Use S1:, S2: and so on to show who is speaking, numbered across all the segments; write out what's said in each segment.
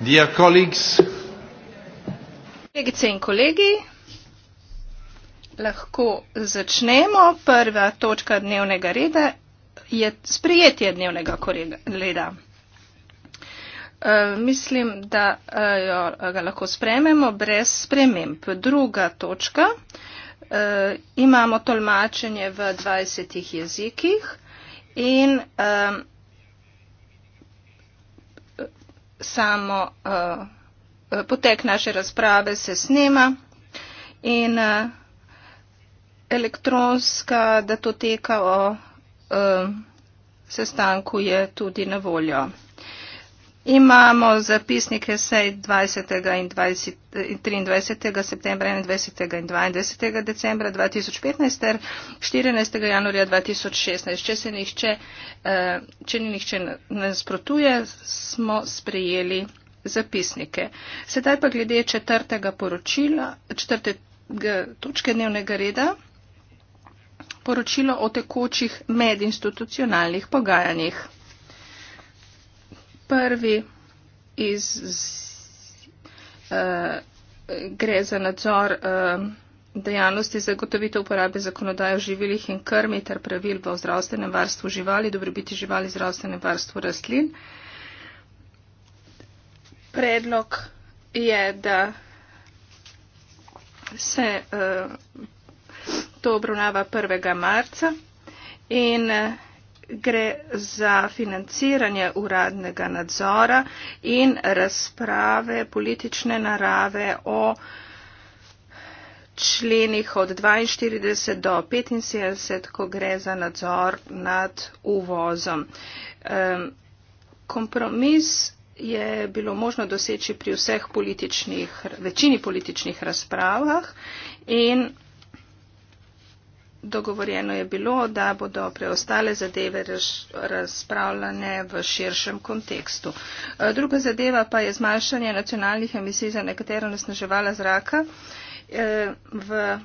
S1: Kolegice
S2: in kolegi, lahko začnemo. Prva točka dnevnega reda je sprejetje dnevnega reda. Uh, mislim, da uh, jo, ga lahko sprememo brez sprememb. Druga točka. Uh, imamo tolmačenje v 20 jezikih in uh, samo uh, potek naše razprave se snema in uh, elektronska datoteka o uh, sestanku je tudi na voljo. Imamo zapisnike sej 20. in 20, 23. Eh, septembra, 21. in 22. decembra 2015 ter 14. januarja 2016. Če, se nihče, eh, če ni nihče nasprotuje, smo sprejeli zapisnike. Sedaj pa glede četrtega poročila, četrte točke dnevnega reda. Poročilo o tekočih medinstitucionalnih pogajanjih prvi iz, uh, gre za nadzor uh, dejavnosti zagotovite uporabe zakonodaje o živilih in krmi ter pravil v zdravstvenem varstvu živali, dobrobiti živali, zdravstvenem varstvu rastlin. Predlog je, da se uh, to obravnava 1. marca in uh, gre za financiranje uradnega nadzora in razprave politične narave o členih od 42 do 75, ko gre za nadzor nad uvozom. Kompromis je bilo možno doseči pri vseh političnih, večini političnih razpravah in dogovorjeno je bilo, da bodo preostale zadeve razpravljane v širšem kontekstu. E, druga zadeva pa je zmanjšanje nacionalnih emisij za nekatera nasnaževala zraka e, v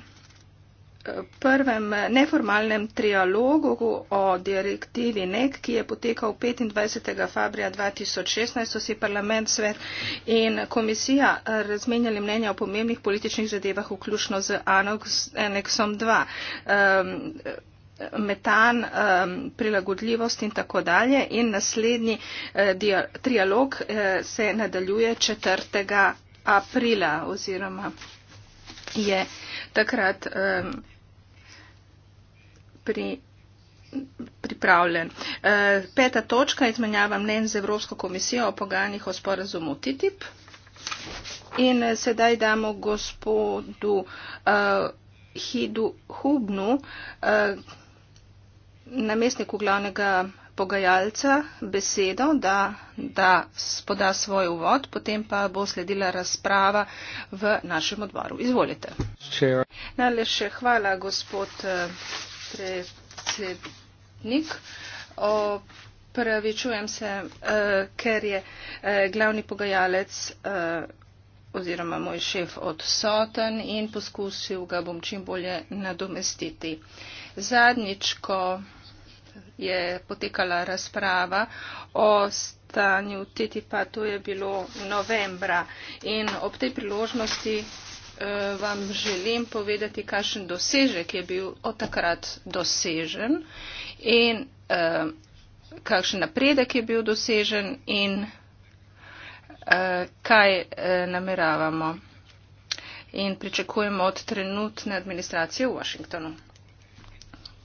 S2: prvem neformalnem trialogu o direktivi NEC, ki je potekal 25. februarja 2016, so si parlament, svet in komisija razmenjali mnenja o pomembnih političnih zadevah, vključno z aneksom 2. Um, metan, um, prilagodljivost in tako dalje. In naslednji uh, dia, trialog uh, se nadaljuje 4. aprila oziroma je takrat um, pri, pripravljen. E, peta točka je izmenjava mnen z Evropsko komisijo o pogajanjih o sporazumu TTIP. In e, sedaj damo gospodu uh, Hidu Hubnu, uh, namestniku glavnega pogajalca, besedo, da, da poda svoj uvod, potem pa bo sledila razprava v našem odboru. Izvolite. Najlepše hvala, gospod. Uh, predsednik. Opravičujem se, eh, ker je eh, glavni pogajalec eh, oziroma moj šef odsoten in poskusil ga bom čim bolje nadomestiti. Zadnjič, ko je potekala razprava o stanju TTIP-a, to je bilo novembra in ob tej priložnosti Eh, vam želim povedati, kakšen dosežek je bil od takrat dosežen in uh, kakšen napredek je bil dosežen in uh, kaj uh, nameravamo in pričakujemo od trenutne administracije v Washingtonu.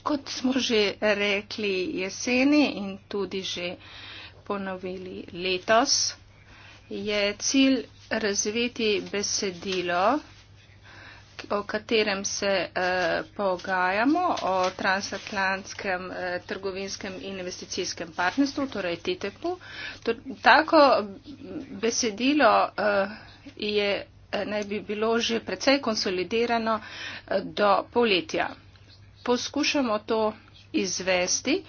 S2: Kot smo že rekli
S1: jeseni
S2: in tudi že ponovili letos, je cilj razviti besedilo o katerem se eh, pogajamo, o transatlantskem eh, trgovinskem in investicijskem partnerstvu, torej TTIP-u. To, tako besedilo eh, je, eh, naj bi bilo že precej konsolidirano eh, do poletja. Poskušamo to izvesti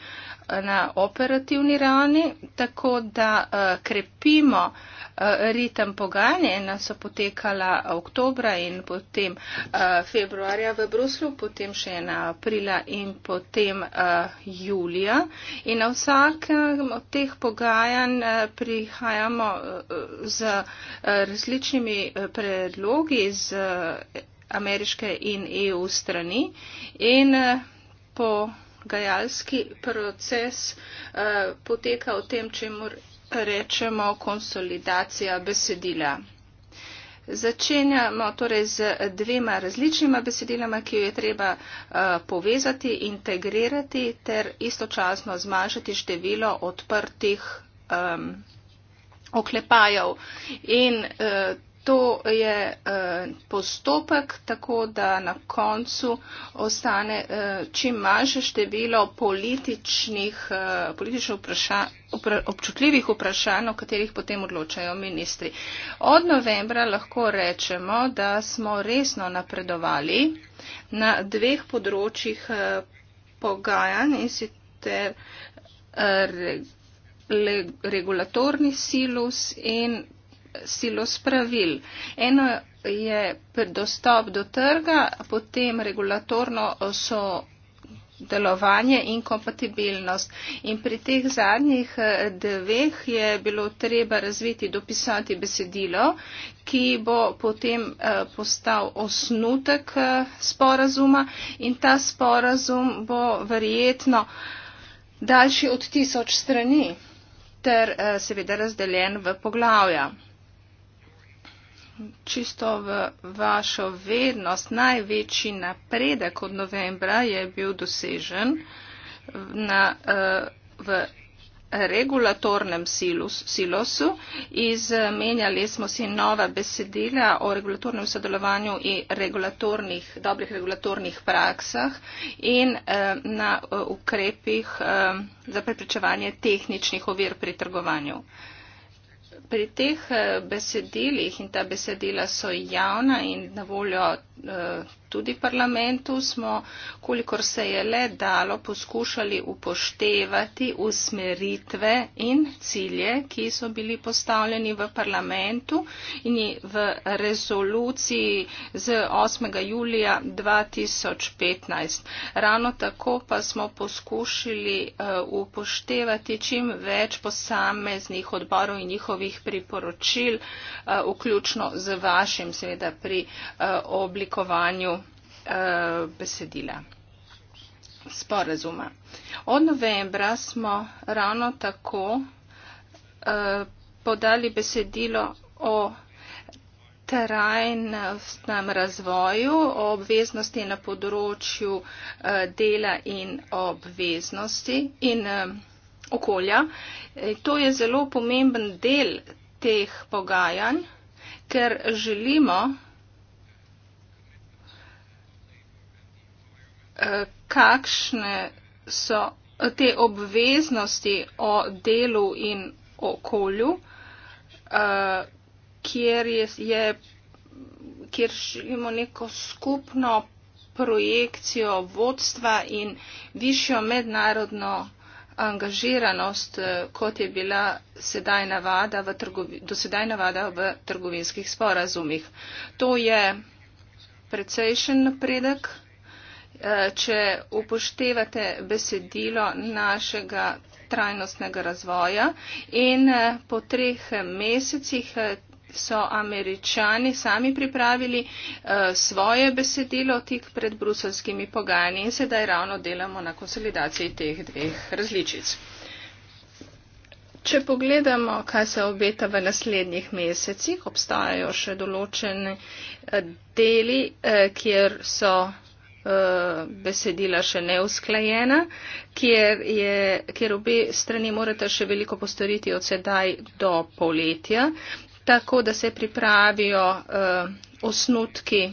S2: eh, na operativni ravni, tako da uh, krepimo uh, ritem pogajanja. Ena so potekala oktobra in potem uh, februarja v Bruslu, potem še ena aprila in potem uh, julija. In na vsakem od teh pogajanj uh, prihajamo uh, z uh, različnimi uh, predlogi z uh, ameriške in EU strani. In, uh, po pogajalski proces eh, poteka v tem, če mu rečemo konsolidacija besedila. Začenjamo torej z dvema različnima besediloma, ki jo je treba eh, povezati, integrirati ter istočasno zmanjšati število odprtih um, oklepajev. In, uh, To je eh, postopek, tako da na koncu ostane eh, čim manjše število političnih, eh, politično vprašanj, občutljivih vprašanj, o katerih potem odločajo ministri. Od novembra lahko rečemo, da smo resno napredovali na dveh področjih pogajanj in sicer regulatorni silus in silo spravil. Eno je dostop do trga, potem regulatorno so delovanje in kompatibilnost. In pri teh zadnjih eh, dveh je bilo treba razviti, dopisati besedilo, ki bo potem eh, postal osnutek eh, sporazuma in ta sporazum bo verjetno daljši od tisoč strani ter seveda razdeljen v poglavja čisto v vašo vednost, največji napredek od novembra je bil dosežen na, eh, v regulatornem silus, silosu. Izmenjali smo si nova besedila o regulatornem sodelovanju in regulatornih, dobrih regulatornih praksah in eh, na eh, ukrepih za preprečevanje tehničnih ovir pri trgovanju pri teh eh, besedilih in ta besedila so javna in na voljo uh, tudi parlamentu smo, kolikor se je le dalo, poskušali upoštevati usmeritve in cilje, ki so bili postavljeni v parlamentu in v rezoluciji z 8. julija 2015. Ravno tako pa smo poskušali eh, upoštevati čim več posameznih odborov in njihovih priporočil, eh, vključno z vašim, seveda pri eh, oblikovanju Eh, besedila sporazuma. Od novembra smo ravno tako eh, podali besedilo o trajnostnem razvoju, o obveznosti na področju eh, dela in obveznosti in okolja. To je zelo pomemben del teh pogajanj, ker želimo kakšne so te obveznosti o delu in okolju, eh, kjer, je, je, kjer imamo neko skupno projekcijo vodstva in višjo mednarodno angažiranost, eh, kot je bila sedaj navada v trgovi, dosedaj navada v trgovinskih sporazumih. To je precejšen napredek. Eh, če upoštevate besedilo našega trajnostnega razvoja in eh, po treh mesecih eh, so američani sami pripravili svoje besedilo tik pred bruselskimi pogajanji in sedaj ravno delamo na konsolidaciji teh dveh različic. Če pogledamo, kaj se obeta v naslednjih mesecih, obstajajo še določene deli, kjer so Eh, besedila še neusklajena, kjer, je, kjer obe strani morata še veliko postoriti od sedaj do poletja, tako da se pripravijo uh, osnutki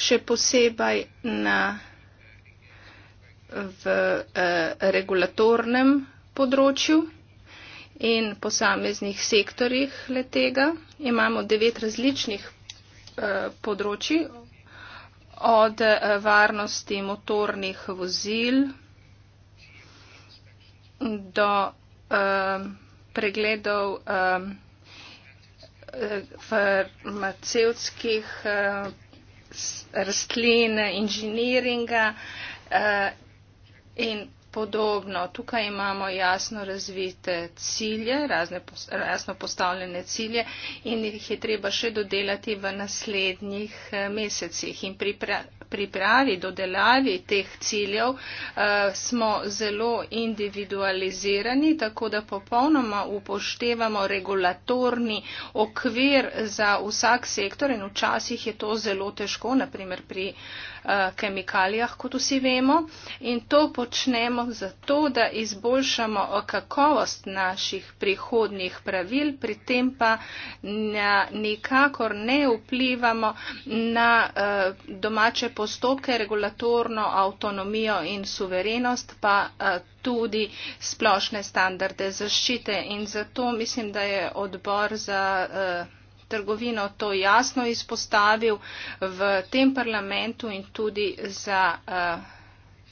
S2: še posebej na, v uh, regulatornem področju in posameznih sektorjih letega. Imamo devet različnih uh, področji od eh, varnosti motornih vozil do eh, pregledov eh, farmacevskih rastlin, inženiringa in podobno. Tukaj imamo jasno razvite cilje, razne, jasno postavljene cilje in jih je treba še dodelati v naslednjih eh, mesecih. In pri pripravi, dodelavi teh ciljev eh, smo zelo individualizirani, tako da popolnoma upoštevamo regulatorni okvir za vsak sektor in včasih je to zelo težko, naprimer pri Eh, kemikalijah, kot vsi vemo. In to počnemo zato, da izboljšamo kakovost naših prihodnih pravil, pri tem pa nikakor ne vplivamo na eh, domače postopke, regulatorno avtonomijo in suverenost, pa eh, tudi splošne standarde zaščite. In zato mislim, da je odbor za trgovino to jasno izpostavil v tem parlamentu in tudi za eh,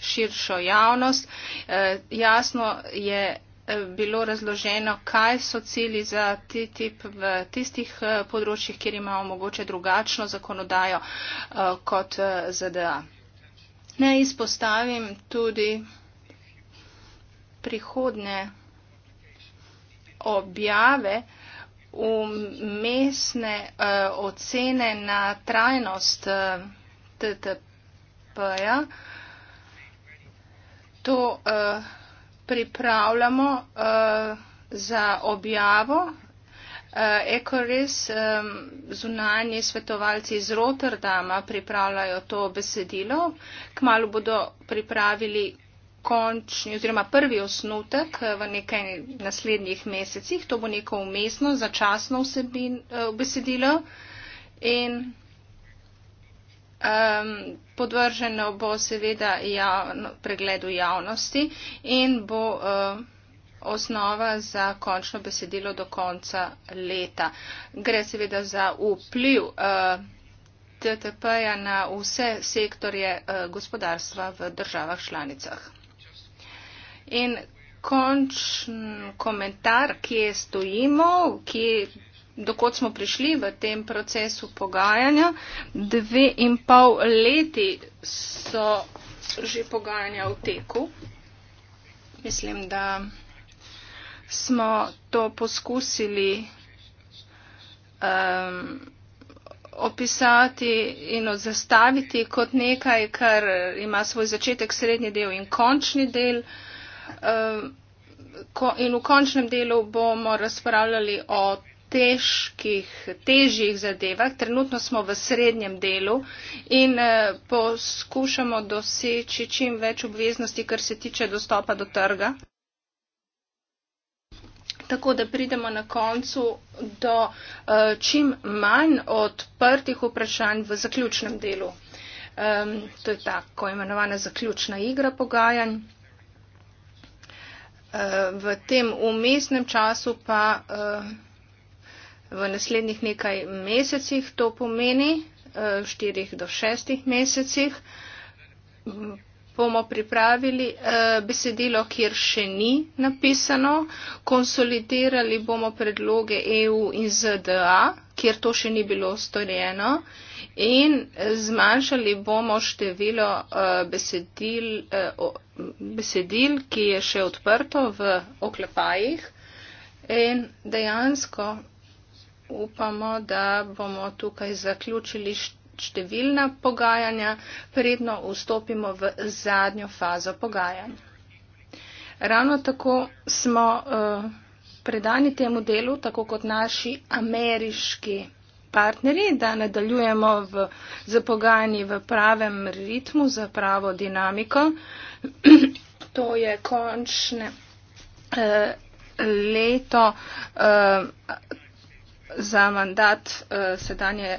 S2: širšo javnost. Eh, jasno je eh, bilo razloženo, kaj so cili za TTIP v tistih področjih, kjer imamo mogoče drugačno zakonodajo kot ZDA. Ne izpostavim tudi prihodne objave, umestne uh, ocene na trajnost uh, eh, TTP-ja. To uh, pripravljamo uh, za objavo. Uh, Ecoris, um, zunanji svetovalci iz Rotterdama pripravljajo to besedilo. Kmalo bodo pripravili končni oziroma prvi osnutek eh, v nekaj naslednjih mesecih. To bo neko umestno, začasno vsebin, eh, besedilo in um, podvrženo bo seveda javno, pregledu javnosti in bo um, osnova za končno besedilo do konca leta. Gre seveda za vpliv. Uh, TTP-ja na vse sektorje gospodarstva v državah članicah. In končen komentar, kje stojimo, kje, dokot smo prišli v tem procesu pogajanja. Dve in pol leti so že pogajanja v teku. Mislim, da smo to poskusili um, opisati in odzastaviti kot nekaj, kar ima svoj začetek, srednji del in končni del. Uh, Eh, in v končnem delu bomo razpravljali o težkih, težjih zadevah. Trenutno smo v srednjem delu in eh, poskušamo doseči čim več obveznosti, kar se tiče dostopa do trga. Tako da pridemo na koncu do eh, čim manj odprtih vprašanj v zaključnem delu. To je tako imenovana zaključna igra pogajanj. Eh, v tem umestnem času pa eh, v naslednjih nekaj mesecih, to pomeni v eh, štirih do šestih mesecih, bomo pripravili eh, besedilo, kjer še ni napisano, konsolidirali bomo predloge EU in ZDA, kjer to še ni bilo storjeno in zmanjšali bomo število eh, besedil, eh, besedil, ki je še odprto v oklepajih in dejansko upamo, da bomo tukaj zaključili številna pogajanja, predno vstopimo v zadnjo fazo pogajanj. Ravno tako smo eh, predani temu delu, tako kot naši ameriški partneri, da nadaljujemo v, z pogajanji v pravem ritmu, za pravo dinamiko. to je končne eh, leto eh, za mandat eh, sedanje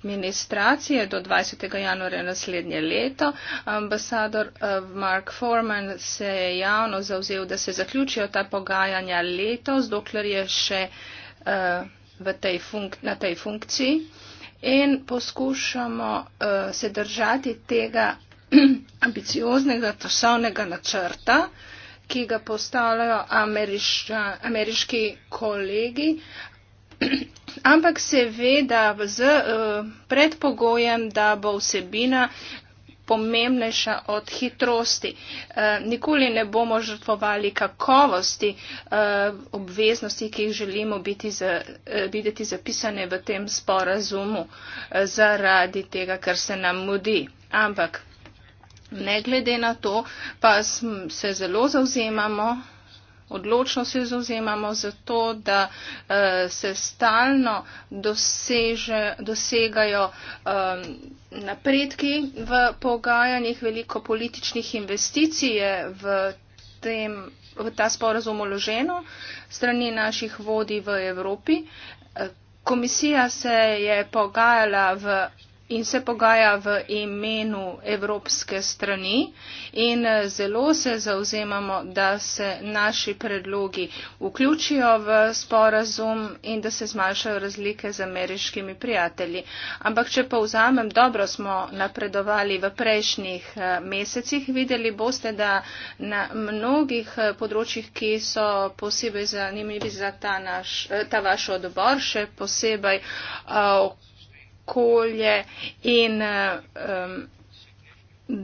S2: administracije do 20. januarja naslednje leto. Ambasador eh, Mark Foreman se je javno zauzel, da se zaključijo ta pogajanja letos, dokler je še eh, tej na tej funkciji. In poskušamo eh, se držati tega ambicioznega časovnega načrta ki ga postavljajo ameriška, ameriški kolegi ampak seveda z uh, predpogojem, da bo vsebina pomembnejša od hitrosti. E, nikoli ne bomo žrtvovali kakovosti e, obveznosti, ki jih želimo biti za, e, videti zapisane v tem sporazumu e, zaradi tega, ker se nam mudi. Ampak ne glede na to, pa sm, se zelo zauzemamo odločno se zauzemamo za to, da eh, se stalno doseže, dosegajo eh, napredki v pogajanjih, veliko političnih investicij je v, tem, v ta sporazum uloženo strani naših vodij v Evropi. Eh, komisija se je pogajala v in se pogaja v imenu evropske strani in eh, zelo se zauzemamo, da se naši predlogi vključijo v sporazum in da se zmanjšajo razlike z ameriškimi prijatelji. Ampak, če povzamem, dobro smo napredovali v prejšnjih eh, mesecih, videli boste, da na mnogih eh, področjih, ki so posebej zanimivi za ta, naš, ta vaš odbor, še posebej uh, okolje in um,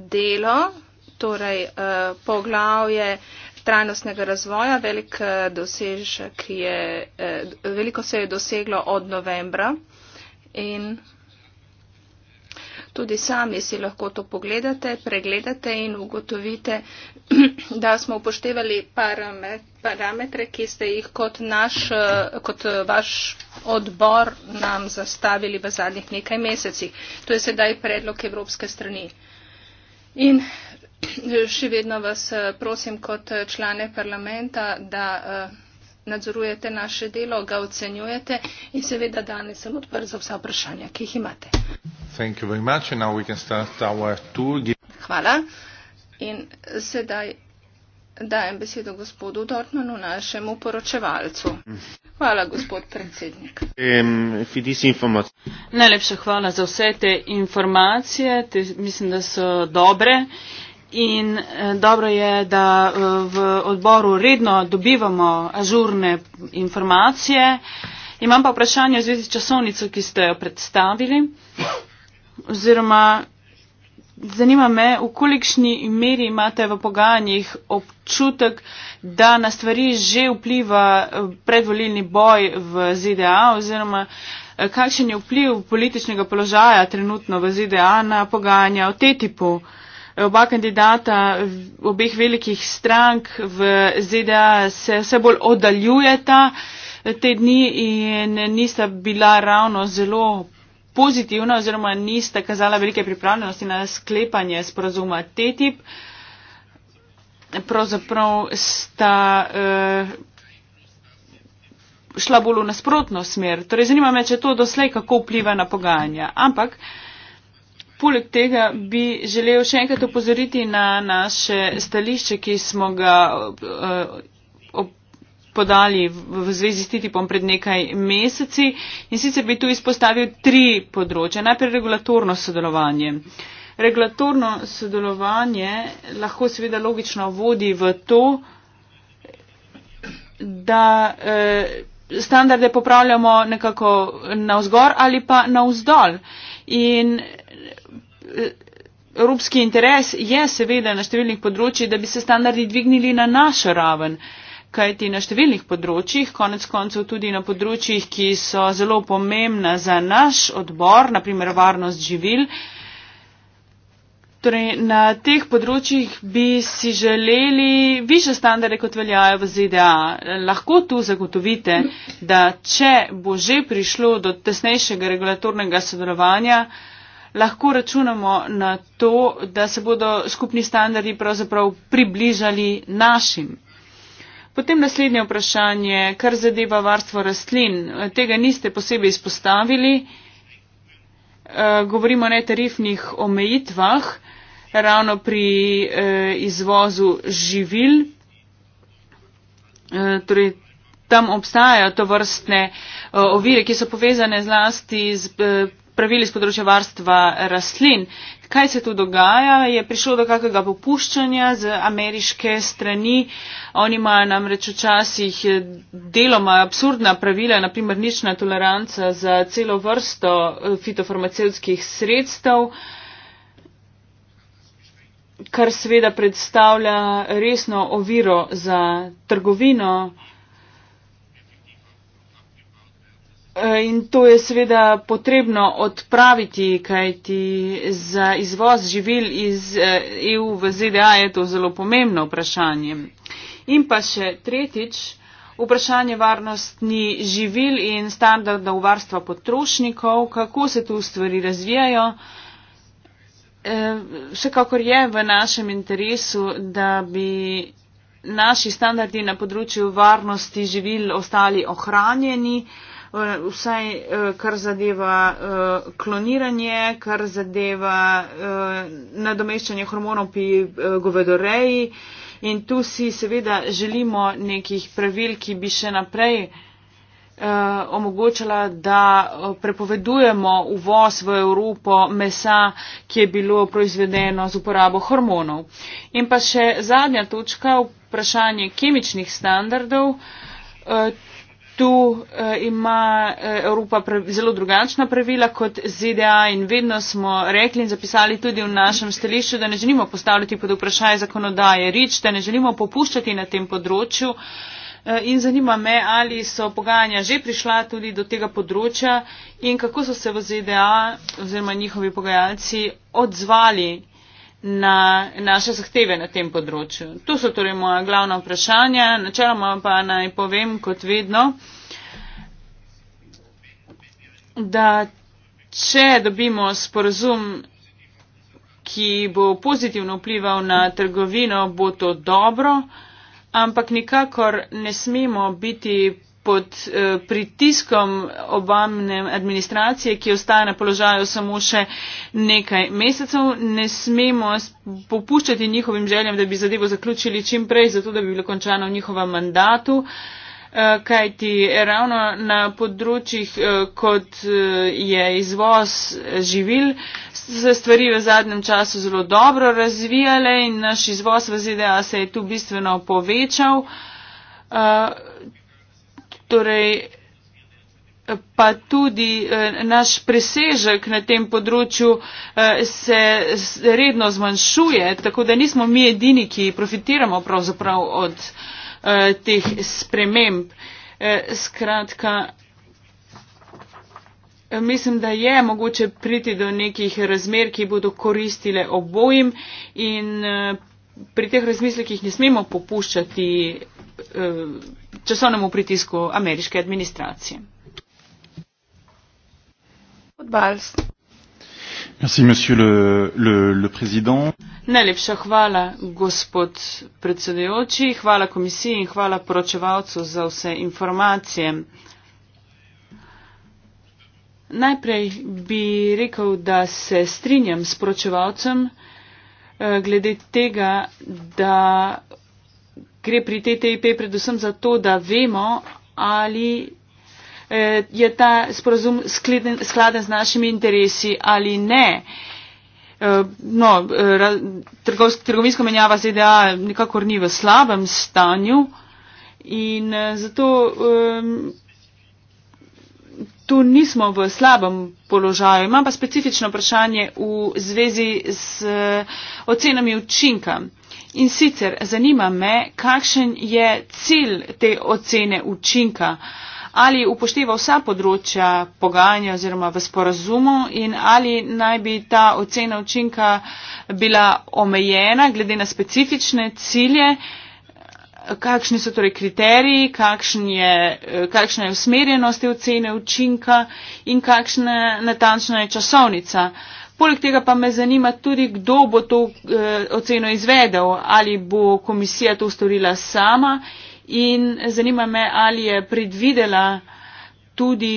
S2: delo, torej uh, poglavje trajnostnega razvoja, velik, uh, dosežek je, uh, veliko se je doseglo od novembra in tudi sami si lahko to pogledate, pregledate in ugotovite, da smo upoštevali parametre, ki ste jih kot, naš, kot vaš odbor nam zastavili v zadnjih nekaj mesecih. To je sedaj predlog Evropske strani. In še vedno vas prosim kot člane parlamenta, da nadzorujete naše delo, ga ocenjujete in seveda danes sem odprt za vsa vprašanja, ki jih imate. Hvala. In sedaj dajem besedo gospodu Dortmanu, našemu poročevalcu. Hvala, gospod predsednik.
S1: Um,
S3: Najlepša hvala za vse te informacije. Te, mislim, da so dobre. In eh, dobro je, da eh, v odboru redno dobivamo ažurne informacije. Imam pa vprašanje v zvezi s časovnico, ki ste jo predstavili. Oziroma, Zanima me, v kolikšni meri imate v pogajanjih občutek, da na stvari že vpliva eh, predvolilni boj v ZDA oziroma eh, kakšen je vpliv političnega položaja trenutno v ZDA na pogajanja o TTIP-u. Eh, oba kandidata obeh velikih strank v ZDA se vse bolj oddaljujeta te dni in nista bila ravno zelo pozitivna oziroma niste kazala velike pripravljenosti na sklepanje sporazuma TTIP. Pravzaprav sta uh, šla bolj v nasprotno smer. Torej, zanima me, če to doslej kako vpliva na pogajanja. Ampak, poleg tega bi želel še enkrat upozoriti na naše stališče, ki smo ga uh, podali v zvezi s TTIP-om pred nekaj meseci in sicer bi tu izpostavil tri področja. Najprej regulatorno sodelovanje. Regulatorno sodelovanje lahko seveda logično vodi v to, da eh, standarde popravljamo nekako na vzgor ali pa na vzdolj. In eh, evropski interes je seveda na številnih področjih, da bi se standardi dvignili na našo raven. Eh, kajti na številnih področjih, konec koncev tudi na področjih, ki so zelo pomembna za naš odbor, naprimer varnost živil, torej na teh področjih bi si želeli više standarde, kot veljajo v ZDA. Lahko tu zagotovite, da če bo že prišlo do tesnejšega regulatornega sodelovanja, lahko računamo na to, da se bodo skupni standardi pravzaprav približali našim. Potem naslednje vprašanje, kar zadeva varstvo rastlin. Tega niste posebej izpostavili. Eh, govorimo o netarifnih omejitvah, ravno pri eh, izvozu živil. Eh, torej, tam obstajajo to vrstne ovire, ki so povezane zlasti z pravili z področja varstva rastlin kaj se tu dogaja. Je prišlo do kakega popuščanja z ameriške strani. Oni imajo namreč včasih eh, deloma absurdna pravila, naprimer nična toleranca za celo vrsto eh, fitofarmacevskih sredstev kar seveda predstavlja resno oviro za trgovino Eh, in to je seveda potrebno odpraviti, kajti za izvoz živil iz EU eh, e v ZDA je to zelo pomembno vprašanje. In pa še tretjič, vprašanje varnostni živil in standardov varstva potrošnikov, kako se tu stvari razvijajo. Eh, vsekakor je v našem interesu, da bi naši standardi na področju varnosti živil ostali ohranjeni. Eh, vsaj eh, kar zadeva eh, kloniranje, kar zadeva nadomeščanje hormonov pri govedoreji. In tu si seveda želimo nekih pravil, ki bi še naprej omogočala, da prepovedujemo uvoz v Evropo mesa, ki je bilo proizvedeno z uporabo hormonov. In pa še zadnja točka, vprašanje kemičnih standardov. Tu eh, ima eh, Evropa prav, zelo drugačna pravila kot ZDA in vedno smo rekli in zapisali tudi v našem stališču, da ne želimo postavljati pod vprašanje zakonodaje rič, da ne želimo popuščati na tem področju. Eh, in zanima me, ali so pogajanja že prišla tudi do tega področja in kako so se v ZDA oziroma njihovi pogajalci odzvali na naše zahteve na tem področju. To so torej moja glavna vprašanja. Načeloma pa naj povem, kot vedno, da če dobimo sporozum, ki bo pozitivno vplival na trgovino, bo to dobro, ampak nikakor ne smemo biti pod eh, pritiskom obamne administracije, ki ostaja na položaju samo še nekaj mesecev. Ne smemo popuščati njihovim željam, da bi zadevo zaključili čim prej, zato da bi bilo končano v njihovem mandatu. Eh, kajti ravno na področjih, eh, kot eh, je izvoz živil, se stvari v zadnjem času zelo dobro razvijale in naš izvoz v ZDA se je tu bistveno povečal torej pa tudi eh, naš presežek na tem področju eh, se redno zmanjšuje, tako da nismo mi edini, ki profitiramo pravzaprav od eh, teh sprememb. Skratka, mislim, da je mogoče priti do nekih razmer, ki bodo koristile obojim in pri teh razmislekih ne smemo popuščati Eh, časovnemu pritisku ameriške administracije.
S1: Merci, le, le, le
S3: Najlepša hvala, gospod predsedujoči, hvala komisiji in hvala poročevalcu za vse informacije. Najprej bi rekel, da se strinjam s poročevalcem eh, glede tega, da gre pri TTIP predvsem za to, da vemo, ali eh, je ta sporazum skladen z našimi interesi ali ne. Eh, no, eh, trgovinsko menjava ZDA nikakor ni v slabem stanju in zato ehm, tu nismo v slabem položaju. Imam pa specifično vprašanje v zvezi z ocenami učinka in sicer zanima me kakšen je cilj te ocene učinka ali upošteva vsa področja pogajanja oziroma v sporazumu in ali naj bi ta ocena učinka bila omejena glede na specifične cilje, kakšni so torej kriteriji, je, kakšna je usmerjenost te ocene učinka in kakšna natančna je časovnica. Poleg tega pa me zanima tudi, kdo bo to eh, oceno izvedel, ali bo komisija to storila sama in zanima me, ali je predvidela tudi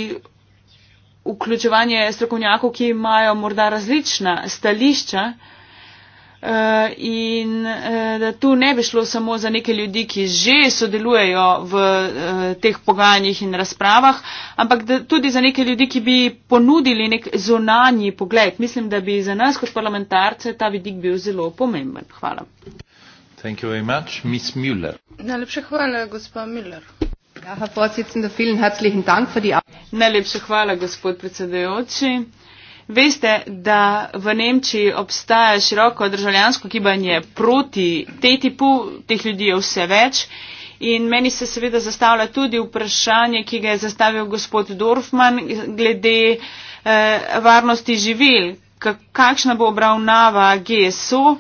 S3: vključevanje strokovnjakov, ki imajo morda različna stališča eh, Eh, in eh, da tu ne bi šlo samo za neke ljudi, ki že sodelujejo v eh, teh pogajanjih in razpravah, ampak tudi za neke ljudi, ki bi ponudili nek zonanji pogled. Mislim, da bi za nas kot parlamentarce ta vidik bil zelo pomemben. Hvala.
S1: Thank you very much, Miss Müller.
S2: Najlepša hvala, gospa Müller. Ja, Herr Vorsitzender, vielen herzlichen Dank für die
S3: Arbeit. Najlepša hvala, gospod predsedujoči. Veste, da v Nemčiji obstaja široko državljansko gibanje proti TTIP-u, teh ljudi je vse več. In meni se seveda zastavlja tudi vprašanje, ki ga je zastavil gospod Dorfman glede eh, varnosti živil, kakšna bo obravnava GSO,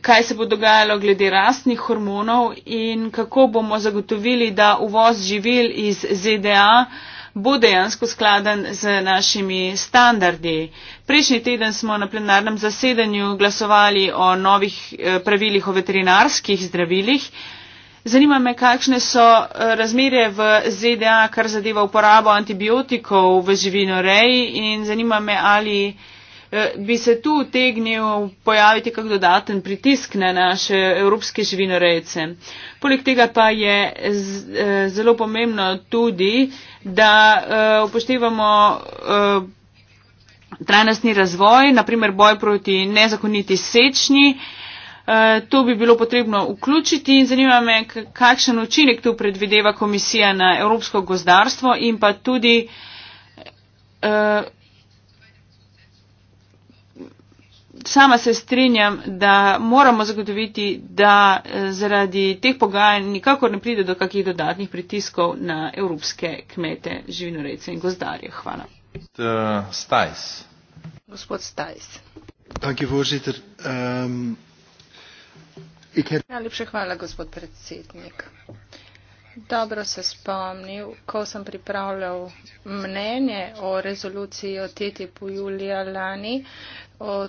S3: kaj se bo dogajalo glede rastnih hormonov in kako bomo zagotovili, da uvoz živil iz ZDA eh, bo dejansko skladen z našimi standardi. Prejšnji teden smo na plenarnem zasedanju glasovali o novih eh, pravilih o veterinarskih zdravilih. Zanima me, kakšne so eh, razmere v ZDA, kar zadeva uporabo antibiotikov v živinoreji in zanima me, ali eh, bi se tu utegnil pojaviti kak dodaten pritisk na naše evropske živinorejce. Poleg tega pa je zelo pomembno tudi, da uh, upoštevamo uh, trajnostni razvoj, naprimer boj proti nezakoniti sečni. Uh, eh, to bi bilo potrebno vključiti in zanima me, kakšen učinek tu predvideva komisija na evropsko gozdarstvo in pa tudi uh, sama se strinjam, da moramo zagotoviti, da eh, zaradi teh pogajanj nikakor ne pride do kakih dodatnih pritiskov na evropske kmete, živinorejce in gozdarje. Hvala.
S1: Stajs.
S3: Gospod Stajs.
S1: Thank you, Vožiter. Um, ehm,
S2: Najlepše hvala, gospod predsednik. Dobro se spomnil, ko sem pripravljal mnenje o rezoluciji o TTIP-u julija lani, o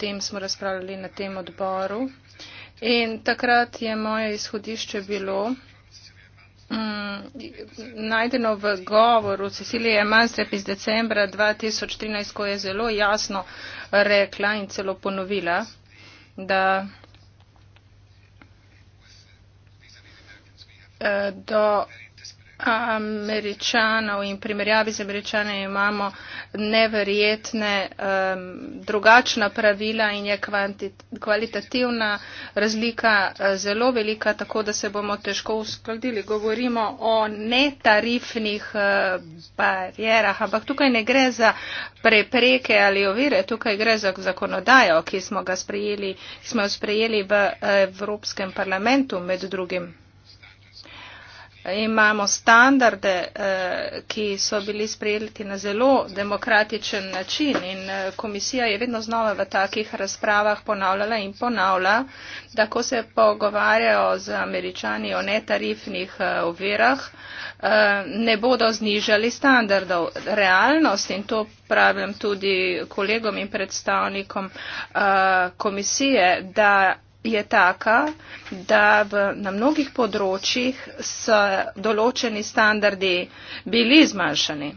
S2: tem smo razpravljali na tem odboru. In takrat je moje izhodišče bilo mm, najdeno v govoru Cecilije Manstrep iz decembra 2013, ko je zelo jasno rekla in celo ponovila, da eh, do američanov in primerjavi z američane imamo neverjetne um, drugačna pravila in je kvalitativna razlika eh, zelo velika, tako da se bomo težko uskladili. Govorimo o netarifnih uh, barjerah, ampak tukaj ne gre za prepreke ali ovire, tukaj gre za zakonodajo, ki smo ga sprejeli, smo sprejeli v eh, Evropskem parlamentu med drugim imamo standarde, eh, ki so bili sprejeti na zelo demokratičen način in eh, komisija je vedno znova v takih razpravah ponavljala in ponavlja, da ko se pogovarjajo z američani o netarifnih uverah, eh, ne bodo znižali standardov. Realnost in to pravim tudi kolegom in predstavnikom komisije, da je taka, da v, na mnogih področjih so določeni standardi bili zmanjšani.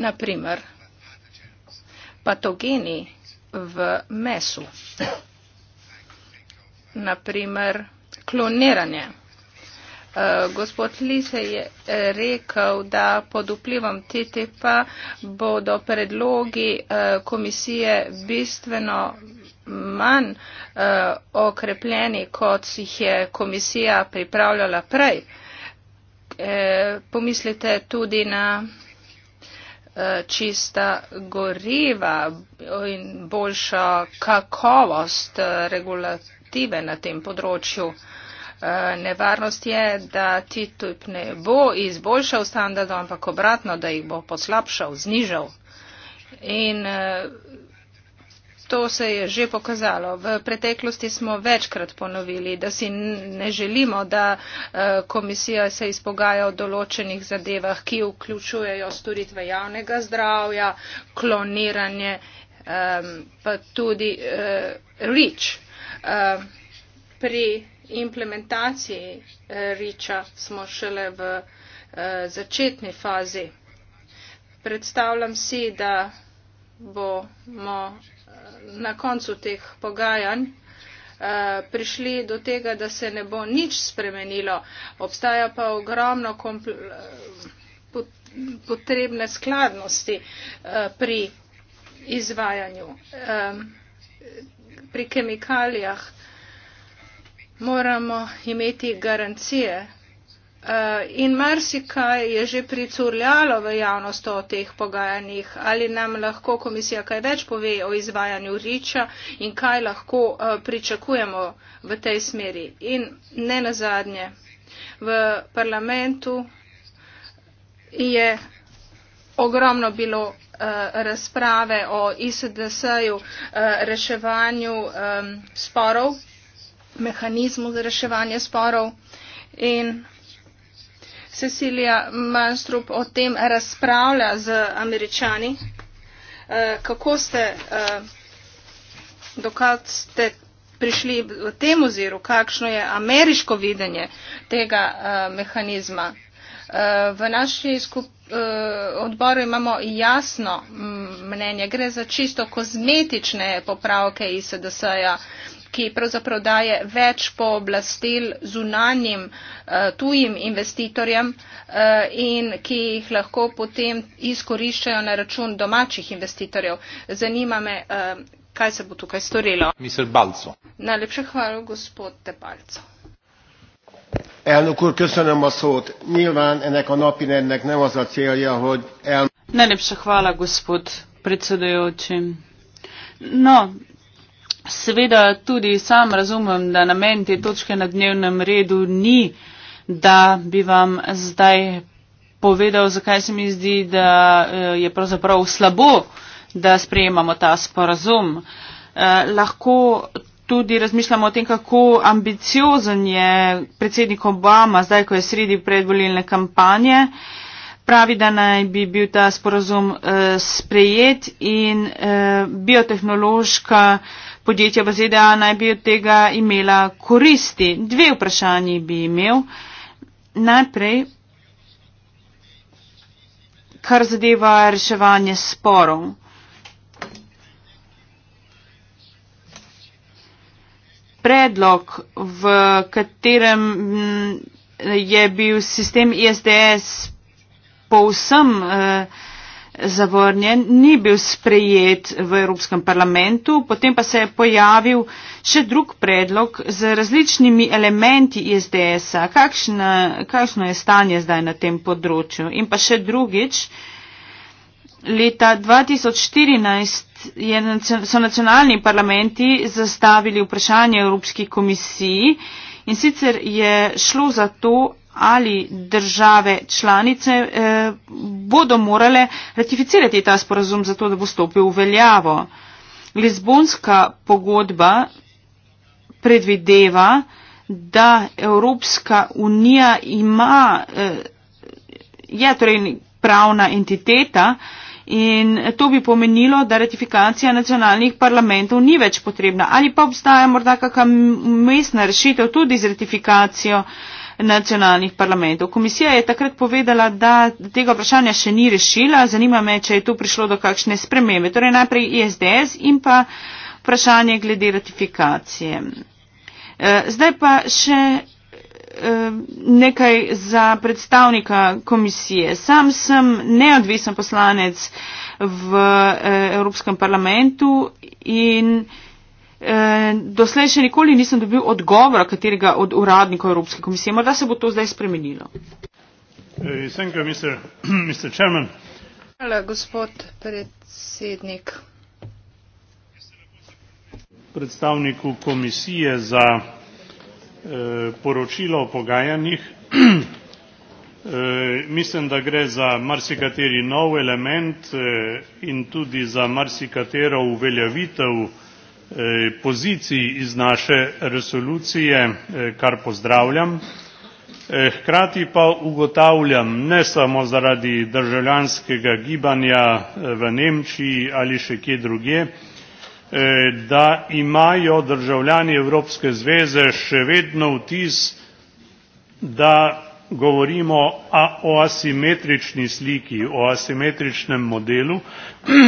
S2: Naprimer, patogeni v mesu. Naprimer, kloniranje. E, gospod Lise je rekel, da pod vplivom TTIP-a bodo predlogi e, komisije bistveno manj uh, okrepljeni, kot jih je komisija pripravljala prej. E, pomislite tudi na e, čista goriva in boljša kakovost regulative na tem področju. E, nevarnost je, da TTIP ne bo izboljšal standardov, ampak obratno, da jih bo poslabšal, znižal. In To se je že pokazalo. V preteklosti smo večkrat ponovili, da si ne želimo, da eh, komisija se izpogaja o določenih zadevah, ki vključujejo storitve javnega zdravja, kloniranje, pa tudi eh, rič. Eh, pri implementaciji riča smo šele v začetni fazi. Predstavljam si, da bomo na koncu teh pogajanj eh, prišli do tega, da se ne bo nič spremenilo. Obstaja pa ogromno eh, potrebne skladnosti eh, pri izvajanju. Pri kemikalijah moramo imeti garancije, Eh, in marsikaj je že pricurljalo v javnost o teh pogajanjih. Ali nam lahko komisija kaj več pove o izvajanju riča in kaj lahko eh, pričakujemo v tej smeri. In ne nazadnje, v parlamentu je ogromno bilo eh, razprave o ISDS-ju, reševanju sporov, mehanizmu za reševanje sporov. In Cecilija Manstrup o tem razpravlja z američani, eh, kako ste, eh, dokaj ste prišli v tem oziru, kakšno je ameriško videnje tega eh, mehanizma. V naši odboru imamo jasno mm, mnenje, gre za čisto kozmetične popravke ISDS-ja, ki pravzaprav daje več pooblastil zunanjim eh, tujim investitorjem eh, in ki jih lahko potem izkoriščajo na račun domačih investitorjev. Zanima me, eh, kaj se bo tukaj storilo.
S1: Misel Balco.
S2: Najlepša hvala, gospod Tepalco.
S3: Elnukur, köszönöm a szót. Nyilván ennek a napirendnek nem az a célja, hogy el... Najlepša hvala, gospod predsedujoči. No, Seveda tudi sam razumem, da namen te točke na dnevnem redu ni, da bi vam zdaj povedal, zakaj se mi zdi, da eh, je pravzaprav slabo, da sprejemamo ta sporazum. Eh, lahko tudi razmišljamo o tem, kako ambiciozen je predsednik Obama zdaj, ko je sredi predvolilne kampanje. Pravi, da naj bi bil ta sporazum eh, sprejet in eh, biotehnološka eh, Podjetja v ZDA naj bi od tega imela koristi. Dve vprašanji bi imel. Najprej, kar zadeva reševanje sporov. Predlog, v katerem mm, je bil sistem ISDS povsem eh, zavrnjen, ni bil sprejet v Evropskem parlamentu, potem pa se je pojavil še drug predlog z različnimi elementi SDS-a. Kakšno je stanje zdaj na tem področju? In pa še drugič, leta 2014 so nacionalni parlamenti zastavili vprašanje Evropski komisiji. In sicer je šlo za to, ali države članice eh, bodo morale ratificirati ta sporazum, zato da bo stopil v veljavo. Lizbonska pogodba predvideva, da Evropska unija ima, eh, je torej pravna entiteta in to bi pomenilo, da ratifikacija nacionalnih parlamentov ni več potrebna. Ali pa obstaja morda kakšna mestna rešitev tudi z ratifikacijo nacionalnih parlamentov. Komisija je takrat povedala, da tega vprašanja še ni rešila. Zanima me, če je tu prišlo do kakšne spremembe. Torej najprej ISDS in pa vprašanje glede ratifikacije. E, zdaj pa še e, nekaj za predstavnika komisije. Sam sem neodvisen poslanec v e, Evropskem parlamentu in Eh, doslej še nikoli nisem dobil odgovora katerega od uradnikov Evropske komisije. Morda se bo to zdaj spremenilo.
S1: Eh,
S2: Hvala, gospod predsednik.
S1: Predstavniku komisije za eh, poročilo o pogajanjih. Mislim, da gre za marsikateri nov element in tudi za marsikatero uveljavitev Eh, pozicij iz naše resolucije eh, kar pozdravljam eh, hkrati pa ugotavljam ne samo zaradi državljanskega gibanja v nemčiji ali še kje drugje da imajo državljani evropske zveze še vedno vtis da govorimo o asimetrični sliki o asimetričnem modelu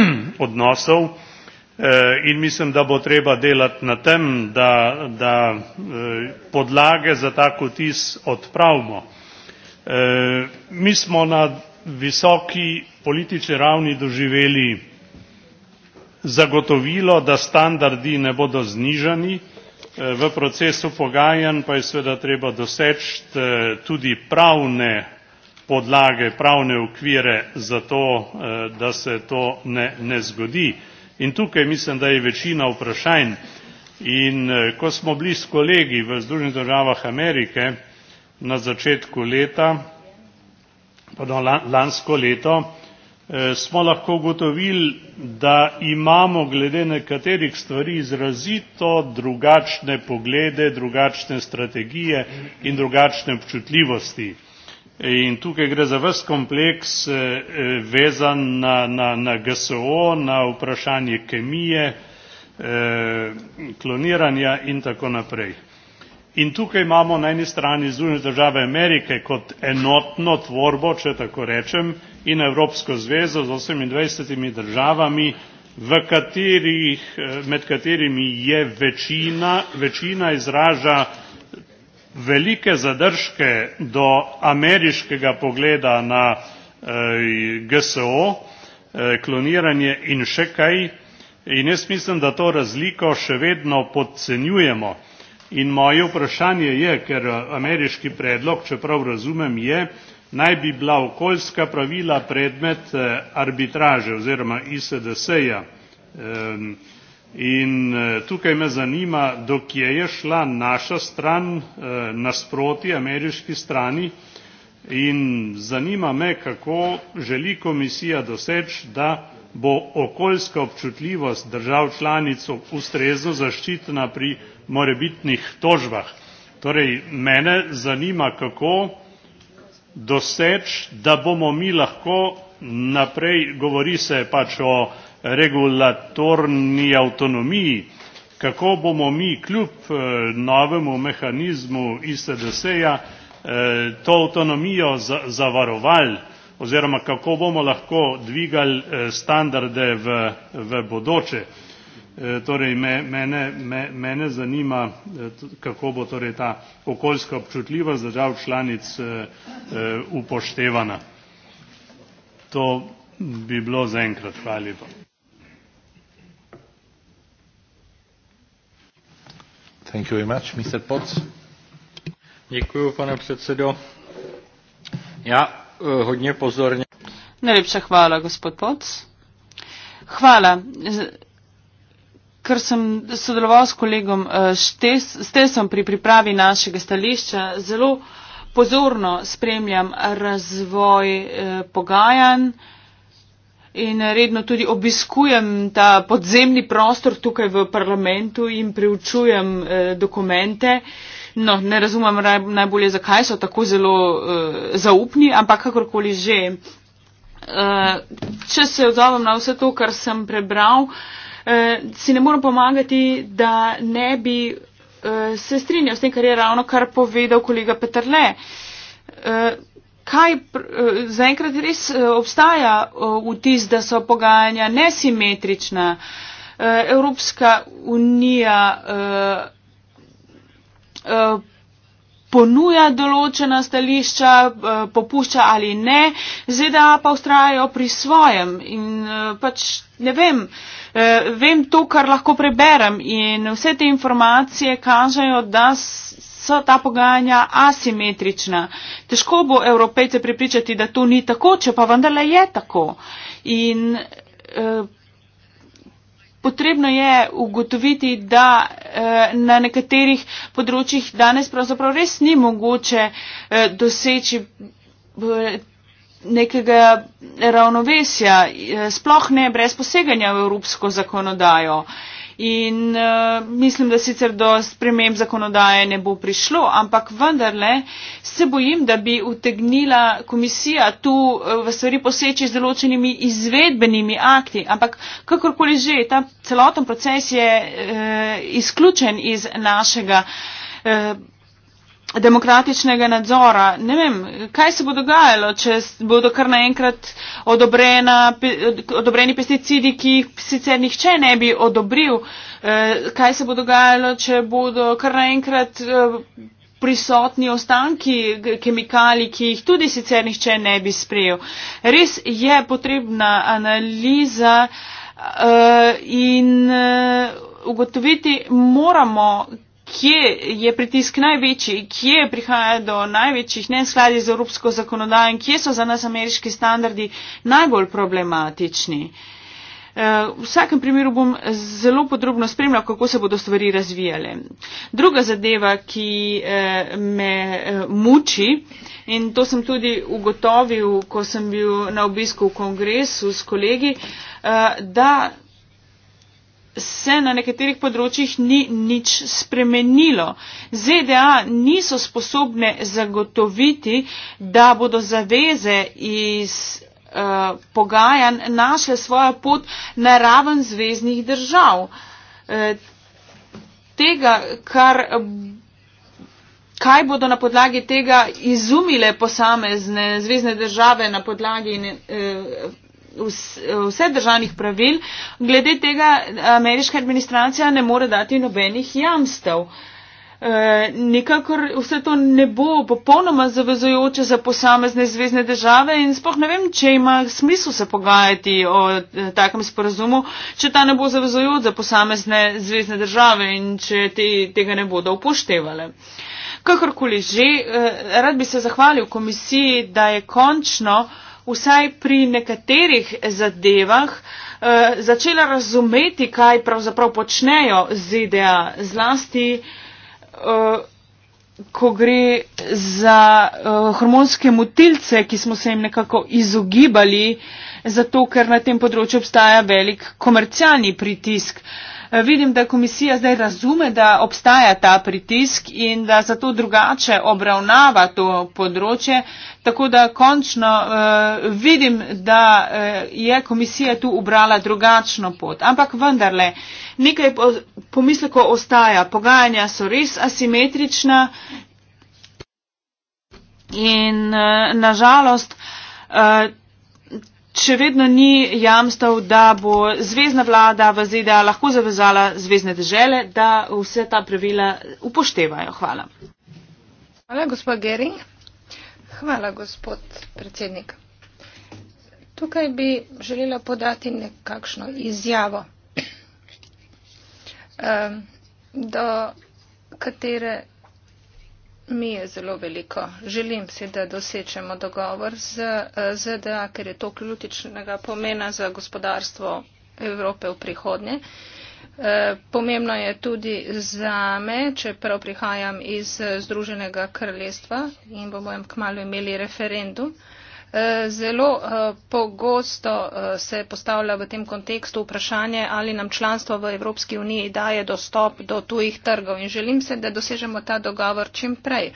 S1: odnosov Eh, in mislim, da bo treba delati na tem, da, da eh, podlage za tak vtis odpravimo. Eh, mi smo na visoki politični ravni doživeli zagotovilo, da standardi ne bodo znižani, v procesu pogajanj pa je seveda treba doseči tudi pravne podlage, pravne okvire za to, da se to ne, ne zgodi in tukaj mislim da je večina vprašanj in eh, ko smo bili s kolegi v združenih državah amerike na začetku leta pardon, no, lansko leto eh, smo lahko ugotovili da imamo glede nekaterih stvari izrazito drugačne poglede drugačne strategije in drugačne občutljivosti in tukaj gre za vrst kompleks eh, eh, vezan na, na, na GSO, na vprašanje kemije, eh, kloniranja in tako naprej. In tukaj imamo na eni strani Združene države Amerike kot enotno tvorbo, če tako rečem, in Evropsko zvezo z 28 državami, katerih, med katerimi je večina, večina izraža velike zadržke do ameriškega pogleda na eh, GSO, eh, kloniranje in še kaj. In jaz mislim, da to razliko še vedno podcenjujemo. In moje vprašanje je, ker eh, ameriški predlog, čeprav razumem, je, naj bi bila okoljska pravila predmet arbitraže oziroma ISDS-ja. In eh, tukaj me zanima, dokje je šla naša stran eh, nasproti ameriški strani in zanima me, kako želi komisija doseči, da bo okoljska občutljivost držav članic ustrezno zaščitena pri morebitnih tožbah. Torej, mene zanima, kako doseči, da bomo mi lahko naprej, govori se pač o regulatorni avtonomiji, kako bomo mi kljub eh, novemu mehanizmu ISDS-ja eh, to avtonomijo zavarovali oziroma kako bomo lahko dvigali eh, standarde v, v bodoče. Torej, me, mene, me, mene zanima, kako bo torej ta okoljska občutljivost držav članic upoštevana. To bi bilo zaenkrat. Hvala lepa. pane předsedo já eh, hodně pozorně
S3: Nejlepša chvála, gospod Poc. Hvala. Ker sem sodeloval s kolegom eh, Štesom pri pripravi našega stališča, zelo pozorno spremljam razvoj eh, pogajanj in redno tudi obiskujem ta podzemni prostor tukaj v parlamentu in preučujem eh, dokumente. No, ne razumem raj, najbolje, zakaj so tako zelo eh, zaupni, ampak kakorkoli že. Eh, če se odzovem na vse to, kar sem prebral, eh, si ne morem pomagati, da ne bi eh, se strinjal s tem, kar je ravno kar povedal kolega Petrle. Eh, kaj eh, zaenkrat res eh, obstaja eh, vtis, da so pogajanja nesimetrična. Evropska unija ponuja določena stališča, popušča ali ne, ZDA pa ustrajajo pri svojem in pač ne vem, vem to, kar lahko preberem in vse te informacije kažejo, da so ta pogajanja asimetrična. Težko bo evropejce pripričati, da to ni tako, če pa vendarle je tako. In eh, potrebno je ugotoviti, da eh, na nekaterih področjih danes pravzaprav res ni mogoče eh, doseči. Eh, nekega ravnovesja, eh, sploh ne brez poseganja v evropsko zakonodajo. Uh, in uh, mislim, da sicer do sprememb zakonodaje ne bo prišlo, ampak vendarle se bojim, da bi utegnila komisija tu eh, v stvari poseči z določenimi izvedbenimi akti. Ampak kakorkoli že, ta celoten proces je uh, izključen iz našega. Uh, demokratičnega nadzora. Ne vem, kaj se bo dogajalo, če bodo kar naenkrat odobrena, odobreni pesticidi, ki jih sicer nihče ne bi odobril. Eh, kaj se bo dogajalo, če bodo kar naenkrat eh, prisotni ostanki kemikalij, ki jih tudi sicer nihče ne bi sprejel. Res je potrebna analiza eh, in ugotoviti moramo, kje je pritisk največji, kje prihaja do največjih neskladij z evropsko zakonodajo in kje so za nas ameriški standardi najbolj problematični. Eh, v vsakem primeru bom zelo podrobno spremljal, kako se bodo stvari razvijale. Druga zadeva, ki eh, me eh, muči in to sem tudi ugotovil, ko sem bil na obisku v kongresu s kolegi, da se na nekaterih področjih ni nič spremenilo. ZDA niso sposobne zagotoviti, da bodo zaveze iz eh, pogajanj našle svojo pot na raven zvezdnih držav. Eh, tega, kar, kaj bodo na podlagi tega izumile posamezne zvezdne države na podlagi eh, vse državnih pravil, glede tega ameriška administracija ne more dati nobenih jamstev. E, nikakor vse to ne bo popolnoma zavezujoče za posamezne zvezdne države in spoh ne vem, če ima smisel se pogajati o e, takem sporazumu, če ta ne bo zavezujoč za posamezne zvezdne države in če te, tega ne bodo upoštevale. Kakorkoli že, e, rad bi se zahvalil komisiji, da je končno uh, vsaj pri nekaterih zadevah eh, začela razumeti, kaj pravzaprav počnejo ZDA, zlasti eh, ko gre za eh, hormonske motilce, ki smo se jim nekako izogibali, zato ker na tem področju obstaja velik komercialni pritisk vidim, da komisija zdaj razume, da obstaja ta pritisk in da zato drugače obravnava to področje. Tako da končno uh, vidim, da uh, je komisija tu ubrala drugačno pot. Ampak vendarle, nekaj pomisleko ostaja. Pogajanja so res asimetrična in uh, eh, nažalost. Uh, še vedno ni jamstav, da bo zvezdna vlada v ZDA lahko zavezala zvezdne države, da vse ta pravila upoštevajo. Hvala.
S2: Hvala, gospod Gering. Hvala, gospod predsednik. Tukaj bi želela podati nekakšno izjavo, ehm, do katere mi je zelo veliko. Želim si, da dosečemo dogovor z eh, ZDA, ker je to ključnega pomena za gospodarstvo Evrope v prihodnje. Eh, pomembno je tudi za me, čeprav prihajam iz eh, Združenega kraljestva in bomo kmalo imeli referendum. Eh, zelo eh, pogosto eh, se postavlja v tem kontekstu vprašanje, ali nam članstvo v Evropski uniji daje dostop do tujih trgov in želim se, da dosežemo ta dogovor čim prej.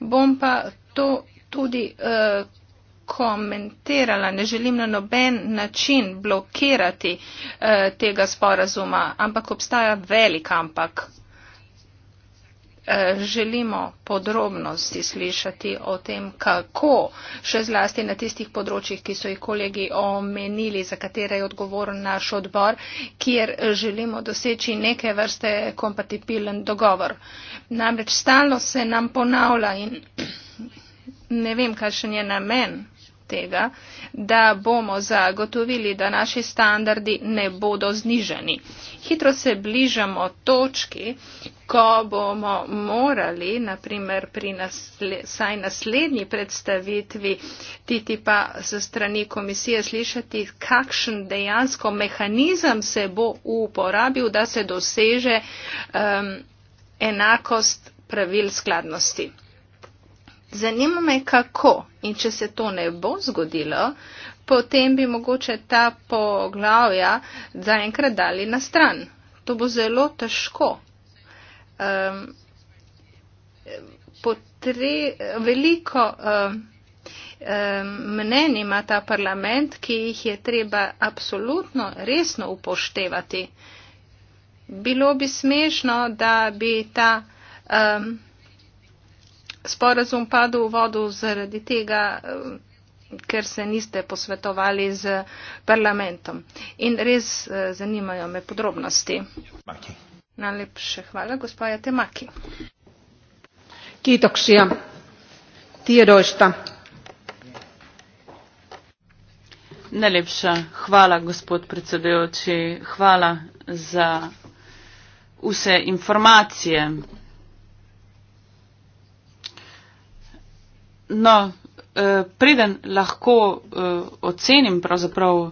S2: Bom pa to tudi komentirala, ne želim na noben način blokirati tega sporazuma, ampak obstaja velik ampak. Eh, želimo podrobnosti slišati o tem, kako še zlasti na tistih področjih, ki so jih kolegi omenili, za katere je odgovor naš odbor, kjer želimo doseči neke vrste kompatibilen dogovor. Namreč stalno se nam ponavlja in ne vem, kakšen je namen tega, da bomo zagotovili, da naši standardi ne bodo zniženi. Hitro se bližamo točki, ko bomo morali, naprimer pri vsaj nasle, naslednji predstavitvi TTIP-a za strani komisije, slišati, kakšen dejansko mehanizem se bo uporabil, da se doseže um, enakost pravil skladnosti. Zanima me, kako in če se to ne bo zgodilo, potem bi mogoče ta poglavja zaenkrat dali na stran. To bo zelo težko um, potre, veliko um, um mnen ima ta parlament, ki jih je treba absolutno resno upoštevati. Bilo bi smešno, da bi ta um, sporazum padel v vodu zaradi tega, um, ker se niste posvetovali z parlamentom. In res uh, zanimajo me podrobnosti. Marking. Najlepše hvala, gospod Jatemaki. Kitoksia tiedoista.
S3: Najlepša hvala, gospod predsedujoči. Hvala za vse informacije. No, eh, preden lahko eh, ocenim pravzaprav,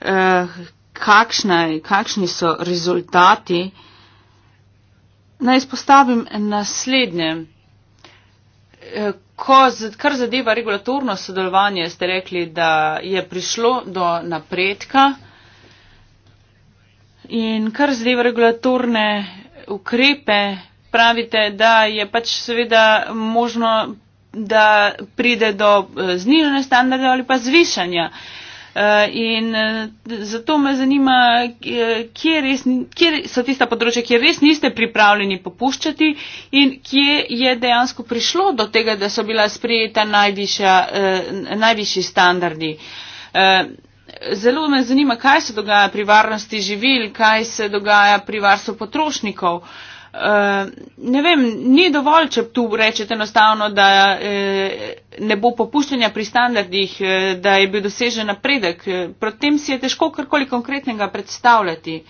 S3: eh, kakšne, kakšni so rezultati, Naj izpostavim naslednje. Eh, ko, kar zadeva regulatorno sodelovanje, ste rekli, da je prišlo do napredka. In kar zadeva regulatorne ukrepe, pravite, da je pač seveda možno, da pride do eh, znižanja standardov ali pa zvišanja. Eh, in eh, zato me zanima, kje, res, kje so tista področja, kjer res niste pripravljeni popuščati in kje je dejansko prišlo do tega, da so bila sprejeta najviša, eh, najviši standardi. Zelo me zanima, kaj se dogaja pri varnosti živil, kaj se dogaja pri varstvu potrošnikov. Eh, ne vem, ni dovolj, če tu rečete enostavno, da eh, ne bo popuščanja pri standardih, eh, da je bil dosežen napredek. Proti tem si je težko karkoli konkretnega predstavljati.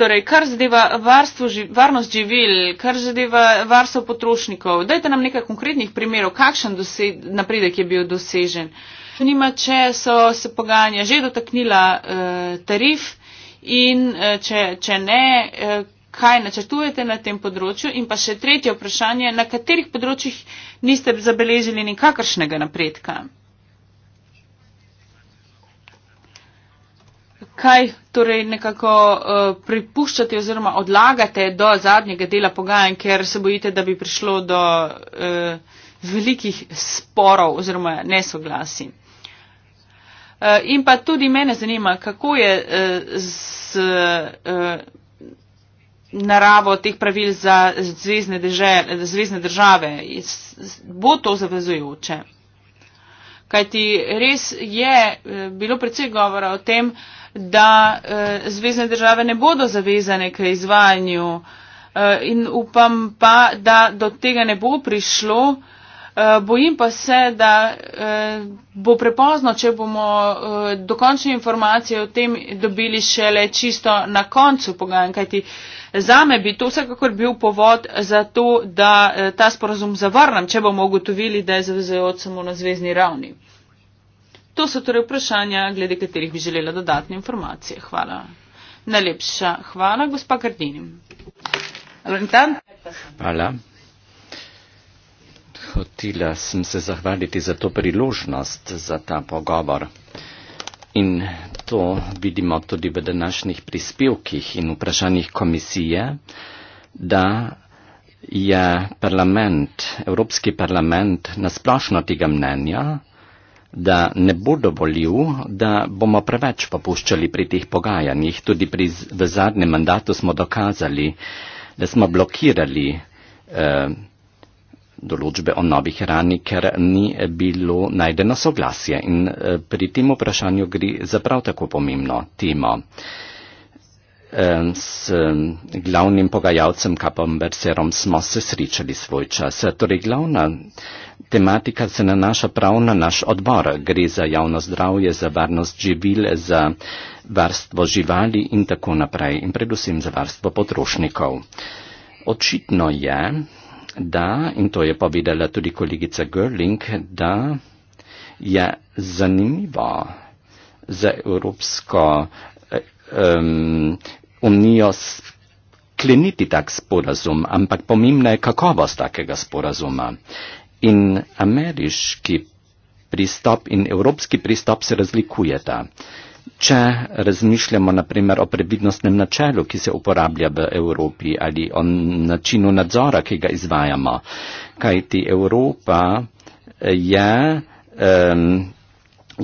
S3: Torej, kar zadeva varstvo, varnost živil, kar zadeva varstvo potrošnikov, dajte nam nekaj konkretnih primerov, kakšen dosej, napredek je bil dosežen. Zanima, če so se pogajanja že dotaknila eh, tarif in eh, če, če ne, eh, kaj načrtujete na tem področju in pa še tretje vprašanje, na katerih področjih niste zabeležili nikakršnega napredka. Kaj torej nekako uh, pripuščate oziroma odlagate do zadnjega dela pogajanj, ker se bojite, da bi prišlo do uh, velikih sporov oziroma nesoglasi. Uh, eh, in pa tudi mene zanima, kako je uh, z uh, naravo teh pravil za zvezdne, države, zvezdne države. Bo to zavezujoče? Kajti res je eh, bilo predvsej govora o tem, da eh, zvezdne države ne bodo zavezane k izvajanju eh, in upam pa, da do tega ne bo prišlo. Bojim pa se, da bo prepozno, če bomo dokončne informacije o tem dobili šele čisto na koncu pogajanj, kajti Zame bi to vsekakor bil povod za to, da eh, ta sporozum zavrnem, če bomo ugotovili, da je zavezujoč samo na zvezdni ravni. To so torej vprašanja, glede katerih bi želela dodatne informacije. Hvala. Najlepša hvala, gospa Kardinim.
S4: Hvala. Hotila sem se zahvaliti za to priložnost, za ta pogovor. In to vidimo tudi v današnjih prispevkih in vprašanjih komisije, da je parlament, Evropski parlament nasplošno tega mnenja, da ne bo dovolil, da bomo preveč popuščali pri teh pogajanjih. Tudi pri, v zadnjem mandatu smo dokazali, da smo blokirali eh, določbe o novi hrani, ker ni bilo najdeno soglasje in eh, pri tem vprašanju gre za prav tako pomembno temo. S eh, glavnim pogajalcem Kapom Berserom smo se srečali svoj čas. Torej, glavna tematika se nanaša prav na naš odbor. Gre za javno zdravje, za varnost živil, za varstvo živali in tako naprej in predvsem za varstvo potrošnikov. Očitno je, da, in to je povedala tudi kolegica Görling, da je zanimivo za Evropsko eh, um, unijo skleniti tak sporazum, ampak pomembna je kakovost takega sporazuma. In ameriški pristop in evropski pristop se razlikujeta če razmišljamo naprimer o previdnostnem načelu, ki se uporablja v Evropi ali o načinu nadzora, ki ga izvajamo. Kajti Evropa je um,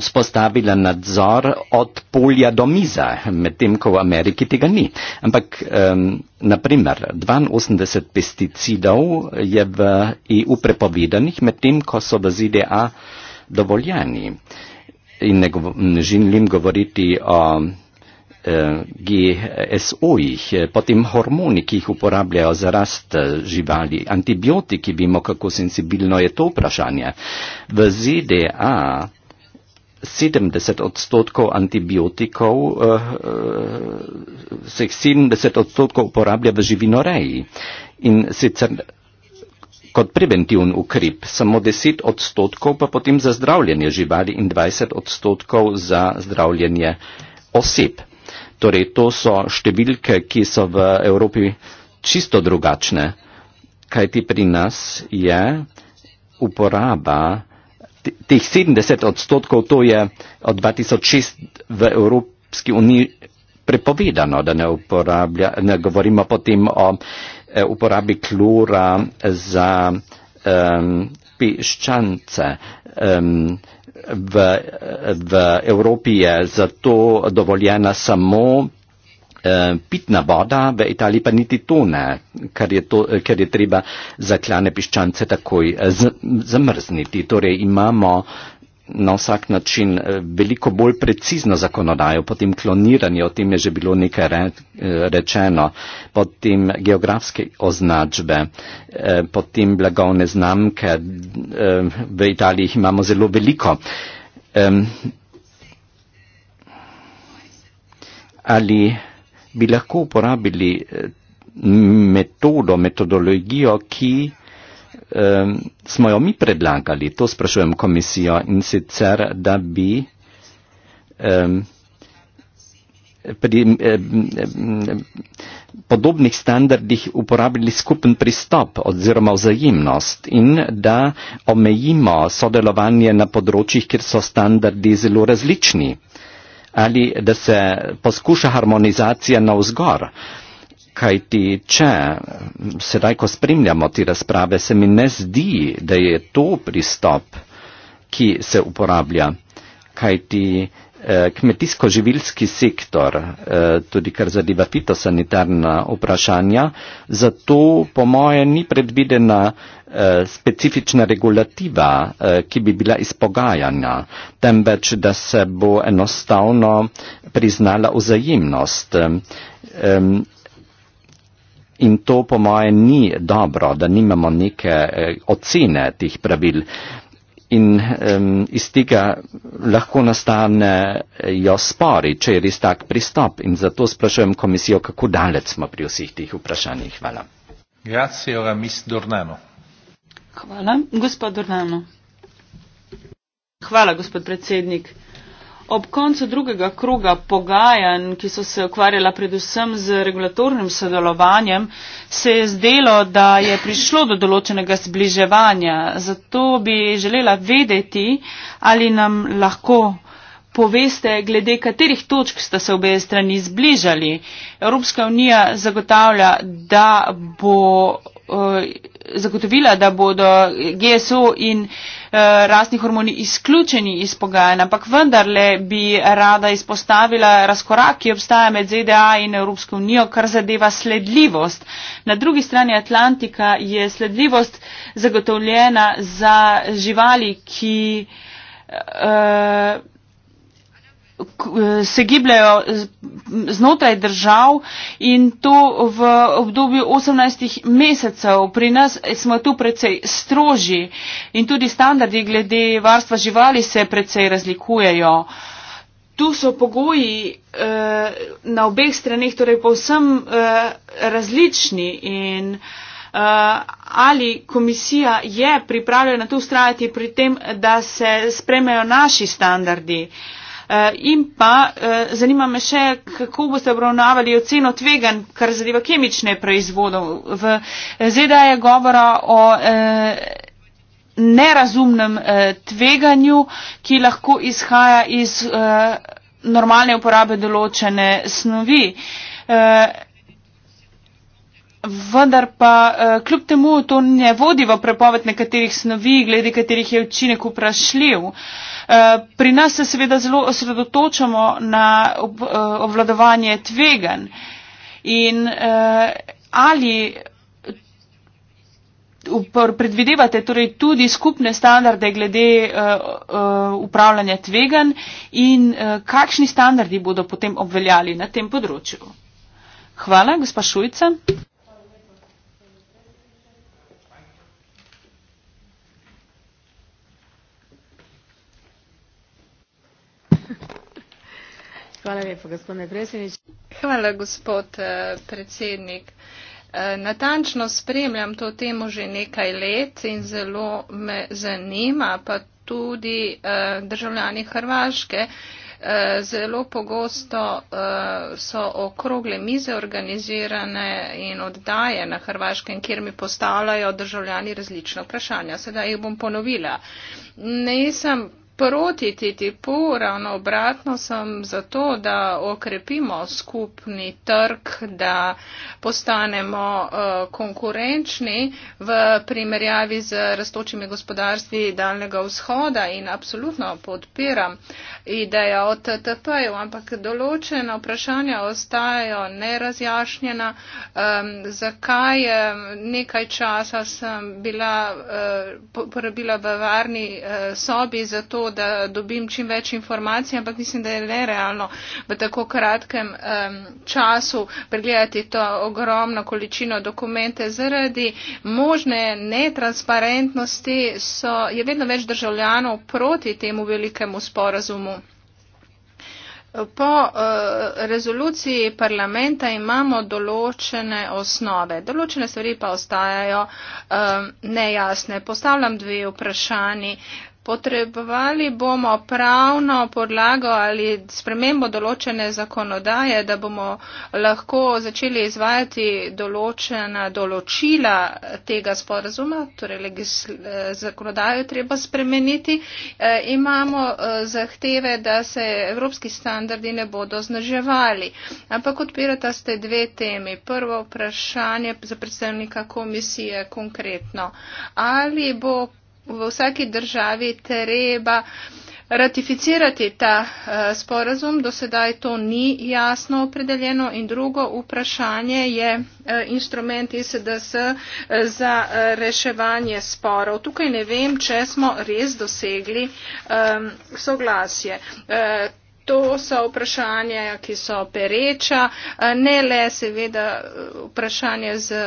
S4: spostavila nadzor od polja do miza, medtem ko v Ameriki tega ni. Ampak, um, naprimer, 82 pesticidov je v EU prepovedanih, medtem ko so v ZDA dovoljeni. Uh, in ne, gov ne želim govoriti o eh, GSO-jih, eh, potem hormoni, ki jih uporabljajo za rast eh, živali, antibiotiki, vemo, kako sensibilno je to vprašanje. V ZDA 70 odstotkov antibiotikov, eh, eh, 70 odstotkov uporablja v živinoreji. In sicer Kot preventivn ukrep samo 10 odstotkov, pa potem za zdravljenje živali in 20 odstotkov za zdravljenje oseb. Torej, to so številke, ki so v Evropi čisto drugačne, kajti pri nas je uporaba teh 70 odstotkov, to je od 2006 v Evropski uniji prepovedano, da ne, ne govorimo potem o Eh, uporabi klora za um, piščance. Um, v, v Evropi je zato dovoljena samo eh, pitna voda, v Italiji pa niti to ne, ker je, to, ker je treba zaklane piščance takoj eh, zamrzniti. Torej imamo uh, na vsak način eh, veliko bolj precizno zakonodajo, potem kloniranje, o tem je že bilo nekaj eh, rečeno, potem geografske označbe, eh, potem blagovne znamke, v Italiji jih imamo zelo veliko. Ali bi lahko uporabili metodo, metodologijo, ki smo jo mi predlagali, to sprašujem komisijo, in sicer, da bi pri podobnih standardih uporabili skupen pristop oziroma vzajemnost in da omejimo sodelovanje na področjih, kjer so standardi zelo različni ali da se poskuša harmonizacija na vzgor kaj ti če, sedaj ko spremljamo te razprave, se mi ne zdi, da je to pristop, ki se uporablja, kaj ti eh, kmetijsko-živilski sektor, eh, tudi kar zadeva fitosanitarna vprašanja, zato po moje ni predvidena eh, specifična regulativa, ki bi bila izpogajana, temveč da se bo enostavno priznala vzajemnost. In to, po moje, ni dobro, da nimamo neke eh, ocene tih pravil. In um, iz tega lahko nastanejo spori, če je res tak pristop. In zato sprašujem komisijo, kako daleč smo pri vseh teh vprašanjih. Hvala.
S1: Grazie, ora mis Dornano.
S3: Hvala, gospod Dornano. Hvala, gospod predsednik. Ob koncu drugega kruga pogajanj, ki so se ukvarjala predvsem z regulatornim sodelovanjem, se je zdelo, da je prišlo do določenega zbliževanja. Zato bi želela vedeti, ali nam lahko poveste, glede katerih točk sta se obe strani zbližali. Evropska unija zagotavlja, da bo zagotovila, da bodo GSO in uh, rastni hormoni izključeni iz pogajanja, ampak vendarle bi rada izpostavila razkorak, ki obstaja med ZDA in Evropsko unijo, kar zadeva sledljivost. Na drugi strani Atlantika je sledljivost zagotovljena za živali, ki. Uh, Eh, se gibljajo eh, znotraj držav in to v obdobju 18 mesecev. Pri nas smo tu precej stroži in tudi standardi glede varstva živali se precej razlikujejo. Tu so pogoji eh, na obeh straneh torej povsem različni in ali komisija je pripravljena tu ustrajati pri tem, da se spremejo naši standardi. Eh, in pa eh, zanima me še, kako boste obravnavali oceno tvegan, kar zadeva kemične proizvodov. V ZDA je govora o eh, nerazumnem tveganju, ki lahko izhaja iz normalne uporabe določene snovi vendar pa uh, kljub temu to ne vodi v prepoved nekaterih snovi, glede katerih je učinek vprašljiv. Uh, pri nas se seveda zelo osredotočamo na ob, uh, obvladovanje tvegan in uh, ali predvidevate torej tudi skupne standarde glede uh, uh, upravljanja tvegan in uh, kakšni standardi bodo potem obveljali na tem področju. Hvala, gospa Šujca.
S2: Hvala lepa, gospodine predsednik. Hvala, gospod eh, predsednik. Eh, natančno spremljam to temo že nekaj let in zelo me zanima, pa tudi eh, državljani Hrvaške. Zelo pogosto so okrogle mize organizirane in oddaje na Hrvaškem, kjer mi postavljajo državljani različne vprašanja. Sedaj jih bom ponovila. Nisem proti TTIP-u, ravno obratno sem zato, da okrepimo skupni trg, da postanemo eh, konkurenčni v primerjavi z raztočimi gospodarstvi Daljnega vzhoda in absolutno podpiram idejo o TTP-ju, ampak določena vprašanja ostajajo nerazjašnjena. Zakaj nekaj časa sem bila, eh, porabila v varni eh, sobi, zato da dobim čim več informacij, ampak mislim, da je nerealno v tako kratkem um, času pregledati to ogromno količino dokumente. Zaradi možne netransparentnosti so, je vedno več državljanov proti temu velikemu sporazumu. Po uh, rezoluciji parlamenta imamo določene osnove. Določene stvari pa ostajajo uh, nejasne. Postavljam dve vprašanje. Uh, Potrebovali bomo pravno podlago ali spremembo določene zakonodaje, da bomo lahko začeli izvajati določena določila tega sporazuma, torej eh, zakonodajo treba spremeniti. E, imamo e, zahteve, da se evropski standardi ne bodo znaževali. Ampak odpirata ste dve temi. Prvo vprašanje za predstavnika komisije konkretno. Ali bo v vsaki državi treba ratificirati ta eh, sporazum. Do sedaj to ni jasno opredeljeno. In drugo vprašanje je eh, instrument ISDS eh, za reševanje sporov. Tukaj ne vem, če smo res dosegli ehm, soglasje. To so vprašanja, ki so pereča, ne le seveda vprašanje z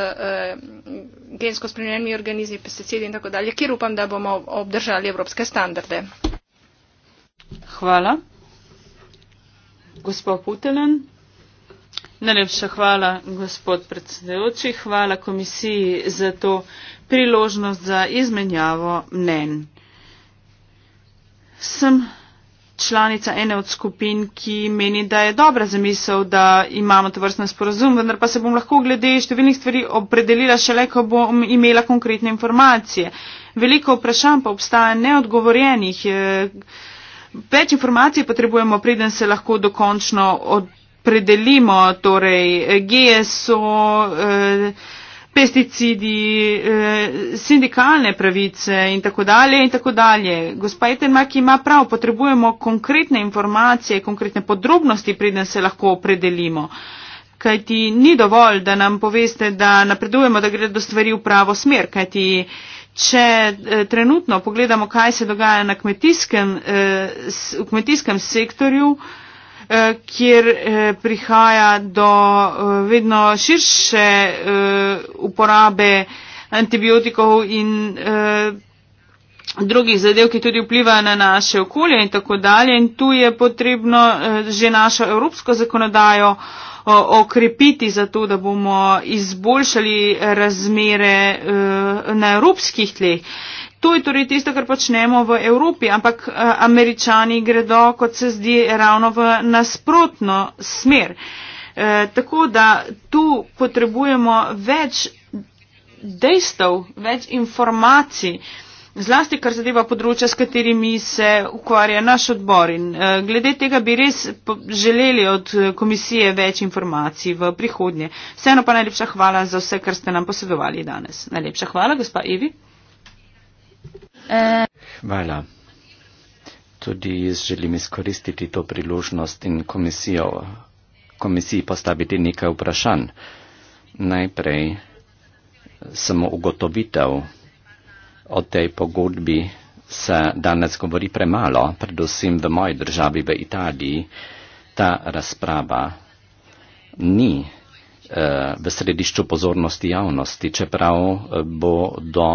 S2: gensko spremenjeni organizmi, pesticidi in tako dalje, kjer upam, da bomo obdržali evropske standarde.
S3: Hvala. Gospod Putelen. Najlepša hvala, gospod predsedujoči. Hvala komisiji za to priložnost za izmenjavo mnen. Sem članica ene od skupin, ki meni, da je dobra zamisel, da imamo to vrstno sporozum, vendar pa se bom lahko glede številnih stvari opredelila šele, ko bom imela konkretne informacije. Veliko vprašanj pa obstaja neodgovorjenih. Eh, več informacij potrebujemo, preden se lahko dokončno opredelimo. Torej, eh, GSO, eh, pesticidi, eh, sindikalne pravice in tako dalje in tako dalje. Gospa Etenmak ima prav, potrebujemo konkretne informacije, konkretne podrobnosti, preden se lahko opredelimo. Kajti ni dovolj, da nam poveste, da napredujemo, da gre do stvari v pravo smer. Kajti če eh, trenutno pogledamo, kaj se dogaja na kmetijskem, eh, v kmetijskem sektorju, Eh, kjer eh, prihaja do eh, vedno širše uporabe antibiotikov in drugih zadev, ki tudi vplivajo na naše okolje in tako dalje. In tu je potrebno že našo evropsko zakonodajo okrepiti za to, da bomo izboljšali razmere na evropskih tleh. To je torej tisto, kar počnemo v Evropi, ampak eh, američani gredo, kot se zdi, ravno v nasprotno smer. E, tako da tu potrebujemo več dejstev, več informacij, zlasti kar zadeva področja, s katerimi se ukvarja naš odbor. In e, glede tega bi res želeli od komisije več informacij v prihodnje. Vseeno pa najlepša hvala za vse, kar ste nam posedovali danes. Najlepša hvala, gospa Ivi.
S4: Hvala. Tudi jaz želim izkoristiti to priložnost in komisijo, komisiji postaviti nekaj vprašanj. Najprej samo ugotovitev o tej pogodbi se danes govori premalo, predvsem v moji državi, v Italiji. Ta razprava ni eh, v središču pozornosti javnosti, čeprav eh, bo do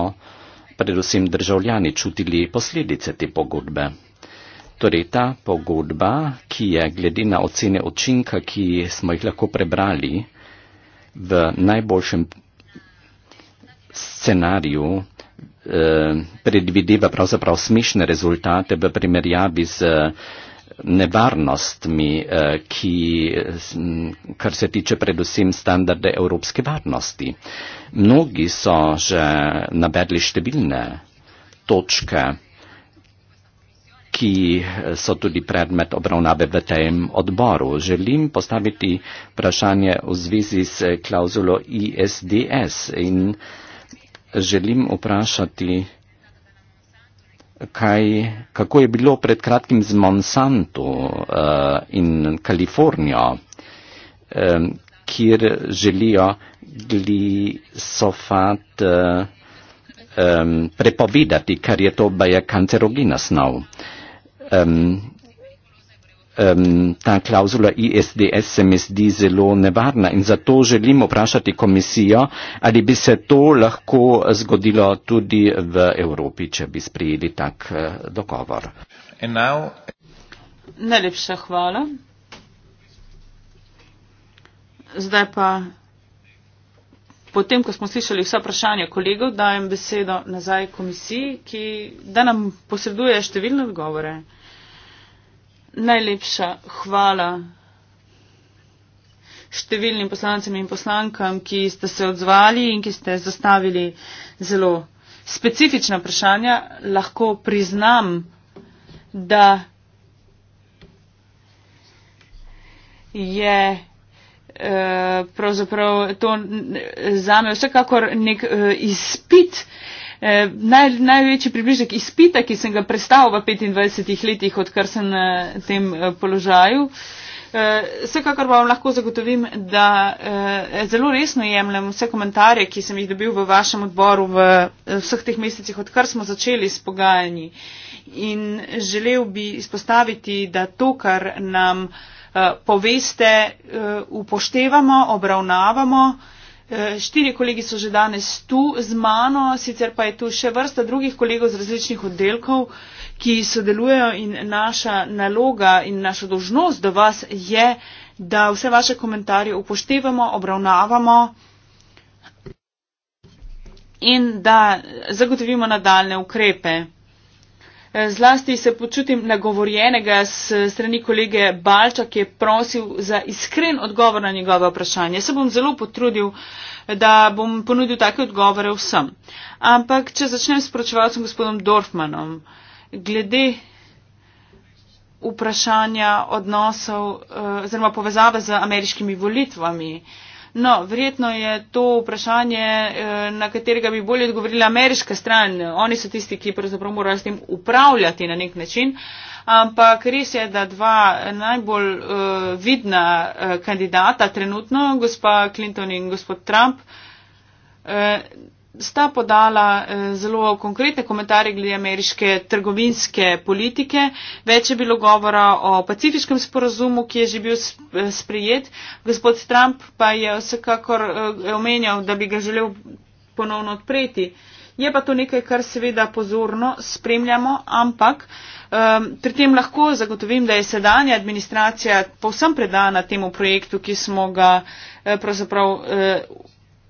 S4: predvsem državljani čutili posledice te pogodbe. Torej ta pogodba, ki je glede na ocene očinka, ki smo jih lahko prebrali, v najboljšem scenariju eh, predvideva pravzaprav smešne rezultate v primerjavi z eh, nevarnostmi, eh, ki, kar se tiče predvsem standarde evropske varnosti. Mnogi so že navedli številne točke, ki so tudi predmet obravnave v tem odboru. Želim postaviti vprašanje v zvezi s klauzulo ISDS in želim vprašati, kaj, kako je bilo pred kratkim z Monsanto uh, in Kalifornijo, um, kjer želijo glisofat uh, um, prepovedati, ker je to baje kancerogena snov. Um, um, ta klauzula ISDS se mi zdi zelo nevarna in zato želim vprašati komisijo, ali bi se to lahko zgodilo tudi v Evropi, če bi sprijeli tak uh, dogovor.
S1: Now...
S3: Najlepša hvala. Zdaj pa, potem, ko smo slišali vsa vprašanja kolegov, dajem besedo nazaj komisiji, ki da nam posreduje številne odgovore. Najlepša hvala številnim poslancem in poslankam, ki ste se odzvali in ki ste zastavili zelo specifična vprašanja. Lahko priznam, da je eh, pravzaprav to zame vsekakor nek eh, izpit, Eh, naj, največji približek izpita, ki sem ga prestal v 25 letih, odkar sem na tem eh, položaju. Eh, vsekakor vam lahko zagotovim, da zelo resno jemljem vse komentarje, ki sem jih dobil v vašem odboru v vseh teh mesecih, odkar smo začeli s pogajanji. In želel bi izpostaviti, da to, kar nam poveste, upoštevamo, obravnavamo. Eh, štiri kolegi so že danes tu z mano, sicer pa je tu še vrsta drugih kolegov z različnih oddelkov, ki sodelujejo in naša naloga in naša dožnost do vas je, da vse vaše komentarje upoštevamo, obravnavamo in da zagotovimo nadaljne ukrepe. Zlasti se počutim nagovorjenega strani kolege Balča, ki je prosil za iskren odgovor na njegove vprašanje. Se bom zelo potrudil, da bom ponudil take odgovore vsem. Ampak, če začnem s poročevalcem gospodom Dorfmanom, glede vprašanja odnosov eh, oziroma povezave z ameriškimi volitvami. No, verjetno je to vprašanje, eh, na katerega bi bolje odgovorila ameriška stran. Oni so tisti, ki pravzaprav morajo s tem upravljati na nek način. Ampak res je, da dva najbolj uh, vidna uh, kandidata trenutno, gospa Clinton in gospod Trump, uh, sta podala eh, zelo konkretne komentarje glede ameriške trgovinske politike. Več je bilo govora o pacifiškem sporazumu, ki je že bil eh, sprejet. Gospod Trump pa je vsekakor eh, omenjal, da bi ga želel ponovno odpreti. Je pa to nekaj, kar seveda pozorno spremljamo, ampak um, pri tem lahko zagotovim, da je sedanja administracija povsem predana temu projektu, ki smo ga eh, pravzaprav eh,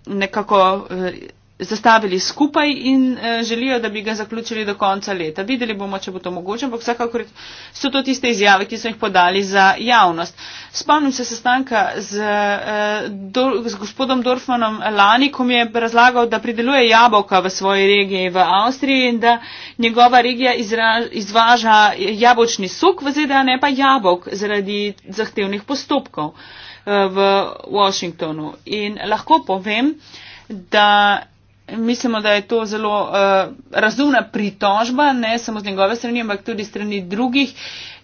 S3: nekako. Eh, zastavili skupaj in eh, želijo, da bi ga zaključili do konca leta. Videli bomo, če bo to mogoče, ampak vsekakor so to tiste izjave, ki so jih podali za javnost. Spomnim se sestanka z, eh, z gospodom Dorfmanom Lani, ko mi je razlagal, da prideluje jabolka v svoji regiji v Avstriji in da njegova regija izraž, izvaža jabočni suk v ZDA, ne pa jabolk zaradi zahtevnih postopkov eh, v Washingtonu. In lahko povem, da Mislimo, da je to zelo uh, razumna pritožba, ne samo z njegove strani, ampak tudi strani drugih.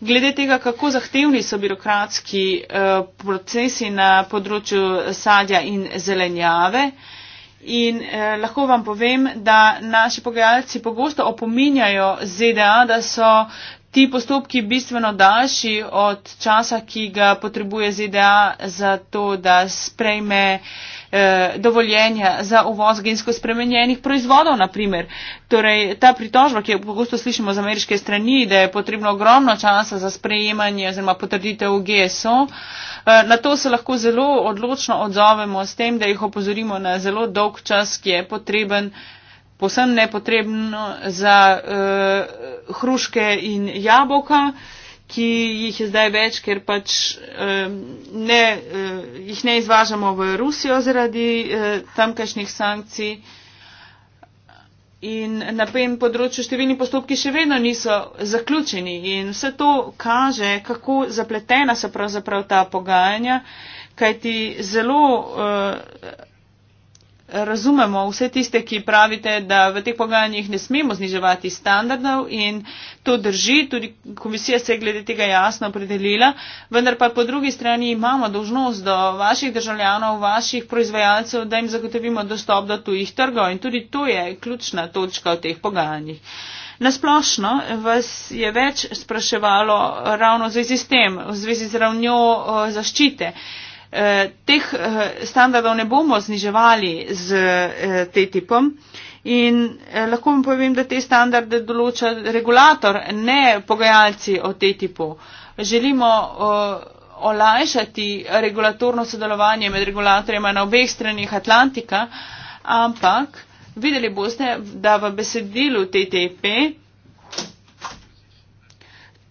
S3: Glede tega, kako zahtevni so birokratski uh, procesi na področju sadja in zelenjave. In eh, lahko vam povem, da naši pogajalci pogosto opominjajo ZDA, da so ti postopki bistveno daljši od časa, ki ga potrebuje ZDA za to, da sprejme eh, eh, dovoljenja za uvoz gensko spremenjenih proizvodov, naprimer. Torej, ta pritožba, ki jo pogosto slišimo z ameriške strani, da je potrebno ogromno časa za sprejemanje oziroma potrditev GSO, eh, na to se lahko zelo odločno odzovemo s tem, da jih opozorimo na zelo dolg čas, ki je potreben posebno nepotrebno za uh, hruške in jabolka. Uh, ki jih je zdaj več, ker pač ne, eh, jih ne izvažamo v Rusijo zaradi eh, tamkajšnjih sankcij. In na tem področju številni postopki še vedno niso zaključeni in vse to kaže, kako zapletena so pravzaprav ta pogajanja, kajti zelo uh, razumemo vse tiste, ki pravite, da v teh pogajanjih ne smemo zniževati standardov in to drži, tudi komisija se je glede tega jasno opredelila, vendar pa po drugi strani imamo dožnost do vaših državljanov, vaših proizvajalcev, da jim zagotovimo dostop do tujih trgov in tudi to je ključna točka v teh pogajanjih. Nasplošno vas je več spraševalo ravno v zvezi s tem, v zvezi z ravnjo eh, zaščite. Eh, teh eh, standardov ne bomo zniževali z eh, TTIP-om in lahko vam povem, da te standarde določa regulator, ne pogajalci o TTIP-u. Želimo olajšati regulatorno sodelovanje med regulatorjema na obeh stranih Atlantika, ampak videli boste, da v besedilu TTIP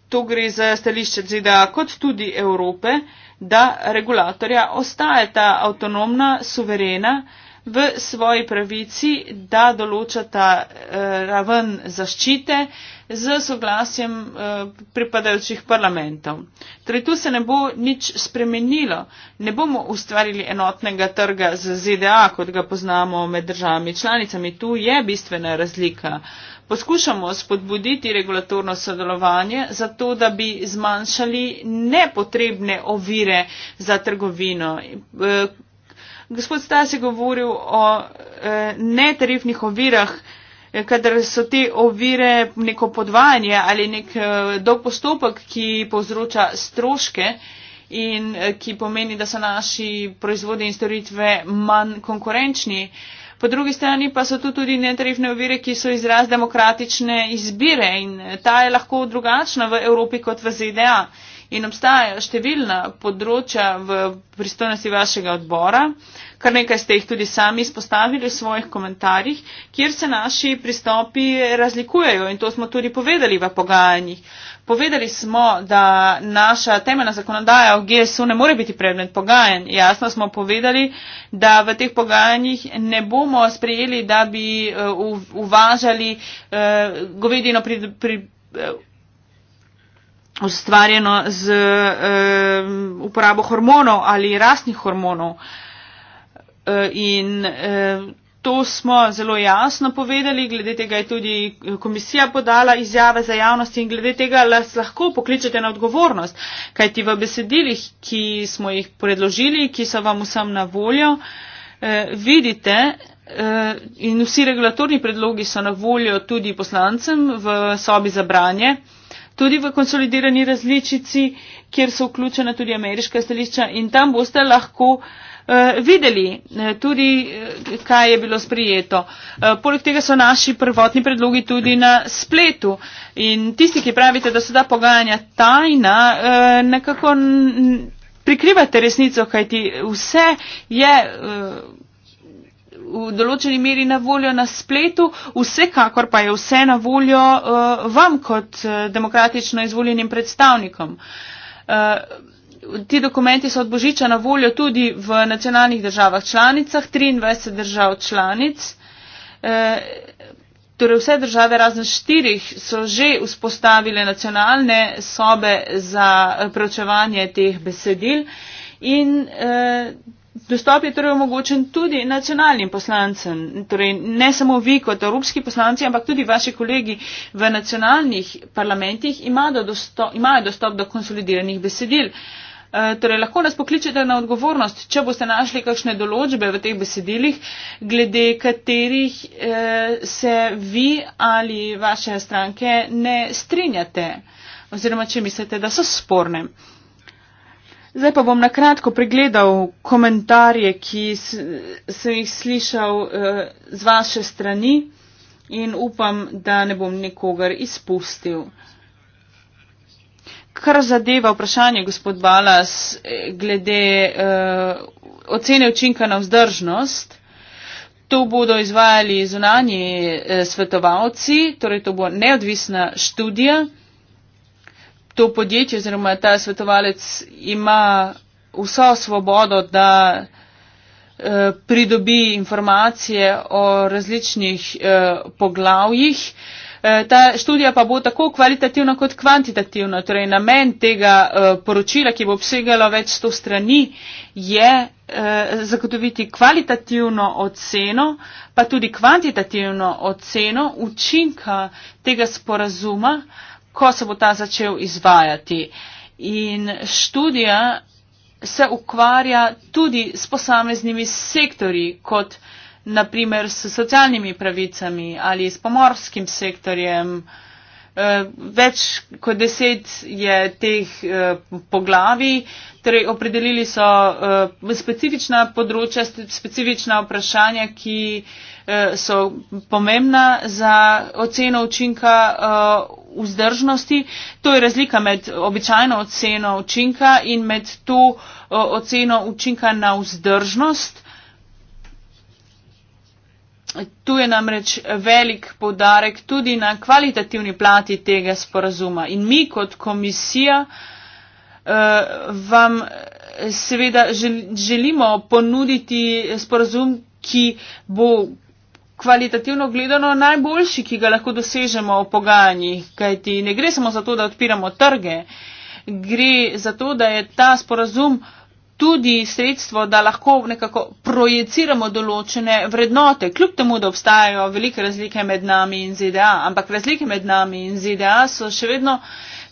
S3: Tu gre za stališče ZDA kot tudi Evrope. Uh, da regulatorja ostajata avtonomna, suverena v svoji pravici, da določata eh, raven zaščite z soglasjem eh, pripadajočih parlamentov. Torej tu se ne bo nič spremenilo. Ne bomo ustvarili enotnega trga z ZDA, kot ga poznamo med državami članicami. Tu je bistvena razlika. Uh, Poskušamo spodbuditi regulatorno sodelovanje, zato da bi zmanjšali nepotrebne ovire za trgovino. E, gospod Stas je govoril o e, netarifnih ovirah, e, kadar so te ovire neko podvajanje ali nek dolg postopek, ki povzroča stroške in ki pomeni, da so naši proizvodi in storitve manj konkurenčni. Po drugi strani pa so tu tudi netarifne ovire, ki so izraz demokratične izbire in ta je lahko drugačna v Evropi kot v ZDA in obstajajo številna področja v pristojnosti vašega odbora, kar nekaj ste jih tudi sami izpostavili v svojih komentarjih, kjer se naši pristopi razlikujejo in to smo tudi povedali v pogajanjih. Povedali smo, da naša temeljna zakonodaja o GSU ne more biti predmet pogajanj. Jasno smo povedali, da v teh pogajanjih ne bomo sprejeli, da bi eh, uvažali eh, govedino pri. pri eh, ustvarjeno z um, uporabo hormonov ali rastnih hormonov. E, in eh, to smo zelo jasno povedali, glede tega je tudi komisija podala izjave za javnost in glede tega las lahko pokličete na odgovornost, kajti v besedilih, ki smo jih predložili, ki so vam vsem na voljo, eh, vidite eh, in vsi regulatorni predlogi so na voljo tudi poslancem v sobi za branje tudi v konsolidirani različici, kjer so vključena tudi ameriška stališča in tam boste lahko eh, videli eh, tudi, eh, kaj je bilo sprijeto. Poleg tega so naši prvotni predlogi tudi na spletu in tisti, ki pravite, da so ta pogajanja tajna, nekako prikrivate resnico, kajti vse je v določeni meri na voljo na spletu, vsekakor pa je vse na voljo uh, vam kot uh, demokratično izvoljenim predstavnikom. Uh, Ti dokumenti so od Božiča na voljo tudi v nacionalnih državah članicah, 23 držav članic. E, torej vse države razen štirih so že vzpostavile nacionalne sobe za preučevanje teh besedil in e, Dostop je torej omogočen tudi nacionalnim poslancem, torej ne samo vi kot evropski poslanci, ampak tudi vaši kolegi v nacionalnih parlamentih imajo dostop, imajo dostop do konsolidiranih besedil. E, torej, lahko nas pokličete na odgovornost, če boste našli kakšne določbe v teh besedilih, glede katerih e, se vi ali vaše stranke ne strinjate oziroma če mislite, da so sporne. Zdaj pa bom nakratko pregledal komentarje, ki sem jih slišal eh, z vaše strani in upam, da ne bom nikogar izpustil. Kar zadeva vprašanje gospod Balas eh, glede uh, ocene učinka na vzdržnost, to bodo izvajali zunanji uh, svetovalci, torej to bo neodvisna študija to podjetje oziroma ta svetovalec ima vso svobodo, da eh, pridobi informacije o različnih eh, poglavjih. Eh, ta študija pa bo tako kvalitativna kot kvantitativna. Torej, namen tega poročila, ki bo obsegalo več sto strani, je zagotoviti kvalitativno oceno, pa tudi kvantitativno oceno učinka tega sporazuma ko se bo ta začel izvajati. In študija se ukvarja tudi s posameznimi sektori, kot naprimer s socialnimi pravicami ali s pomorskim sektorjem. Eh, več kot deset je teh eh, poglavi, torej opredelili so eh, specifična področja, specifična vprašanja, ki so pomembna za oceno učinka vzdržnosti. To je razlika med običajno oceno učinka in med to oceno učinka na vzdržnost. Tu je namreč velik povdarek tudi na kvalitativni plati tega sporazuma. In mi kot komisija eh, vam eh, seveda želimo ponuditi sporazum, ki bo kvalitativno gledano najboljši, ki ga lahko dosežemo v pogajanjih, kajti ne gre samo za to, da odpiramo trge, gre za to, da je ta sporazum uh, tudi sredstvo, da lahko nekako projeciramo določene vrednote, kljub temu, da obstajajo velike razlike med nami in ZDA, ampak razlike med nami in ZDA so še vedno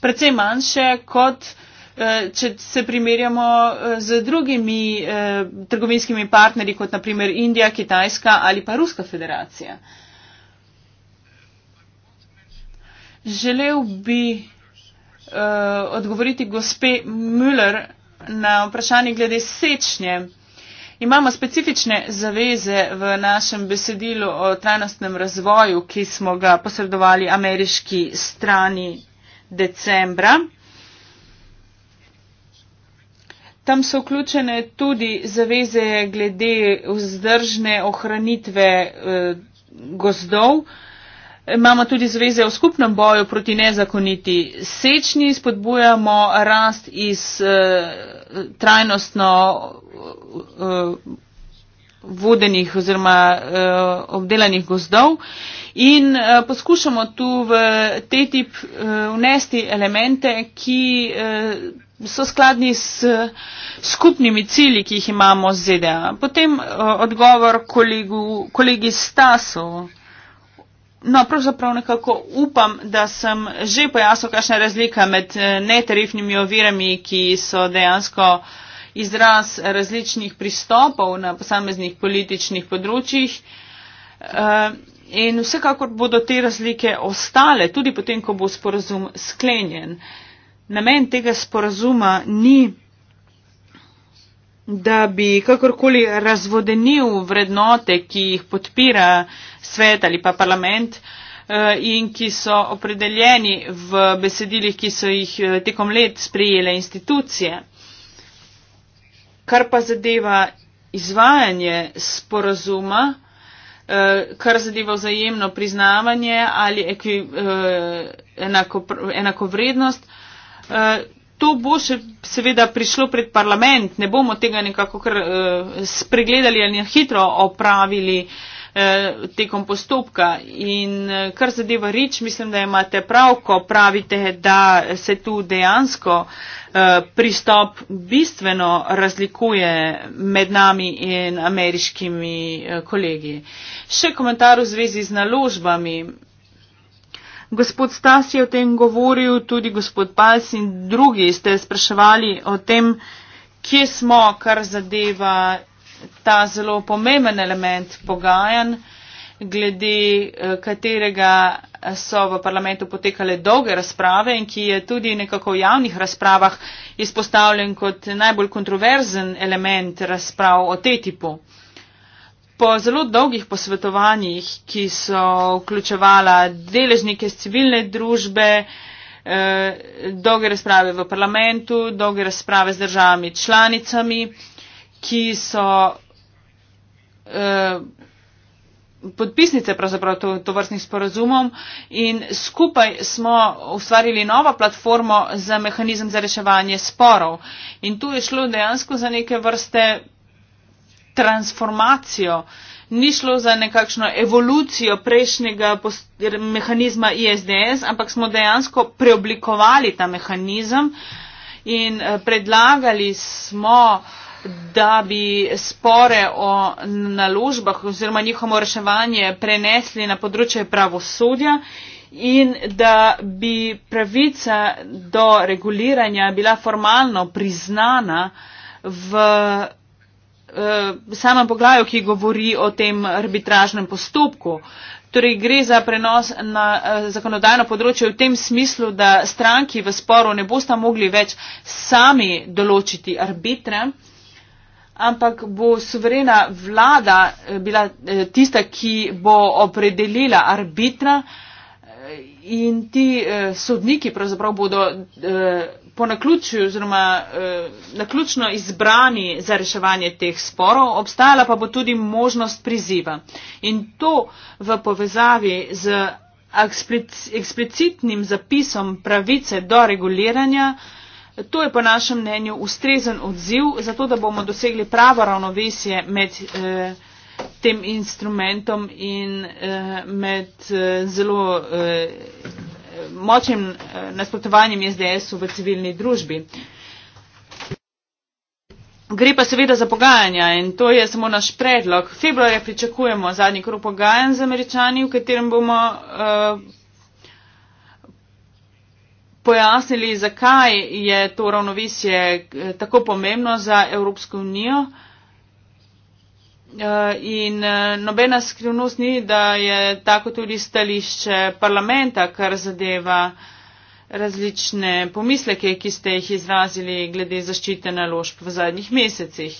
S3: precej manjše, kot eh, če se primerjamo eh, z drugimi eh, trgovinskimi partnerji, kot naprimer Indija, Kitajska ali pa Ruska federacija. Želel bi uh, odgovoriti gospe Müller na vprašanje glede sečnje. Imamo specifične zaveze v našem besedilu o trajnostnem razvoju, ki smo ga posredovali ameriški strani decembra. Tam so vključene tudi zaveze glede vzdržne ohranitve eh, gozdov, eh, Imamo tudi zveze o skupnem boju proti nezakoniti sečni, spodbujamo rast iz uh, trajnostno uh, vodenih oziroma uh, obdelanih gozdov in uh, poskušamo tu v TTIP uh, vnesti elemente, ki uh, so skladni s uh, skupnimi cilji, ki jih imamo z ZDA. Potem uh, odgovor kolegu, kolegi Stasov. No, pravzaprav nekako upam, da sem že pojasnil, kakšna je razlika med eh, netarifnimi ovirami, ki so dejansko izraz različnih pristopov na posameznih političnih področjih. Eh, in vsekakor bodo te razlike ostale, tudi potem, ko bo sporazum sklenjen. Namen tega sporazuma ni da bi kakorkoli razvodenil vrednote, ki jih podpira svet ali pa parlament eh, in ki so opredeljeni v besedilih, ki so jih eh, tekom let sprijele institucije. Kar pa zadeva izvajanje sporozuma, eh, kar zadeva vzajemno priznavanje ali enakovrednost, to bo še seveda prišlo pred parlament, ne bomo tega nekako kar uh, spregledali ali hitro opravili uh, tekom postopka. In uh, kar zadeva rič, mislim, da imate prav, ko pravite, da se tu dejansko uh, pristop bistveno razlikuje med nami in ameriškimi uh, kolegi. Še komentar v zvezi z naložbami. Gospod Stas je o tem govoril, tudi gospod Pals in drugi ste spraševali o tem, kje smo, kar zadeva ta zelo pomemben element pogajanj, glede eh, katerega so v parlamentu potekale dolge razprave in ki je tudi nekako v javnih razpravah izpostavljen kot najbolj kontroverzen element razprav o TTIP-u. Po zelo dolgih posvetovanjih, ki so vključevala deležnike iz civilne družbe, eh, dolge razprave v parlamentu, dolge razprave z državami članicami, ki so eh, podpisnice pravzaprav to, to vrstnih sporazumov in skupaj smo ustvarili novo platformo za mehanizem za reševanje sporov. In tu je šlo dejansko za neke vrste transformacijo, ni šlo za nekakšno evolucijo prejšnjega mehanizma ISDS, ampak smo dejansko preoblikovali ta mehanizem in eh, predlagali smo, da bi spore o naložbah oziroma njihovo reševanje prenesli na področje pravosodja in da bi pravica do reguliranja bila formalno priznana v Eh, samem poglavju, ki govori o tem arbitražnem postopku. Torej gre za prenos na eh, zakonodajno področje v tem smislu, da stranki v sporu ne bosta mogli več sami določiti arbitre, ampak bo suverena vlada eh, bila tista, ki bo opredelila arbitra in ti eh, sodniki pravzaprav bodo eh, po naključju oziroma eh, naključno izbrani za reševanje teh sporov, obstajala pa bo tudi možnost priziva. In to v povezavi z eksplicitnim zapisom pravice do reguliranja, to je po našem mnenju ustrezen odziv, zato da bomo dosegli pravo ravnovesje med. Eh, tem instrumentom in uh, med uh, zelo uh, močnim uh, nasprotovanjem SDS-u v civilni družbi. Gre pa seveda za pogajanja in to je samo naš predlog. Februarja pričakujemo zadnji krok pogajanj z američani, v katerem bomo uh, pojasnili, zakaj je to ravnovesje tako pomembno za Evropsko unijo. Uh, Eh, in eh, nobena skrivnost ni, da je tako tudi stališče parlamenta, kar zadeva različne pomisleke, ki ste jih izrazili glede zaščite naložb v zadnjih mesecih.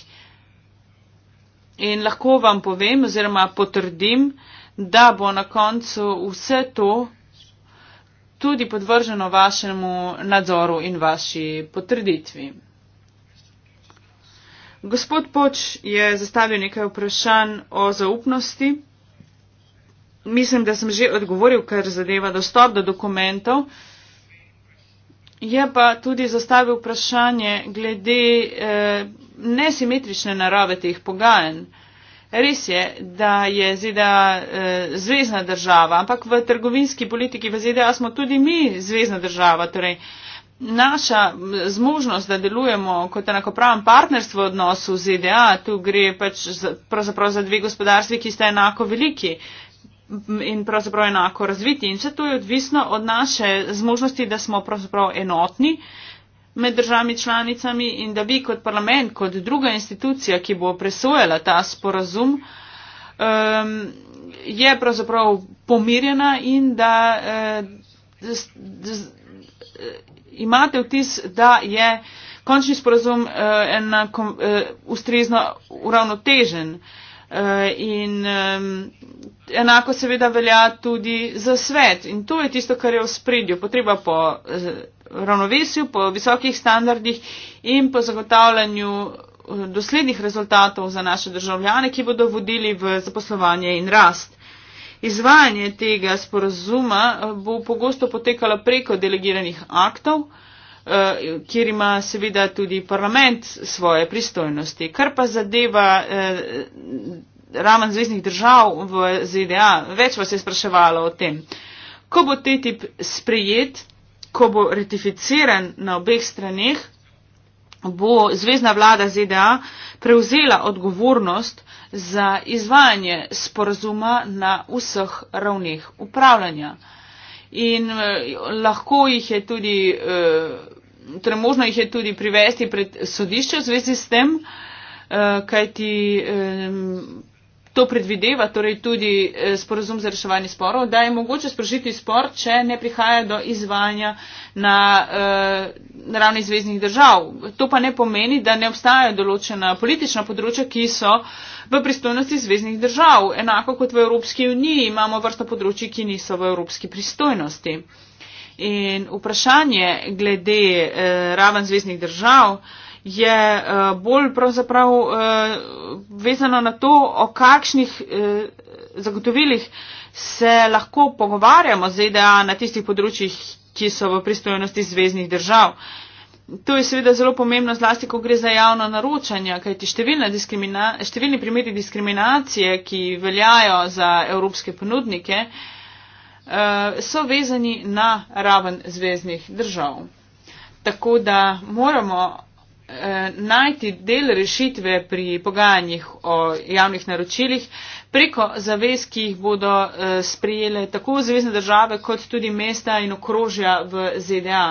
S3: In lahko vam povem oziroma potrdim, da bo na koncu vse to tudi podvrženo vašemu nadzoru in vaši potrditvi. Gospod Poč je zastavil nekaj vprašanj o zaupnosti. Mislim, da sem že odgovoril, kar zadeva dostop do dokumentov. Je pa tudi zastavil vprašanje glede eh, nesimetrične narave teh pogajanj. Res je, da je ZDA eh, zvezna država, ampak v trgovinski politiki v ZDA smo tudi mi zvezna država. Torej, eh, naša zmožnost, da delujemo kot enakopraven partnerstvo v odnosu z ZDA, tu gre pač za, pravzaprav za dve gospodarstvi, ki sta enako veliki in pravzaprav enako razviti. In vse to je odvisno od naše zmožnosti, da smo pravzaprav enotni med državami članicami in da vi kot parlament, kot druga institucija, ki bo presojala ta sporazum, um, je pravzaprav pomirjena in da. Eh, z, z, imate vtis, da je končni sporazum uh, eh, enako, eh, uh, eh, ustrezno uravnotežen. Uh, in um, enako seveda velja tudi za svet. In to je tisto, kar je v spredju. Potreba po uh, ravnovesju, po visokih standardih in po zagotavljanju uh, doslednjih rezultatov za naše državljane, ki bodo vodili v zaposlovanje in rast. Izvajanje tega sporazuma eh, bo pogosto potekalo preko delegiranih aktov, eh, kjer ima seveda tudi parlament svoje pristojnosti. Kar pa zadeva eh, raven zvezdnih držav v ZDA, več vas je spraševalo o tem. Ko bo TTIP sprejet, ko bo ratificiran na obeh straneh, bo zvezdna vlada ZDA prevzela odgovornost za izvajanje sporazuma na vseh ravneh upravljanja. In eh, lahko jih je tudi, eh, torej možno jih je tudi privesti pred sodišče v zvezi s tem, eh, kajti. Eh, to predvideva, torej tudi eh, sporozum za reševanje sporov, da je mogoče sprožiti spor, če ne prihaja do izvajanja na, eh, na ravni zvezdnih držav. To pa ne pomeni, da ne obstajajo določena politična področja, ki so v pristojnosti zvezdnih držav. Enako kot v Evropski uniji imamo vrsto področji, ki niso v evropski pristojnosti. In vprašanje glede eh, raven zvezdnih držav eh, je eh, bolj pravzaprav eh, vezana na to, o kakšnih eh, zagotovilih se lahko pogovarjamo z EDA na tistih področjih, ki so v pristojnosti zvezdnih držav. To je seveda zelo pomembno, zlasti, ko gre za javno naročanje, kajti številni primeri diskriminacije, ki veljajo za evropske ponudnike, so vezani na raven zvezdnih držav. Tako da moramo Eh, najti del rešitve pri pogajanjih o javnih naročilih preko zavez, ki jih bodo eh, sprejele tako zvezne države, kot tudi mesta in okrožja v ZDA.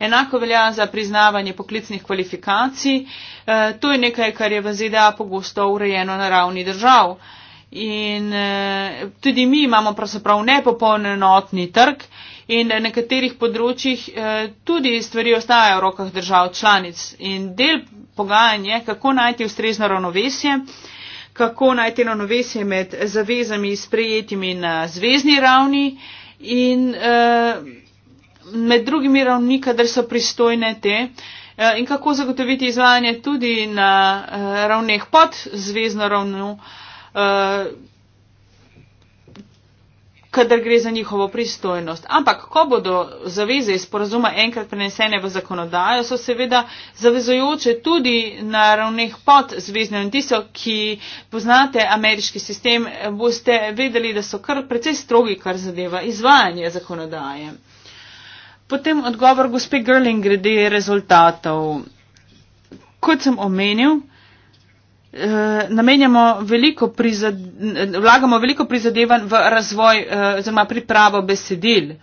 S3: Enako velja za priznavanje poklicnih kvalifikacij. Eh, to je nekaj, kar je v ZDA pogosto urejeno na ravni držav. In tudi mi imamo pravzaprav nepopolnen enotni trg in na eh, nekaterih področjih eh, tudi stvari ostajajo v rokah držav članic. In del pogajanj je, kako najti ustrezno ravnovesje, kako najti ravnovesje med zavezami sprejetimi na zvezdni ravni in eh, med drugimi ravni, kadar so pristojne te. In kako zagotoviti izvajanje tudi na ravneh pod zvezdno ravno, kadar gre za njihovo pristojnost. Ampak, ko bodo zaveze iz porazuma enkrat prenesene v zakonodajo, so seveda zavezojoče tudi na ravneh pod zvezdne notiso, ki poznate ameriški sistem, boste vedeli, da so kar precej strogi, kar zadeva izvajanje zakonodaje. Potem odgovor gospe Gerling glede rezultatov. Kot sem omenil, Eh, namenjamo veliko, prizade, vlagamo veliko prizadevanj v razvoj eh, oziroma pripravo besedil.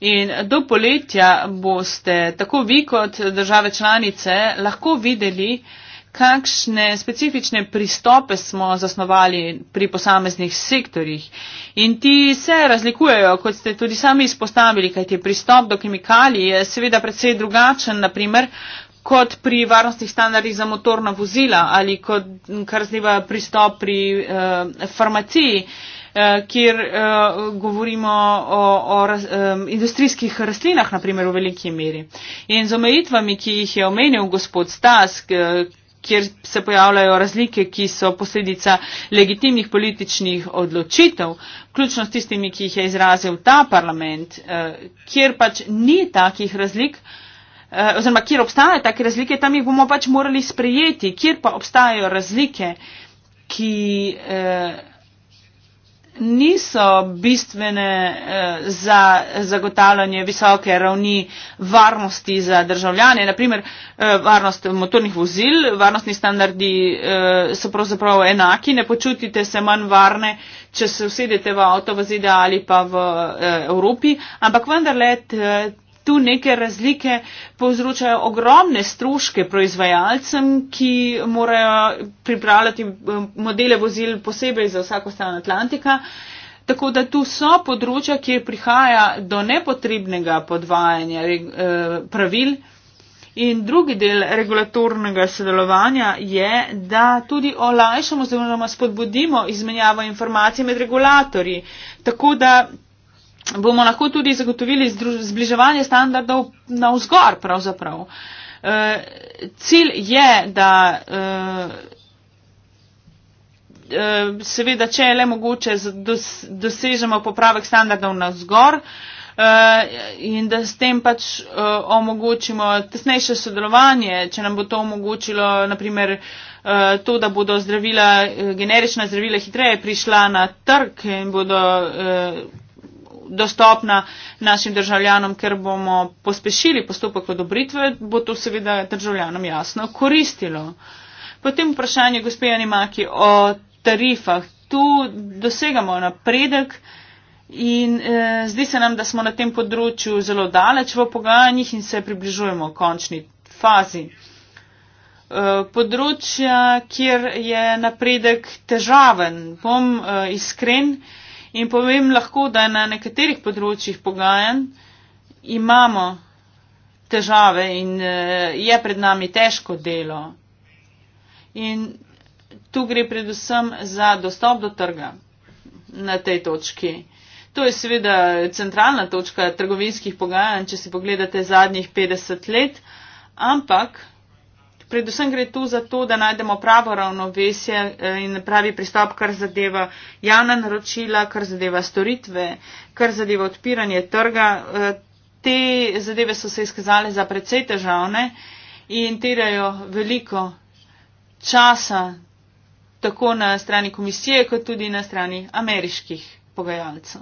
S3: In do poletja boste tako vi kot države članice lahko videli, kakšne specifične pristope smo zasnovali pri posameznih sektorjih. In ti se razlikujejo, kot ste tudi sami izpostavili, kajti pristop do kemikalij je seveda predvsej drugačen, naprimer kot pri varnostnih standardih za motorna vozila ali kot krzniva pristop pri eh, farmaciji, eh, kjer eh, govorimo o, o raz, eh, industrijskih rastlinah, naprimer v veliki meri. In z omejitvami, ki jih je omenil gospod Stas, eh, kjer se pojavljajo razlike, ki so posledica legitimnih političnih odločitev, vključno s tistimi, ki jih je izrazil ta parlament, eh, kjer pač ni takih razlik, eh, Eh, oziroma kjer obstajajo take razlike, tam jih bomo pač morali sprejeti, kjer pa obstajajo razlike, ki eh, niso bistvene eh, za zagotavljanje visoke ravni varnosti za državljane. Naprimer, varnost motornih vozil, varnostni standardi so pravzaprav enaki, ne počutite se manj varne, če se usedete v avto v ZDA ali pa v Evropi, ampak vendarle tu neke razlike povzročajo ogromne stroške proizvajalcem, ki morajo pripravljati eh, modele vozil posebej za vsako stran Atlantika. Tako da tu so področja, kjer prihaja do nepotrebnega podvajanja eh, pravil. In drugi del regulatornega sodelovanja je, da tudi olajšamo oziroma spodbudimo izmenjavo informacij med regulatorji. Tako da bomo lahko tudi zagotovili zbliževanje standardov na vzgor pravzaprav. E, cilj je, da e, e, seveda, če je le mogoče, dosežemo popravek standardov na vzgor in da s tem pač omogočimo tesnejše sodelovanje, če nam bo to omogočilo, naprimer, to, da bodo zdravila, generična zdravila hitreje prišla na trg in bodo dostopna našim državljanom, ker bomo pospešili postopek odobritve, bo to seveda državljanom jasno koristilo. Potem vprašanje gospe Animaki o tarifah. Tu dosegamo napredek in eh, zdi se nam, da smo na tem področju zelo daleč v pogajanjih in se približujemo končni fazi. Eh, področja, kjer je napredek težaven, bom eh, iskren, In povem lahko, da na nekaterih področjih pogajanj imamo težave in eh, je pred nami težko delo. In tu gre predvsem za dostop do trga na tej točki. To je seveda centralna točka trgovinskih pogajanj, če si pogledate zadnjih 50 let, ampak predvsem gre tu za to, da najdemo pravo ravnovesje eh, in pravi pristop, kar zadeva javna naročila, kar zadeva storitve, kar zadeva odpiranje trga. Eh, te zadeve so se izkazale za precej težavne in terajo veliko časa tako na strani komisije, kot tudi na strani ameriških pogajalcev.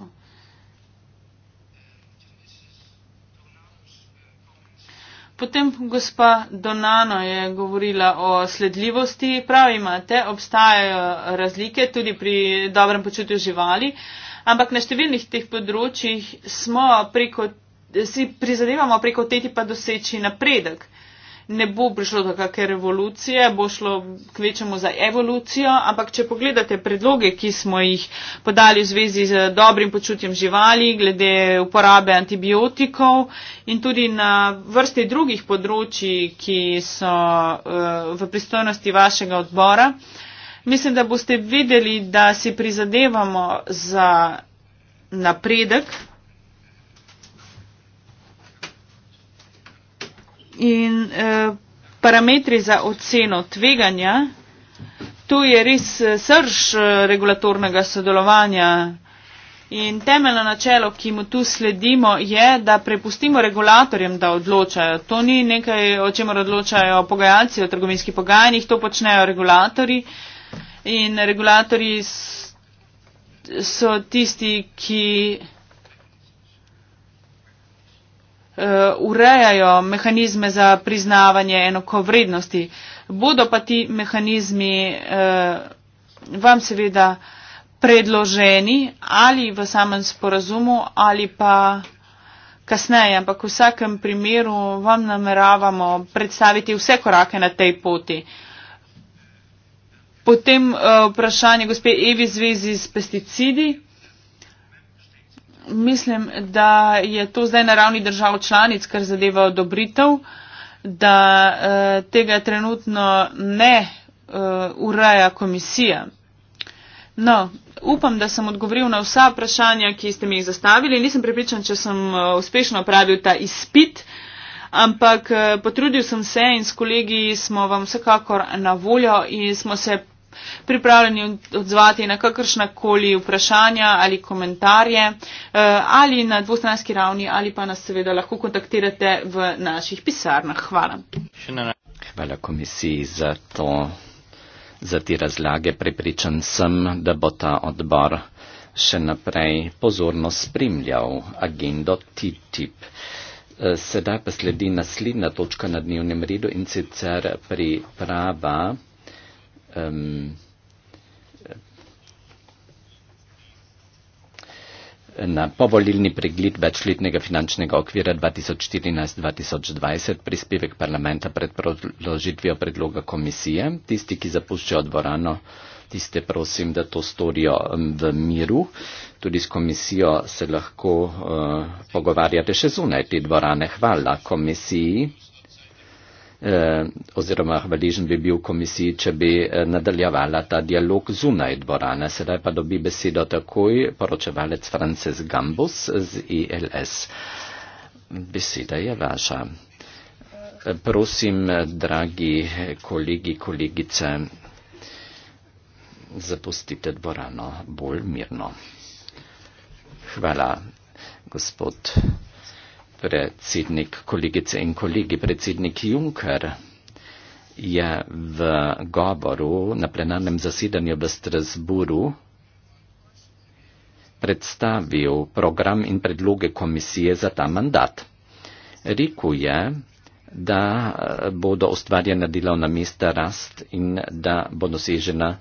S3: Potem gospa Donano je govorila o sledljivosti. Prav imate, obstajajo razlike tudi pri dobrem počutju živali, ampak na številnih teh področjih smo preko, si prizadevamo preko teti pa doseči napredek ne bo prišlo do kakšne revolucije, bo šlo k večjemu za evolucijo, ampak če pogledate predloge, ki smo jih podali v zvezi z dobrim počutjem živali, glede uporabe antibiotikov in tudi na vrsti drugih področji, ki so eh, v pristojnosti vašega odbora, mislim, da boste videli, da si prizadevamo za napredek in eh, parametri za oceno tveganja. Tu je res eh, srž eh, regulatornega sodelovanja in temeljno načelo, ki mu tu sledimo, je, da prepustimo regulatorjem, da odločajo. To ni nekaj, o čemer odločajo pogajalci o trgovinskih pogajanjih, to počnejo regulatori in regulatori so tisti, ki Eh, urejajo mehanizme za priznavanje enakovrednosti. Bodo pa ti mehanizmi eh, vam seveda predloženi ali v samem sporazumu ali pa kasneje, ampak v vsakem primeru vam nameravamo predstaviti vse korake na tej poti. Potem eh, vprašanje gospe Evi zvezi s pesticidi mislim, da je to zdaj na ravni držav članic, kar zadeva odobritev, da uh, tega trenutno ne uh, eh, uraja komisija. No, upam, da sem odgovoril na vsa vprašanja, ki ste mi jih zastavili. Nisem prepričan, če sem uh, uspešno opravil ta izpit, ampak uh, potrudil sem se in s kolegi smo vam vsekakor na voljo in smo se pripravljeni odzvati na kakršna koli vprašanja ali komentarje eh, ali na dvostranski ravni ali pa nas seveda lahko kontaktirate v naših pisarnah. Hvala.
S4: Hvala komisiji za, to, za te razlage. Pripričan sem, da bo ta odbor še naprej pozorno spremljal agendo TTIP. Eh, sedaj pa sledi naslednja točka na dnevnem redu in sicer priprava Um, na povolilni pregled večletnega finančnega okvira 2014-2020 prispevek parlamenta pred proložitvijo predloga komisije. Tisti, ki zapuščajo dvorano, tiste prosim, da to storijo v miru. Tudi s komisijo se lahko uh, pogovarjate še zunaj te dvorane. Hvala komisiji. Eh, oziroma hvaležen bi bil komisiji, če bi eh, nadaljevala ta dialog zunaj dvorane. Sedaj pa dobi besedo takoj poročevalec Frances Gambus z ILS. Beseda je vaša. Eh, prosim, dragi kolegi, kolegice, zapustite dvorano bolj mirno. Hvala, gospod predsednik, kolegice in kolegi, predsednik Juncker je v govoru na plenarnem zasedanju v Strasburu predstavil program in predloge komisije za ta mandat. Rekl je, da bodo ustvarjena delovna mesta rast in da bo dosežena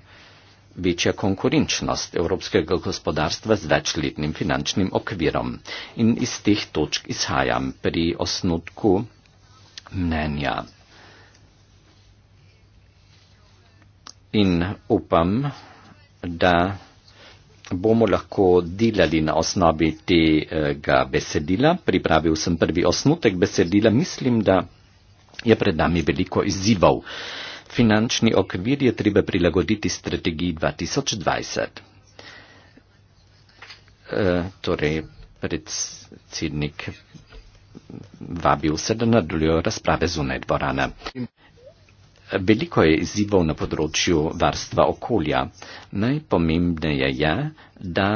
S4: večja konkurenčnost evropskega gospodarstva z večletnim finančnim okvirom. In iz teh točk izhajam pri osnutku mnenja. In upam, da bomo lahko delali na osnovi tega besedila. Pripravil sem prvi osnutek besedila. Mislim, da je pred nami veliko izzivov finančni okvir je treba prilagoditi strategiji 2020. E, torej, predsednik vabi vse, da nadaljujo razprave zunaj dvorana. Veliko je izzivov na področju varstva okolja. Najpomembneje je, da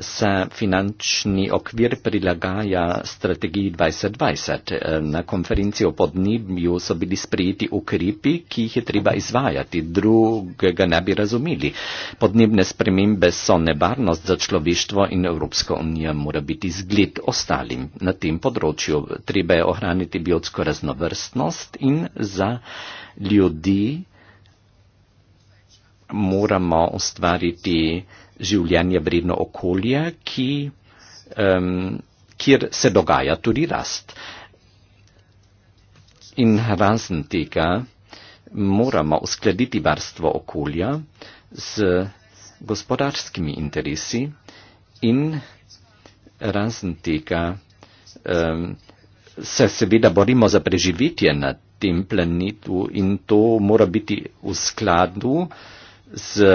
S4: se finančni okvir prilagaja strategiji 2020. Na konferenci o podnebju so bili sprejeti ukrepi, ki jih je treba izvajati, drugega ne bi razumeli. Podnebne spremembe so nevarnost za človeštvo in Evropska unija mora biti zgled ostalim na tem področju. Treba je ohraniti biotsko raznovrstnost in za ljudi moramo ustvariti življenje vredno okolje, ki, um, kjer se dogaja tudi rast. In razen tega moramo uskladiti varstvo okolja z gospodarskimi interesi in razen tega um, se seveda borimo za preživetje na tem planetu in to mora biti v skladu z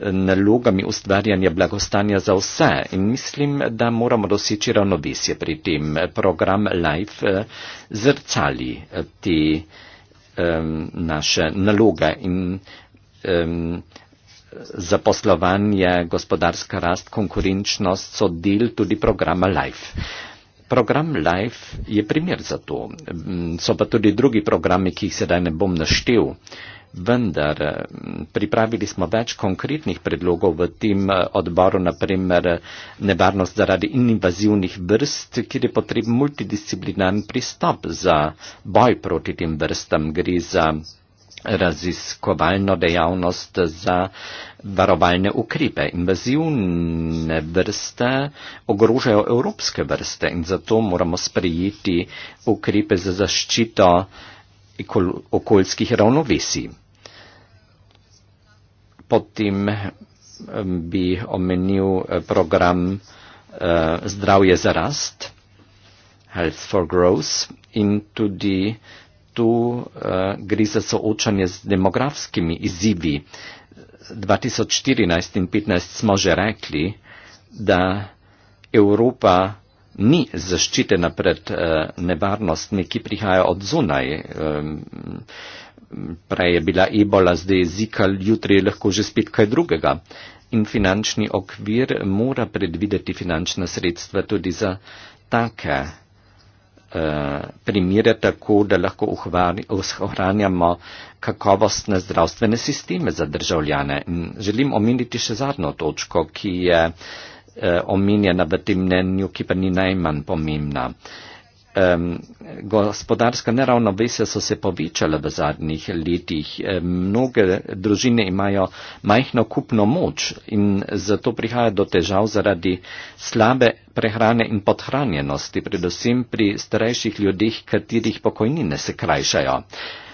S4: nalogami ustvarjanja blagostanja za vse in mislim, da moramo doseči ravnovesje pri tem. Program Life eh, zrcali eh, te um, naše naloge in um, zaposlovanje, gospodarska rast, konkurenčnost so del tudi programa Life. Program Life je primer za to. Mm, so pa tudi drugi programi, ki jih sedaj ne bom naštel vendar eh, pripravili smo več konkretnih predlogov v tem eh, odboru, naprimer eh, nevarnost zaradi invazivnih vrst, kjer je potreben multidisciplinarni pristop za boj proti tem vrstam. Gre za raziskovalno dejavnost za varovalne ukrepe. Invazivne vrste ogrožajo evropske vrste in zato moramo sprejeti ukrepe za zaščito okoljskih ravnovesij pod tým eh, by omenil eh, program eh, Zdravje za rast, Health for Growth, in tudi tu gre za soočanje z demografskimi izzivi. 2014 in 2015 smo že rekli, da Evropa ni zaščitena pred eh, nevarnostmi, ki prihajajo od zunaj. Prej je bila ebola, zdaj je zika, jutri je lahko že spet kaj drugega. In finančni okvir mora predvideti finančna sredstva tudi za take eh, primire tako, da lahko ohranjamo kakovostne zdravstvene sisteme za državljane. Želim omeniti še zadnjo točko, ki je uh, eh, omenjena v tem mnenju, ki pa ni najmanj pomembna. Um, gospodarska neravnovesja so se povečala v zadnjih letih. Mnoge družine imajo majhno kupno moč in zato prihaja do težav zaradi slabe prehrane in podhranjenosti, predvsem pri starejših ljudeh, katerih pokojnine se krajšajo.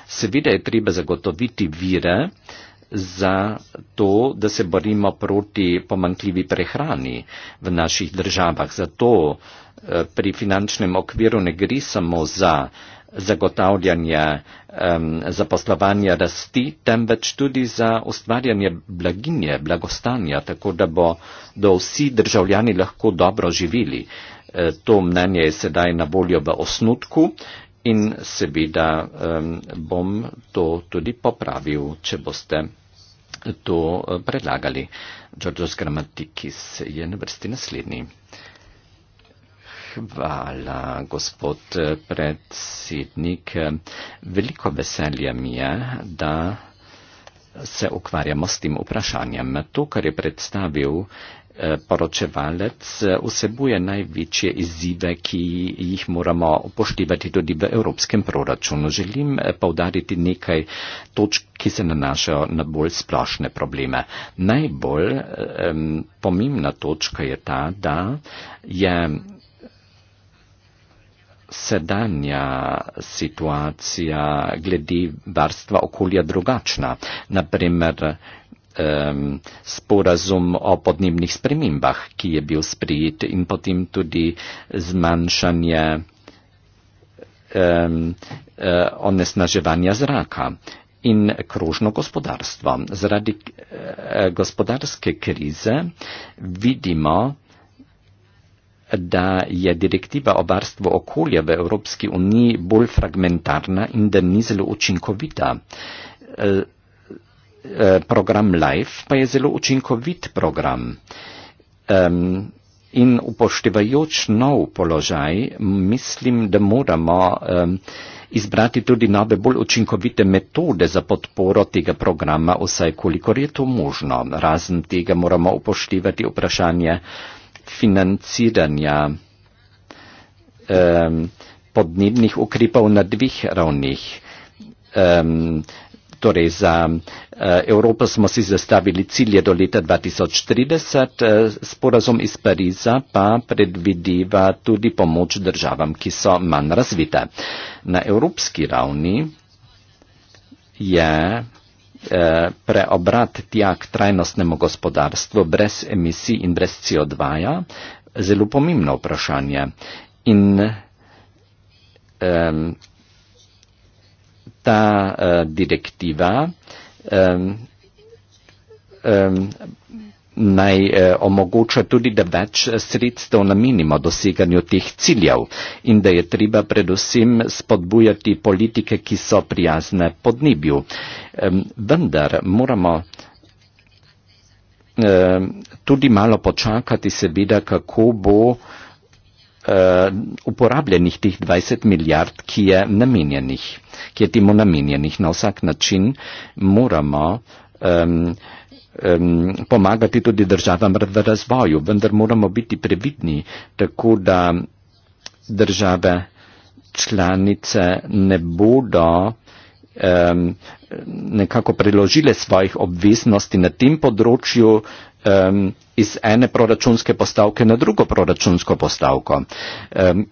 S4: Seveda je treba zagotoviti vire, uh, za to, da se borimo proti pomankljivi prehrani v naših državah. Zato eh, pri finančnem okviru ne gre samo za zagotavljanje um, zaposlovanja rasti, temveč tudi za ustvarjanje blaginje, blagostanja, tako da bodo vsi državljani lahko dobro živeli. E, to mnenje je sedaj na voljo v osnutku in seveda um, bom to tudi popravil, če boste to eh, predlagali. Džordžos Gramatikis je na vrsti naslednji. Hvala, gospod eh, predsednik. Veliko veselja mi je, da se ukvarjamo s tem vprašanjem. To, kar je predstavil Eh, poročevalec eh, vsebuje največje izzive, ki jih moramo upoštevati tudi v evropskem proračunu. Želim eh, povdariti nekaj točk, ki se nanašajo na bolj splošne probleme. Najbolj um, pomembna točka je ta, da je sedanja situacija glede varstva okolja drugačna. Naprimer, um, sporazum o podnebnih spremembah, ki je bil sprejet in potem tudi zmanjšanje um, uh, onesnaževanja zraka in krožno gospodarstvo. Zaradi uh, gospodarske krize vidimo, da je direktiva o varstvu okolja v Evropski uniji bolj fragmentarna in da ni zelo učinkovita. Uh, Eh, program Life pa je zelo učinkovit program. Um, in upoštevajoč nov položaj, mislim, da moramo um, izbrati tudi nove, bolj učinkovite metode za podporo tega programa, vsaj kolikor je to možno. Razen tega moramo upoštevati vprašanje financiranja um, podnebnih ukrepov na dveh ravnih. Um, Torej za eh, Evropo smo si zastavili cilje do leta 2030, eh, sporazum iz Pariza pa predvideva tudi pomoč državam, ki so manj razvite. Na evropski ravni je eh, preobrat tja k trajnostnemu gospodarstvu brez emisij in brez CO2 -ja zelo pomembno vprašanje. In, ta uh, direktiva um, um, naj uh, omogoča tudi, da več sredstev namenimo doseganju teh ciljev in da je treba predvsem spodbujati politike, ki so prijazne podnebju. Um, vendar moramo um, tudi malo počakati, seveda, kako bo uh, Eh, uporabljenih tih 20 milijard, ki je namenjenih, ki je temu namenjenih. Na vsak način moramo um, um, pomagati tudi državam v razvoju, vendar moramo biti previdni, tako da države članice ne bodo um, nekako preložile svojih obveznosti na tem področju, iz ene proračunske postavke na drugo proračunsko postavko.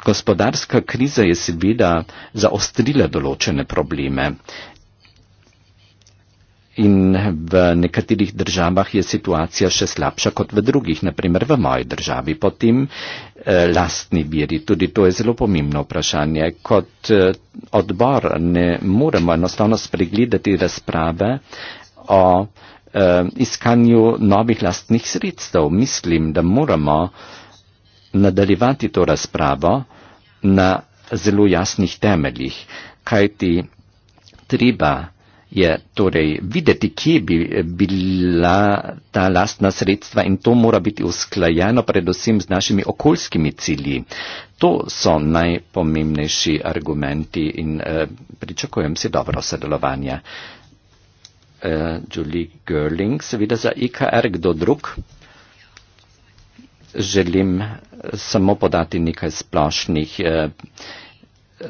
S4: Gospodarska kriza je seveda zaostrila določene probleme in v nekaterih državah je situacija še slabša kot v drugih, naprimer v moji državi. Potem eh, lastni viri, tudi to je zelo pomembno vprašanje. Kot eh, odbor ne moremo enostavno spregledati razprave o eh, iskanju novih lastnih sredstev. Mislim, da moramo nadaljevati to razpravo na zelo jasnih temeljih, kajti treba je torej videti, kje bi bila ta lastna sredstva in to mora biti usklajeno predvsem z našimi okoljskimi cilji. To so najpomembnejši argumenti in eh, pričakujem si dobro sodelovanje. Eh, uh, Julie Görling, seveda za IKR, kdo drug. Želim samo podati nekaj splošnih, eh,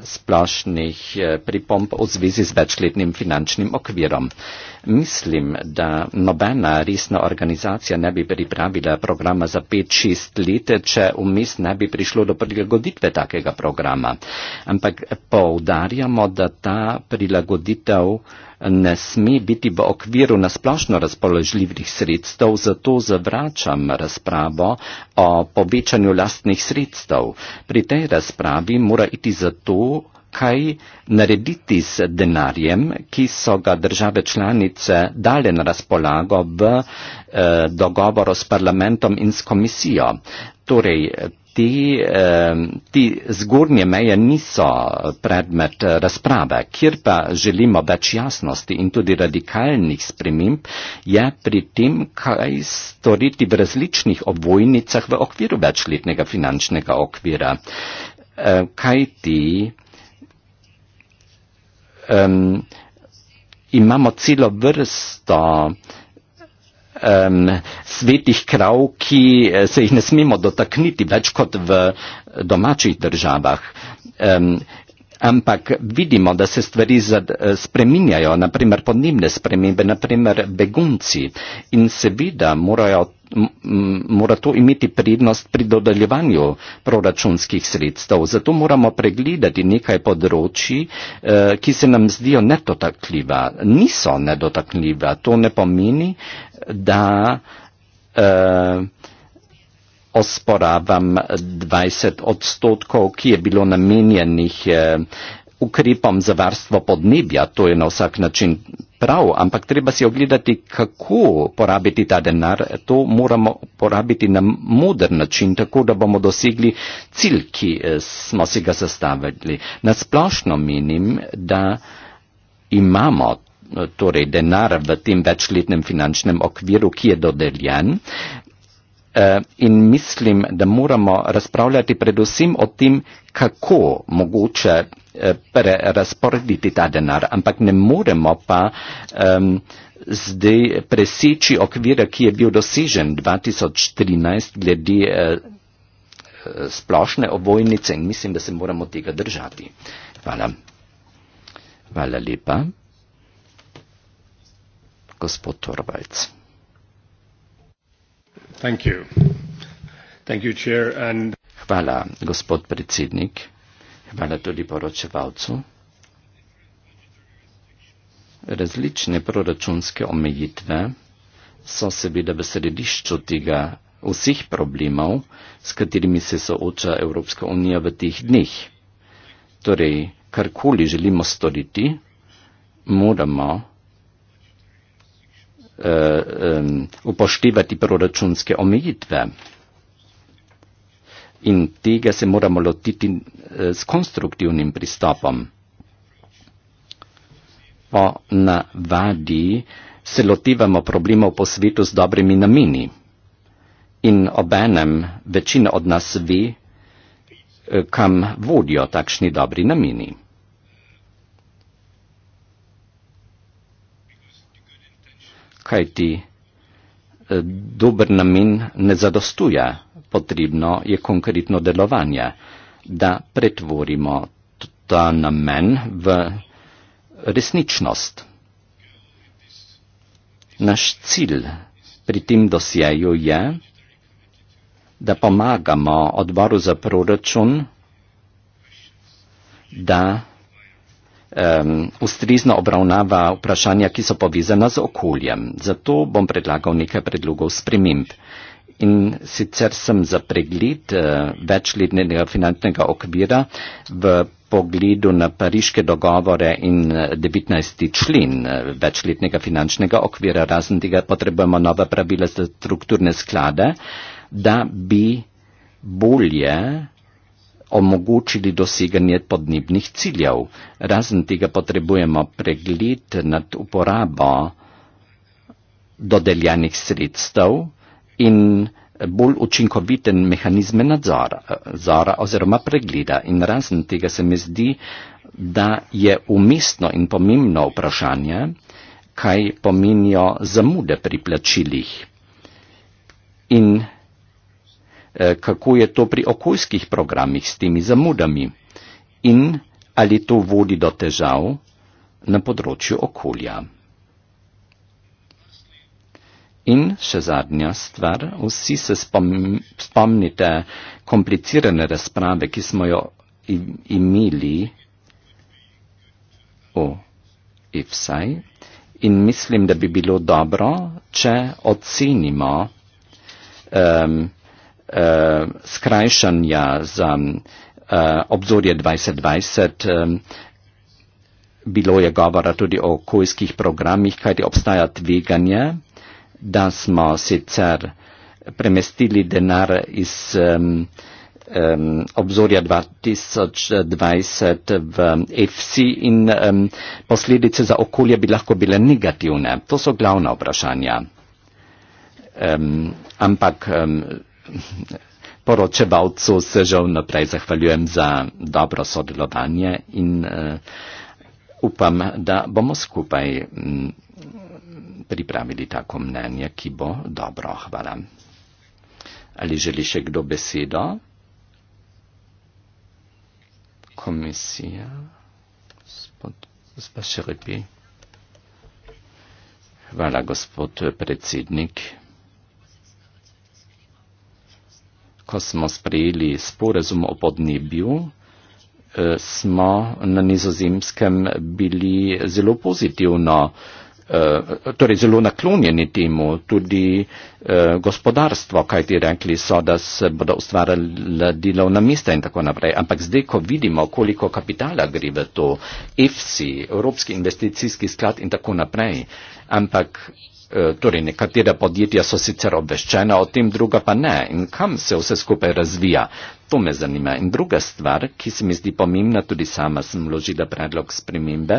S4: splošnih eh, pripomp v zvezi z večletnim finančnim okvirom. Mislim, da nobena resna organizacija ne bi pripravila programa za 5-6 let, če vmes ne bi prišlo do prilagoditve takega programa. Ampak poudarjamo, da ta prilagoditev eh, ne sme biti v okviru nasplošno razpoložljivih sredstev, zato zavračam razpravo o povečanju lastnih sredstev. Pri tej razpravi mora iti zato, kaj narediti z denarjem, ki so ga države članice dale na razpolago v eh, dogovoru s parlamentom in s komisijo. Torej, te, ehm, te zgornje meje niso predmet eh, razprave, kjer pa želimo več jasnosti in tudi radikalnih sprememb, je pri tem, kaj storiti v različnih obvojnicah v okviru večletnega finančnega okvira. Eh, kaj ti? Um, ehm, imamo celo vrsto um, ehm, svetih krav, ki eh, se jih ne smemo dotakniti več kot v domačih državah. Um, ampak vidimo, da se stvari eh, spreminjajo, naprimer podnebne spremembe, naprimer begunci in seveda morajo, mora to imeti prednost pri dodeljevanju proračunskih sredstev. Zato moramo pregledati nekaj področji, eh, ki se nam zdijo nedotakljiva. Niso nedotakljiva, to ne pomeni, da. Uh, osporavam 20 odstotkov, ki je bilo namenjenih eh, ukrepom za varstvo podnebja. To je na vsak način prav, ampak treba si ogledati, kako porabiti ta denar. To moramo porabiti na modern način, tako da bomo dosegli cilj, ki eh, smo si ga zastavili. Nasplošno menim, da imamo eh, torej denar v tem večletnem finančnem okviru, ki je dodeljen, Eh, in mislim, da moramo razpravljati predvsem o tem, kako mogoče eh, prerasporediti ta denar, ampak ne moremo pa um, zdaj preseči okvir, ki je bil dosežen 2013 glede uh, splošne obojnice in mislim, da se moramo tega držati. Hvala. Hvala lepa. Gospod Torvalc. Hvala, gospod predsednik. Hvala tudi poročevalcu. Različne proračunske omejitve so seveda v središču tega vseh problemov, s katerimi se sooča Evropska unija v teh dneh. Torej, karkoli želimo storiti, moramo Eh, upoštevati proračunske omejitve. In tega se moramo lotiti eh, s konstruktivnim pristopom. Po navadi se lotevamo problemov po svetu z dobrimi nameni. In obenem večina od nas ve, eh, kam vodijo takšni dobri nameni. kaj ti eh, dober namen ne zadostuje, potrebno je konkretno delovanje, da pretvorimo ta namen v resničnost. Naš cilj pri tem dosjeju je, da pomagamo odboru za proračun, da um, ustrezno obravnava vprašanja, ki so povezana z okoljem. Zato bom predlagal nekaj predlogov sprememb. In sicer sem za pregled uh, večletnega finančnega okvira v pogledu na pariške dogovore in 19. Eh, člen eh, večletnega finančnega okvira, razen tega potrebujemo nova pravila za strukturne sklade, da bi bolje omogočili doseganje podnebnih ciljev. Razen tega potrebujemo pregled nad uporabo dodeljenih sredstev in bolj učinkoviten mehanizme nadzora zora, oziroma pregleda. In razen tega se mi zdi, da je umestno in pomembno vprašanje, kaj pomenijo zamude pri plačilih. In Eh, kako je to pri okoljskih programih s temi zamudami in ali to vodi do težav na področju okolja. In še zadnja stvar, vsi se spomnite komplicirane razprave, ki smo jo imeli o IFSAJ in mislim, da bi bilo dobro, če ocenimo um, eh, skrajšanja za eh, obzorje 2020. Eh, bilo je govora tudi o okoljskih programih, kajti obstaja tveganje, da smo sicer premestili denar iz um, um, obzorja 2020 v EFSI in um, posledice za okolje bi lahko bile negativne. To so glavna vprašanja. Um, ampak um, poročevalcu se že vnaprej zahvaljujem za dobro sodelovanje in uh, upam, da bomo skupaj um, pripravili tako mnenje, ki bo dobro. Hvala. Ali želi še kdo besedo? Komisija. Gospod, gospod Šerepi. Hvala, gospod predsednik. ko smo sprejeli sporezum o podnebju, eh, smo na nizozemskem bili zelo pozitivno, eh, torej zelo naklonjeni temu, tudi eh, gospodarstvo, kaj ti rekli so, da se bodo ustvarjali delovna mesta in tako naprej. Ampak zdaj, ko vidimo, koliko kapitala gre v to, EFSI, Evropski investicijski sklad in tako naprej, ampak E, torej nekatere podjetja so sicer obveščena o tem, druga pa ne in kam se vse skupaj razvija. To me zanima. In druga stvar, ki se mi zdi pomembna, tudi sama sem vložila predlog spremembe,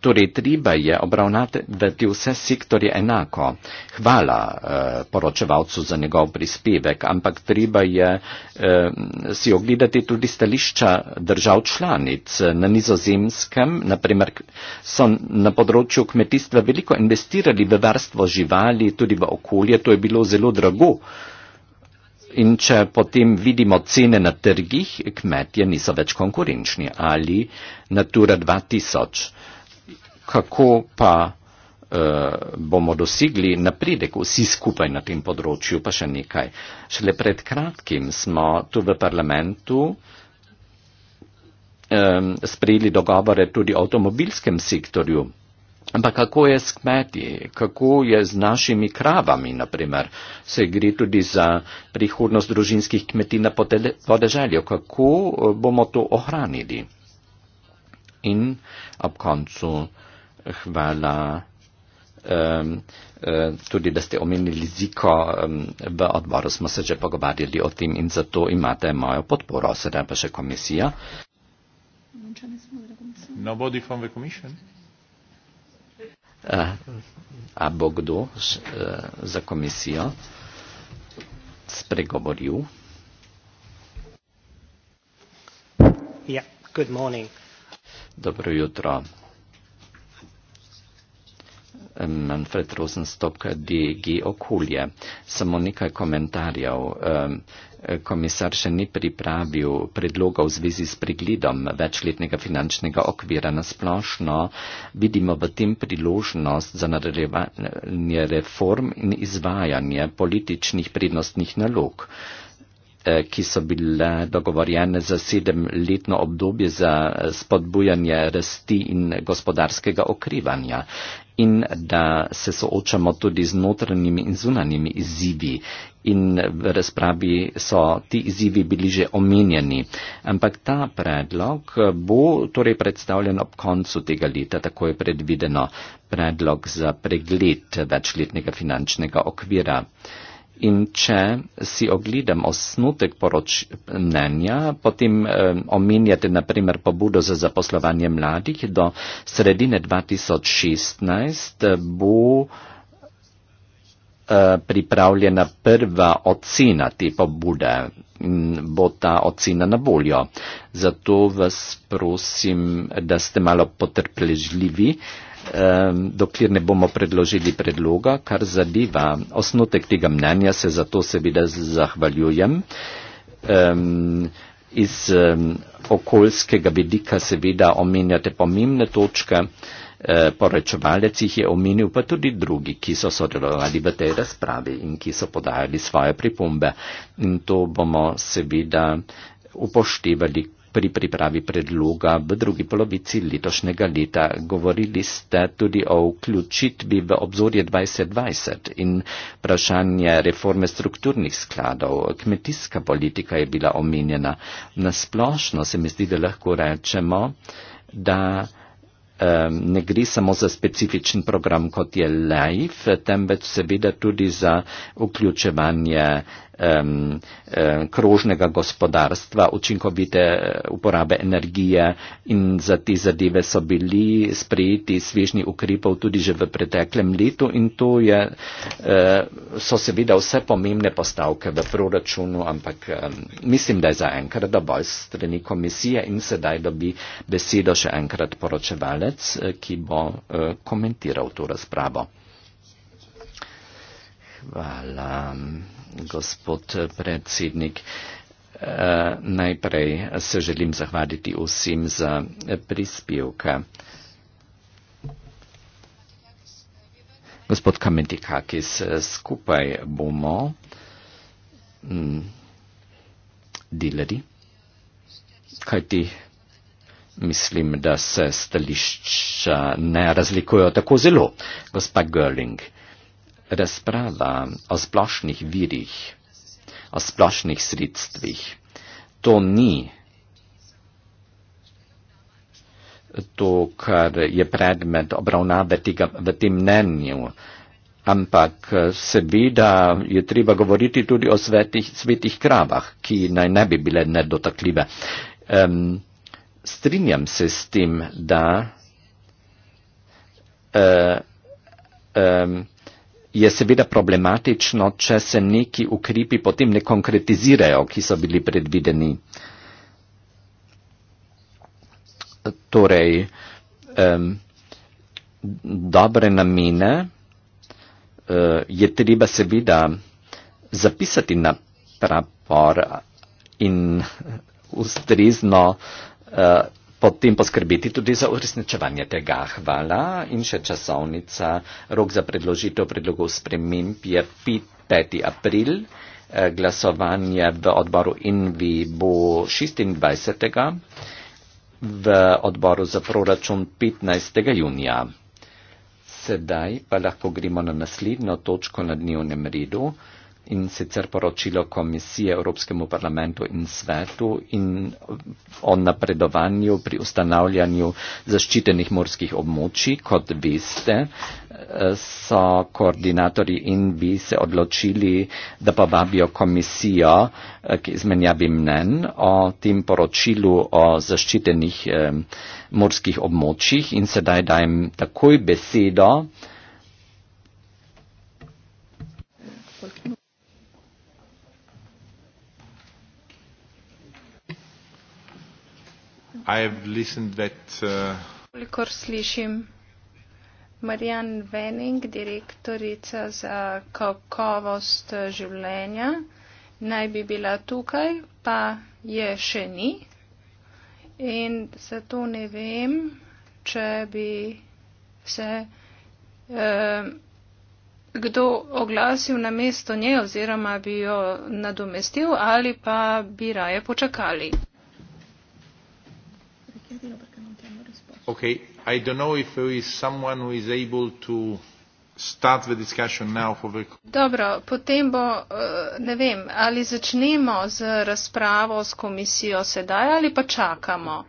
S4: Torej, treba je obravnavati vse sektorje enako. Hvala eh, poročevalcu za njegov prispevek, ampak treba je eh, si ogledati tudi stališča držav članic. Na nizozemskem, naprimer, so na področju kmetijstva veliko investirali v varstvo živali, tudi v okolje, to je bilo zelo drago. In če potem vidimo cene na trgih, kmetje niso več konkurenčni ali Natura 2000 kako pa uh, bomo dosegli napredek vsi skupaj na tem področju, pa še nekaj. Šele pred kratkim smo tu v parlamentu um, sprejeli dogovore tudi o avtomobilskem sektorju. Ampak kako je s kmeti, kako je z našimi kravami, naprimer, se gre tudi za prihodnost družinskih kmetij na podeželju, kako eh, bomo to ohranili. In ob koncu hvala. Um, tudi da ste omenili ziko, um, v odboru smo se že pogovarjali o tem in zato imate mojo podporo, sedaj pa še komisija. Uh, a bo kdo š, uh, za komisijo spregovoril?
S1: Yeah, ja,
S4: Dobro jutro. Manfred Rosenstopka DG okolje. Samo nekaj komentarjev. Komisar še ni pripravil predloga v zvezi s pregledom večletnega finančnega okvira na splošno. Vidimo v tem priložnost za nadaljevanje reform in izvajanje političnih prednostnih nalog. Eh, ki so bile dogovorjene za sedemletno obdobje za eh, spodbujanje rasti in gospodarskega okrivanja in da se soočamo tudi z notranjimi in zunanjimi izzivi. In v razpravi so ti izzivi bili že omenjeni. Ampak ta predlog eh, bo torej predstavljen ob koncu tega leta, tako je predvideno predlog za pregled večletnega finančnega okvira. In če si ogledam osnutek poroč mnenja, potem eh, omenjate naprimer pobudo za zaposlovanje mladih, do sredine 2016 eh, bo eh, pripravljena prva ocena te pobude. Bo ta ocena na voljo. Zato vas prosim, da ste malo potrpežljivi. Eh, dokler ne bomo predložili predloga, kar zadeva osnotek tega mnenja, se zato seveda zahvaljujem. Iz okoljskega vidika seveda omenjate pomembne točke, e, porečevalec jih je omenil, pa tudi drugi, ki so sodelovali v tej razpravi in ki so podajali svoje pripombe. In to bomo seveda upoštevali, pri pripravi predloga v drugi polovici letošnjega leta. Govorili ste tudi o vključitvi v obzorje 2020 in vprašanje reforme strukturnih skladov. Kmetijska politika je bila omenjena. Na splošno se mi zdi, da lahko rečemo, da ne gre samo za specifičen program, kot je LIFE, temveč seveda tudi za vključevanje um, um, krožnega gospodarstva, učinkovite eh, uporabe energije in za te zadeve so bili sprejeti svežni ukrepov tudi že v preteklem letu in to je, uh, so seveda vse pomembne postavke v proračunu, ampak um, mislim, da je zaenkrat dovolj strani komisije in sedaj dobi besedo še enkrat poročevalec, eh, ki bo uh, komentiral to razpravo. Hvala gospod predsednik. Eh, najprej se želim zahvaliti vsem za prispevke. Gospod Kamentikakis, skupaj bomo mm, delali, kajti mislim, da se stališča ne razlikujejo tako zelo. Gospa Görling razprava o splošnih virih, o splošnih sredstvih, to ni to, kar je predmet obravnave tega, v tem mnenju, ampak seveda je treba govoriti tudi o svetih, svetih kravah, ki naj ne bi bile nedotakljive. Um, strinjam se s tem, da uh, um, je seveda problematično, če se neki ukrepi potem ne konkretizirajo, ki so bili predvideni. Torej, um, dobre namene uh, je treba seveda zapisati na prapor in ustrezno uh, potem poskrbeti tudi za uresničevanje tega. Hvala in še časovnica. Rok za predložitev predlogov sprememb je 5. april. Eh, glasovanje v odboru INVI bo 26. v odboru za proračun 15. junija. Sedaj pa lahko gremo na naslednjo točko na dnevnem redu in sicer poročilo Komisije Evropskemu parlamentu in svetu in o napredovanju pri ustanavljanju zaščitenih morskih območij. Kot veste, so koordinatori in vi se odločili, da povabijo komisijo k izmenjavi mnen o tem poročilu o zaščitenih eh, morskih območjih in sedaj dajem takoj besedo.
S1: Uh,
S2: Kolikor slišim, Marjan Vening, direktorica za kakovost življenja, naj bi bila tukaj, pa je še ni. In zato ne vem, če bi se eh, kdo oglasil na mesto nje oziroma bi jo nadomestil ali pa bi raje počakali.
S1: Okay, I don't know if there is someone who is able to start the discussion now for the...
S2: Dobro, potem bo, eh, ne vem, ali začnemo z razpravo s komisijo sedaj ali pa čakamo.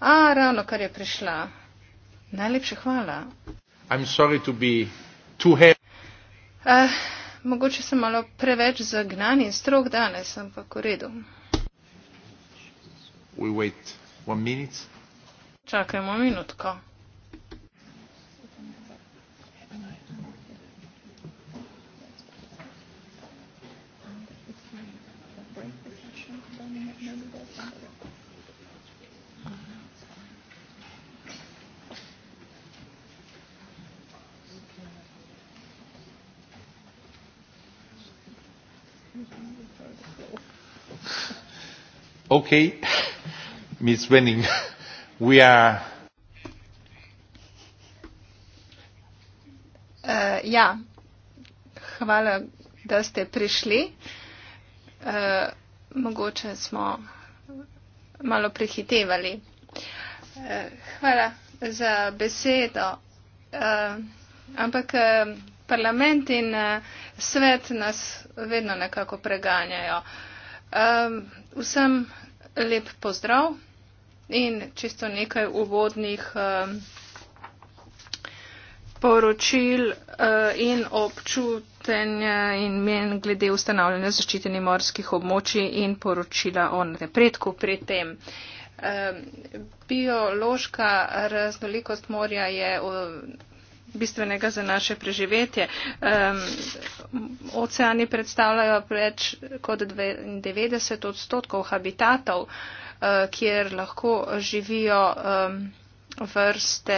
S2: A, ravno kar je prišla. Najlepša hvala.
S1: I'm sorry to be too heavy.
S2: Uh, eh, mogoče sem malo preveč zagnan in strok danes, ampak v redu.
S1: We wait one minute.
S2: Čakajmo minutko.
S1: Okay, Ms. Wenning we are
S2: uh, ja hvala da ste prišli uh, mogoče smo malo prehitevali uh, hvala za besedo uh, ampak uh, parlament in uh, svet nas vedno nekako preganjajo uh, vsem lep pozdrav In čisto nekaj uvodnih eh, poročil eh, in občutenja in men glede ustanavljanja zaščitenih morskih območij in poročila o napredku pri tem. Eh, biološka raznolikost morja je bistvenega za naše preživetje. Um, oceani predstavljajo več kot 90 odstotkov habitatov. Uh, Eh, kjer lahko živijo vrste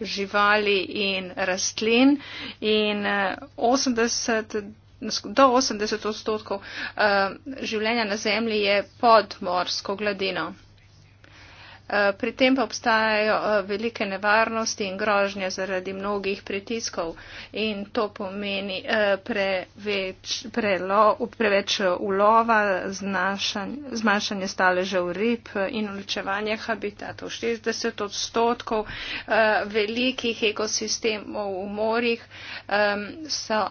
S2: živali in rastlin in 80, eh, do 80 odstotkov eh, življenja na Zemlji je pod morsko gladino. Eh, pri tem pa obstajajo eh, velike nevarnosti in grožnje zaradi mnogih pritiskov in to pomeni eh, preveč, prelo, preveč ulova, zmanjšanje staležev rib in uličevanje habitatov. 60 odstotkov velikih ekosistemov v morjih so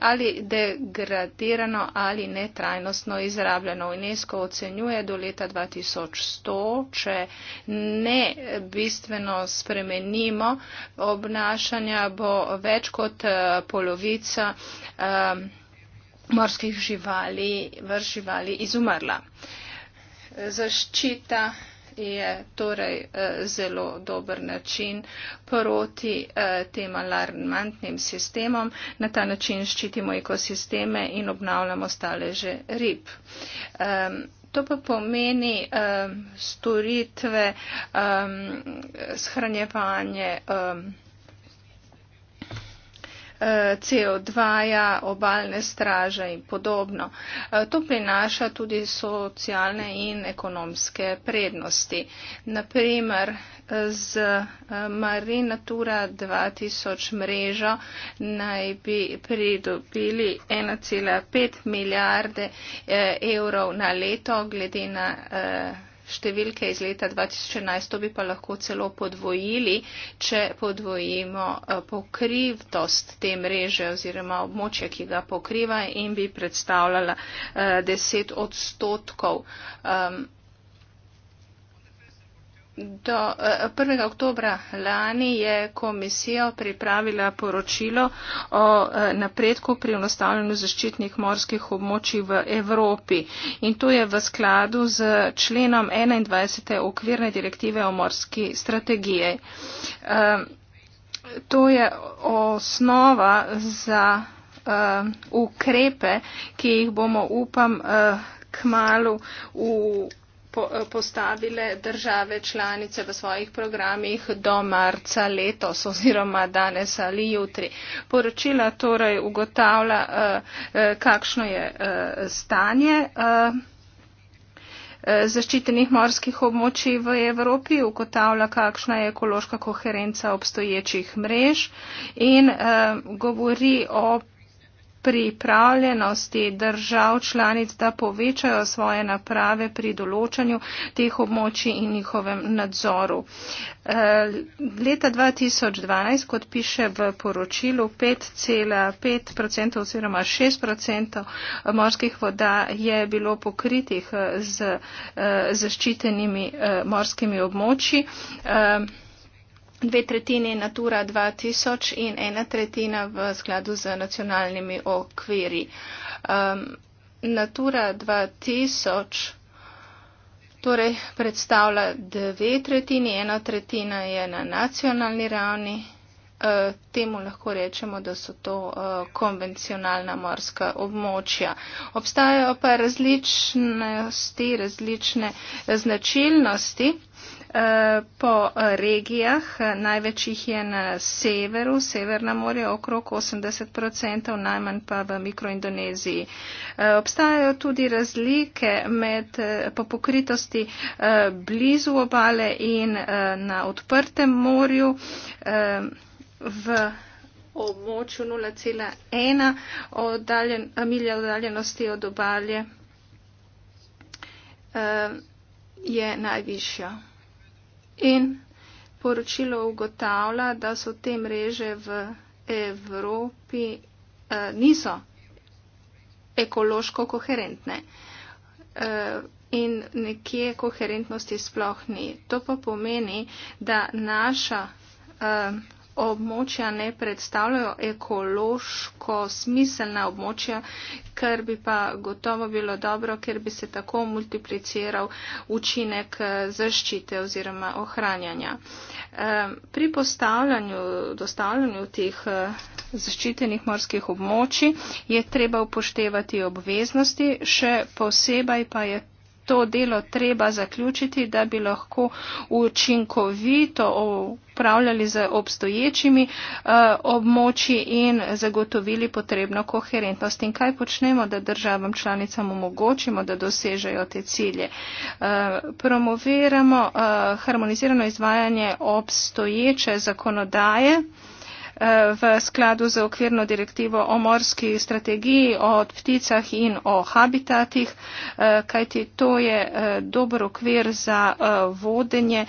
S2: ali degradirano ali netrajnostno izrabljeno. UNESCO ocenjuje do leta 2100, če ne bistveno spremenimo obnašanja, bo več kot eh, polovica eh, morskih živali, vrš živali izumrla. Zaščita je torej eh, zelo dober način proti eh, tem alarmantnim sistemom. Na ta način ščitimo ekosisteme in obnavljamo staleže rib. To pa pomeni storitve, shranjevanje CO2, ja, obaljne straže in podobno. E, to prinaša tudi socialne in ekonomske prednosti. Naprimer, z e, Marine Natura 2000 mrežo naj bi pridobili 1,5 milijarde e, evrov na leto glede na številke iz leta 2011, to bi pa lahko celo podvojili, če podvojimo eh, pokrivtost te mreže oziroma območja, ki ga pokriva in bi predstavljala 10 eh, odstotkov ehm, Do 1. Eh, oktobra lani je komisija pripravila poročilo o eh, napredku pri unostavljanju zaščitnih morskih območij v Evropi. In to je v skladu z členom 21. okvirne direktive o morski strategiji. Eh, to je osnova za ukrepe, ki jih bomo upam k malu v Eh, postavile države članice v svojih programih do marca letos oziroma danes ali jutri. Poročila torej ugotavlja, eh, eh, kakšno je stanje zaščitenih morskih območij v Evropi, ugotavlja, kakšna je ekološka koherenca obstoječih mrež in govori o pripravljenosti držav članic, da povečajo svoje naprave pri določanju teh območij in njihovem nadzoru. Eh, leta 2012, kot piše v poročilu, 5,5% oziroma 6% morskih voda je bilo pokritih eh, z eh, zaščitenimi morskimi območji dve tretjini Natura 2000 in ena tretjina v skladu z nacionalnimi okviri. Um, Natura 2000 torej predstavlja dve tretjini, ena tretjina je na nacionalni ravni. Uh, temu lahko rečemo, da so to uh, konvencionalna morska območja. Obstajajo pa različnosti, različne značilnosti po regijah, največ jih je na severu, severna morja okrog 80%, najmanj pa v mikroindoneziji. E, obstajajo tudi razlike med, e, po pokritosti e, blizu obale in na odprtem morju v območju 0,1 oddaljen, milja oddaljenosti od obalje je najvišja. In poročilo ugotavlja, da so te mreže v Evropi eh, niso ekološko koherentne. Eh, in nekje koherentnosti sploh ni. To pa pomeni, da naša. Eh, območja ne predstavljajo ekološko smiselna območja, kar bi pa gotovo bilo dobro, ker bi se tako multipliciral učinek eh, zaščite oziroma ohranjanja. Pri postavljanju, dostavljanju teh eh, zaščitenih morskih območij je treba upoštevati obveznosti, še posebej pa je to delo treba zaključiti, da bi lahko učinkovito upravljali z obstoječimi eh, območji in zagotovili potrebno koherentnost. In kaj počnemo, da državam članicam omogočimo, da dosežejo te cilje? Eh, promoviramo eh, harmonizirano izvajanje obstoječe zakonodaje v skladu z okvirno direktivo o morski strategiji, o pticah in o habitatih, eh, kajti to je eh, dober okvir za eh, vodenje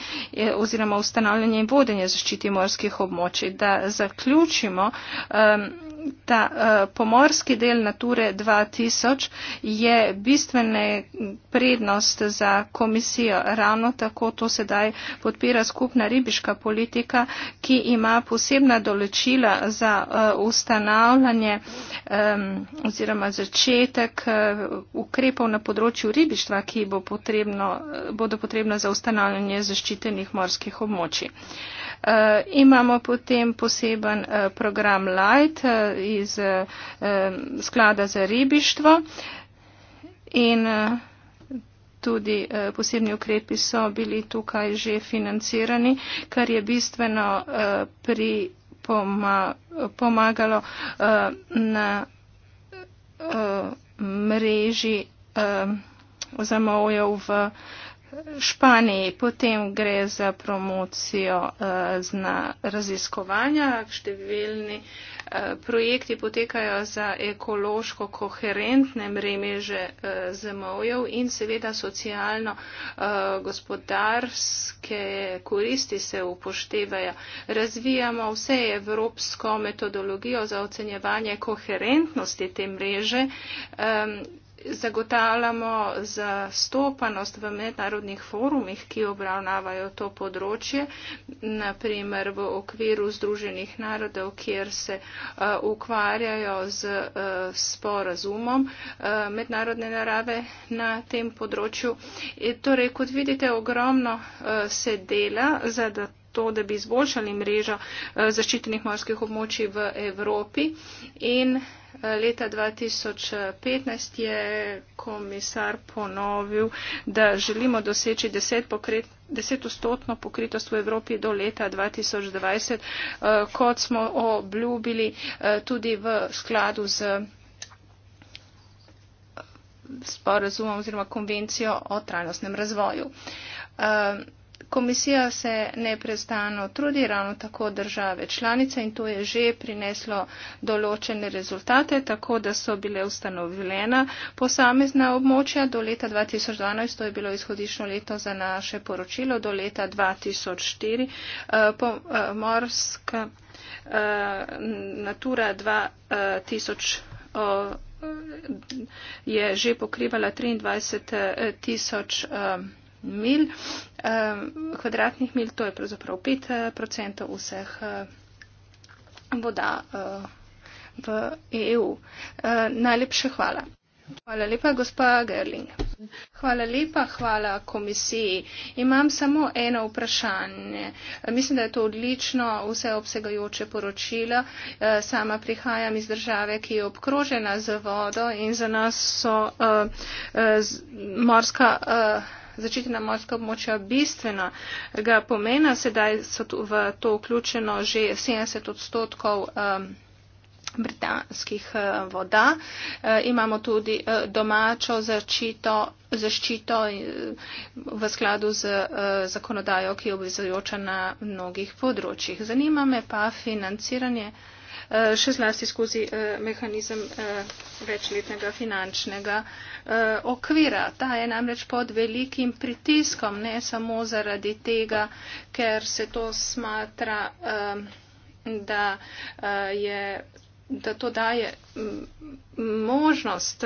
S2: oziroma ustanavljanje in vodenje zaščiti morskih območij. Da zaključimo, ta uh, pomorski del Nature 2000 je bistvene prednost za komisijo. Ravno tako to sedaj podpira skupna ribiška politika, ki ima posebna določila za uh, ustanavljanje um, oziroma začetek uh, ukrepov na področju ribištva, ki bo potrebno, bodo potrebna za ustanavljanje zaščitenih morskih območij. Uh, Eh, imamo potem poseben eh, program Light eh, iz sklada za ribištvo in tudi posebni ukrepi so bili tukaj že financirani, kar je bistveno pri pomagalo na mreži zamojev v Španiji, potem gre za promocijo uh, zna, raziskovanja, številni uh, projekti potekajo za ekološko koherentne mremeže uh, eh, zemljev in seveda socialno uh, gospodarske koristi se upoštevajo. Razvijamo vse evropsko metodologijo za ocenjevanje koherentnosti te mreže. Um, zagotavljamo zastopanost v mednarodnih forumih, ki obravnavajo to področje, naprimer v okviru Združenih narodov, kjer se eh, ukvarjajo z eh, sporazumom eh, mednarodne narave na tem področju. Torej, kot vidite, ogromno se dela za to to, da bi izboljšali mrežo eh, zaščitenih morskih območij v Evropi. In eh, leta 2015 je komisar ponovil, da želimo doseči deset pokret desetostotno pokritost v Evropi do leta 2020, eh, kot smo obljubili tudi v skladu z sporazumom oziroma konvencijo o trajnostnem razvoju. Komisija se neprestano trudi, ravno tako države članice in to je že prineslo določene rezultate, tako da so bile ustanovljena posamezna območja. Do leta 2012, to je bilo izhodišno leto za naše poročilo, do leta 2004 eh, eh, morska eh, natura 2000 je že pokrivala 23 tisoč mil, eh, kvadratnih mil, to je pravzaprav 5% eh, vseh eh, voda v EU. Najlepše hvala. Hvala lepa, gospa Gerling. Hvala lepa, hvala komisiji. Imam samo eno vprašanje. Mislim, da je to odlično vseobsegajoče poročilo. Sama prihajam iz države, ki je obkrožena z vodo in za nas so uh, z, morska. Uh, zaščitena morska območja bistvenega pomena. Sedaj so v to vključeno že 70 odstotkov. Um, britanskih uh, voda. Uh, imamo tudi uh, domačo zaščito, zaščito v skladu z zakonodajo, ki je obvezujoča na mnogih področjih. Zanima me pa financiranje še zlasti skozi eh, mehanizem eh, večletnega finančnega eh, okvira. Ta je namreč pod velikim pritiskom, ne samo zaradi tega, ker se to smatra, da, je, da to daje mm, možnost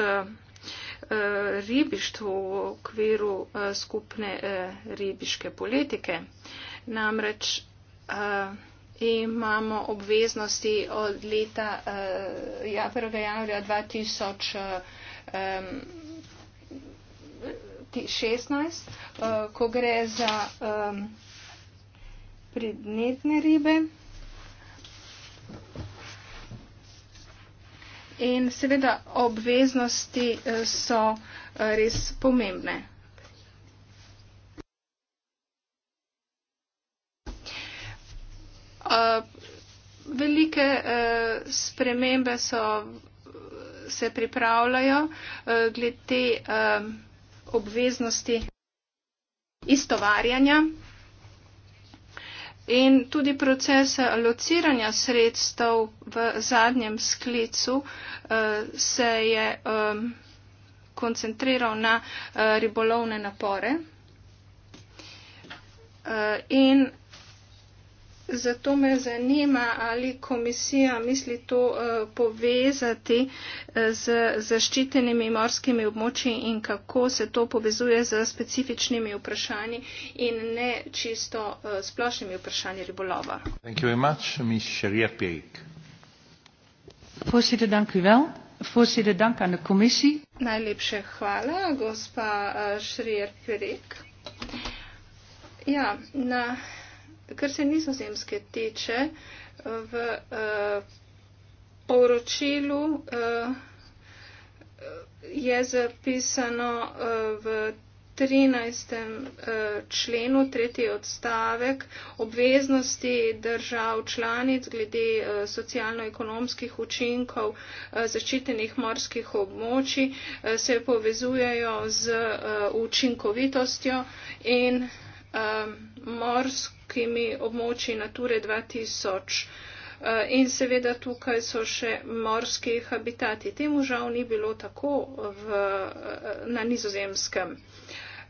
S2: ribištvu v okviru skupne ribiške politike. Namreč imamo obveznosti od leta eh, ja, 1. januarja 2016, eh, ko gre za eh, prednetne ribe. In seveda obveznosti eh, so eh, res pomembne. Eh, velike eh, spremembe so, se pripravljajo eh, glede obveznosti istovarjanja in tudi procese lociranja sredstev v zadnjem sklicu se je koncentriral na ribolovne napore. In Zato me zanima, ali komisija misli to uh, povezati eh, z zaščitenimi morskimi območji in kako se to povezuje z specifičnimi vprašanji in ne čisto uh, splošnimi vprašanji ribolova. Najlepše hvala, gospa uh, Šrijer Perik. Ja, kar se nizozemske tiče, v uh, poročilu uh, je zapisano uh, v 13. Uh, členu, tretji odstavek, obveznosti držav članic glede uh, socialno-ekonomskih učinkov uh, zaščitenih morskih območij uh, se povezujejo z uh, učinkovitostjo in uh, Um, morskimi območji Nature 2000 uh, in seveda tukaj so še morski habitati. Temu žal ni bilo tako v, uh, na nizozemskem.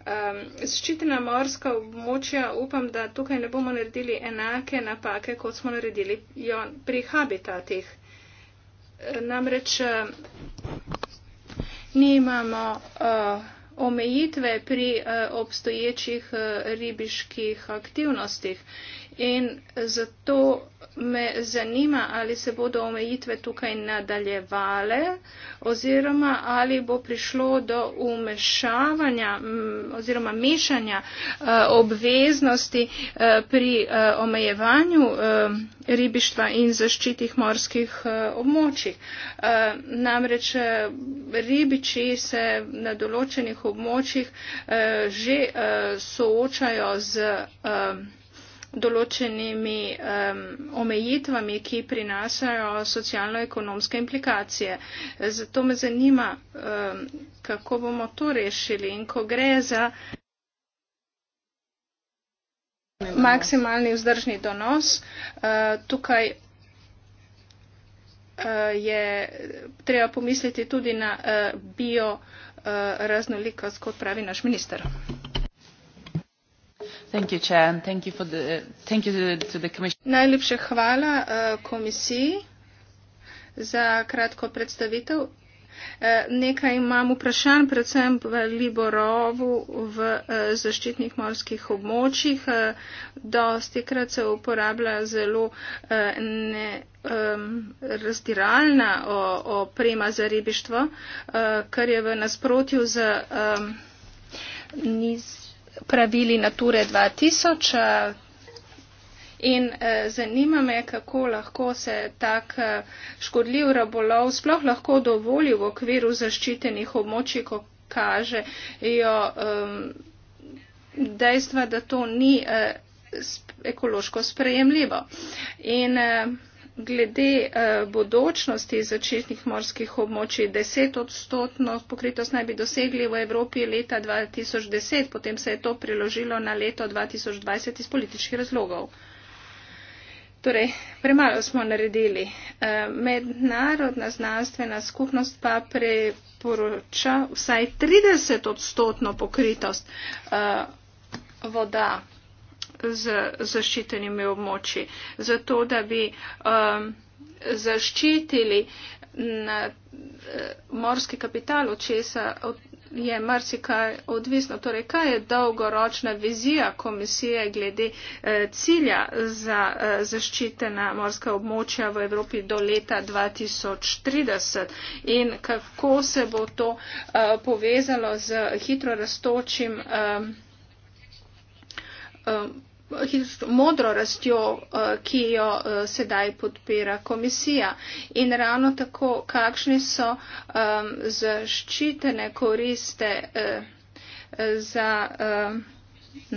S2: Zaščitena um, morska območja, upam, da tukaj ne bomo naredili enake napake, kot smo naredili pri habitatih. Namreč uh, nimamo. Uh, omejitve pri eh, obstoječih eh, ribiških aktivnostih. In zato me zanima, ali se bodo omejitve tukaj nadaljevale oziroma ali bo prišlo do umešavanja oziroma mešanja eh, obveznosti eh, pri eh, omejevanju ribištva in zaščitih morskih območjih. Namreč ribiči se na določenih območjih že soočajo z določenimi um, omejitvami, ki prinašajo socialno-ekonomske implikacije. Zato me zanima, um, kako bomo to rešili in ko gre za maksimalni vzdržni donos, uh, tukaj uh, je treba pomisliti tudi na uh, bio uh, raznolikost, kot pravi naš minister. Najlepše hvala uh, komisiji za kratko predstavitev. Uh, nekaj imam vprašanj, predvsem v Liborovu v uh, zaščitnih morskih območjih. Dosti krat se uporablja zelo ne, um, razdiralna oprema za ribištvo, kar je v nasprotju z um, nizim pravili Nature 2000. Eh, in eh, zanima me, kako lahko se tak eh, škodljiv rabolov sploh lahko dovoli v okviru zaščitenih območij, ko kažejo um, dejstva, da to ni uh, sp ekološko sprejemljivo. In, uh, glede uh, bodočnosti začetnih morskih območij desetodstotno pokritost naj bi dosegli v Evropi leta 2010, potem se je to priložilo na leto 2020 iz političnih razlogov. Torej, premalo smo naredili. Eh, mednarodna znanstvena skupnost pa preporoča vsaj 30 odstotno pokritost eh, voda z zaščitenimi območji. Zato, da bi um, zaščitili na, mm, uh, eh, morski kapital, od česa je marsikaj odvisno. Torej, kaj je dolgoročna vizija komisije glede uh, cilja za uh, zaščitena morska območja v Evropi do leta 2030 in kako se bo to uh, povezalo z hitro rastočim. Uh, Eh, modro rastjo, eh, ki jo eh, sedaj podpira komisija. In ravno tako, kakšne so zaščitene koriste za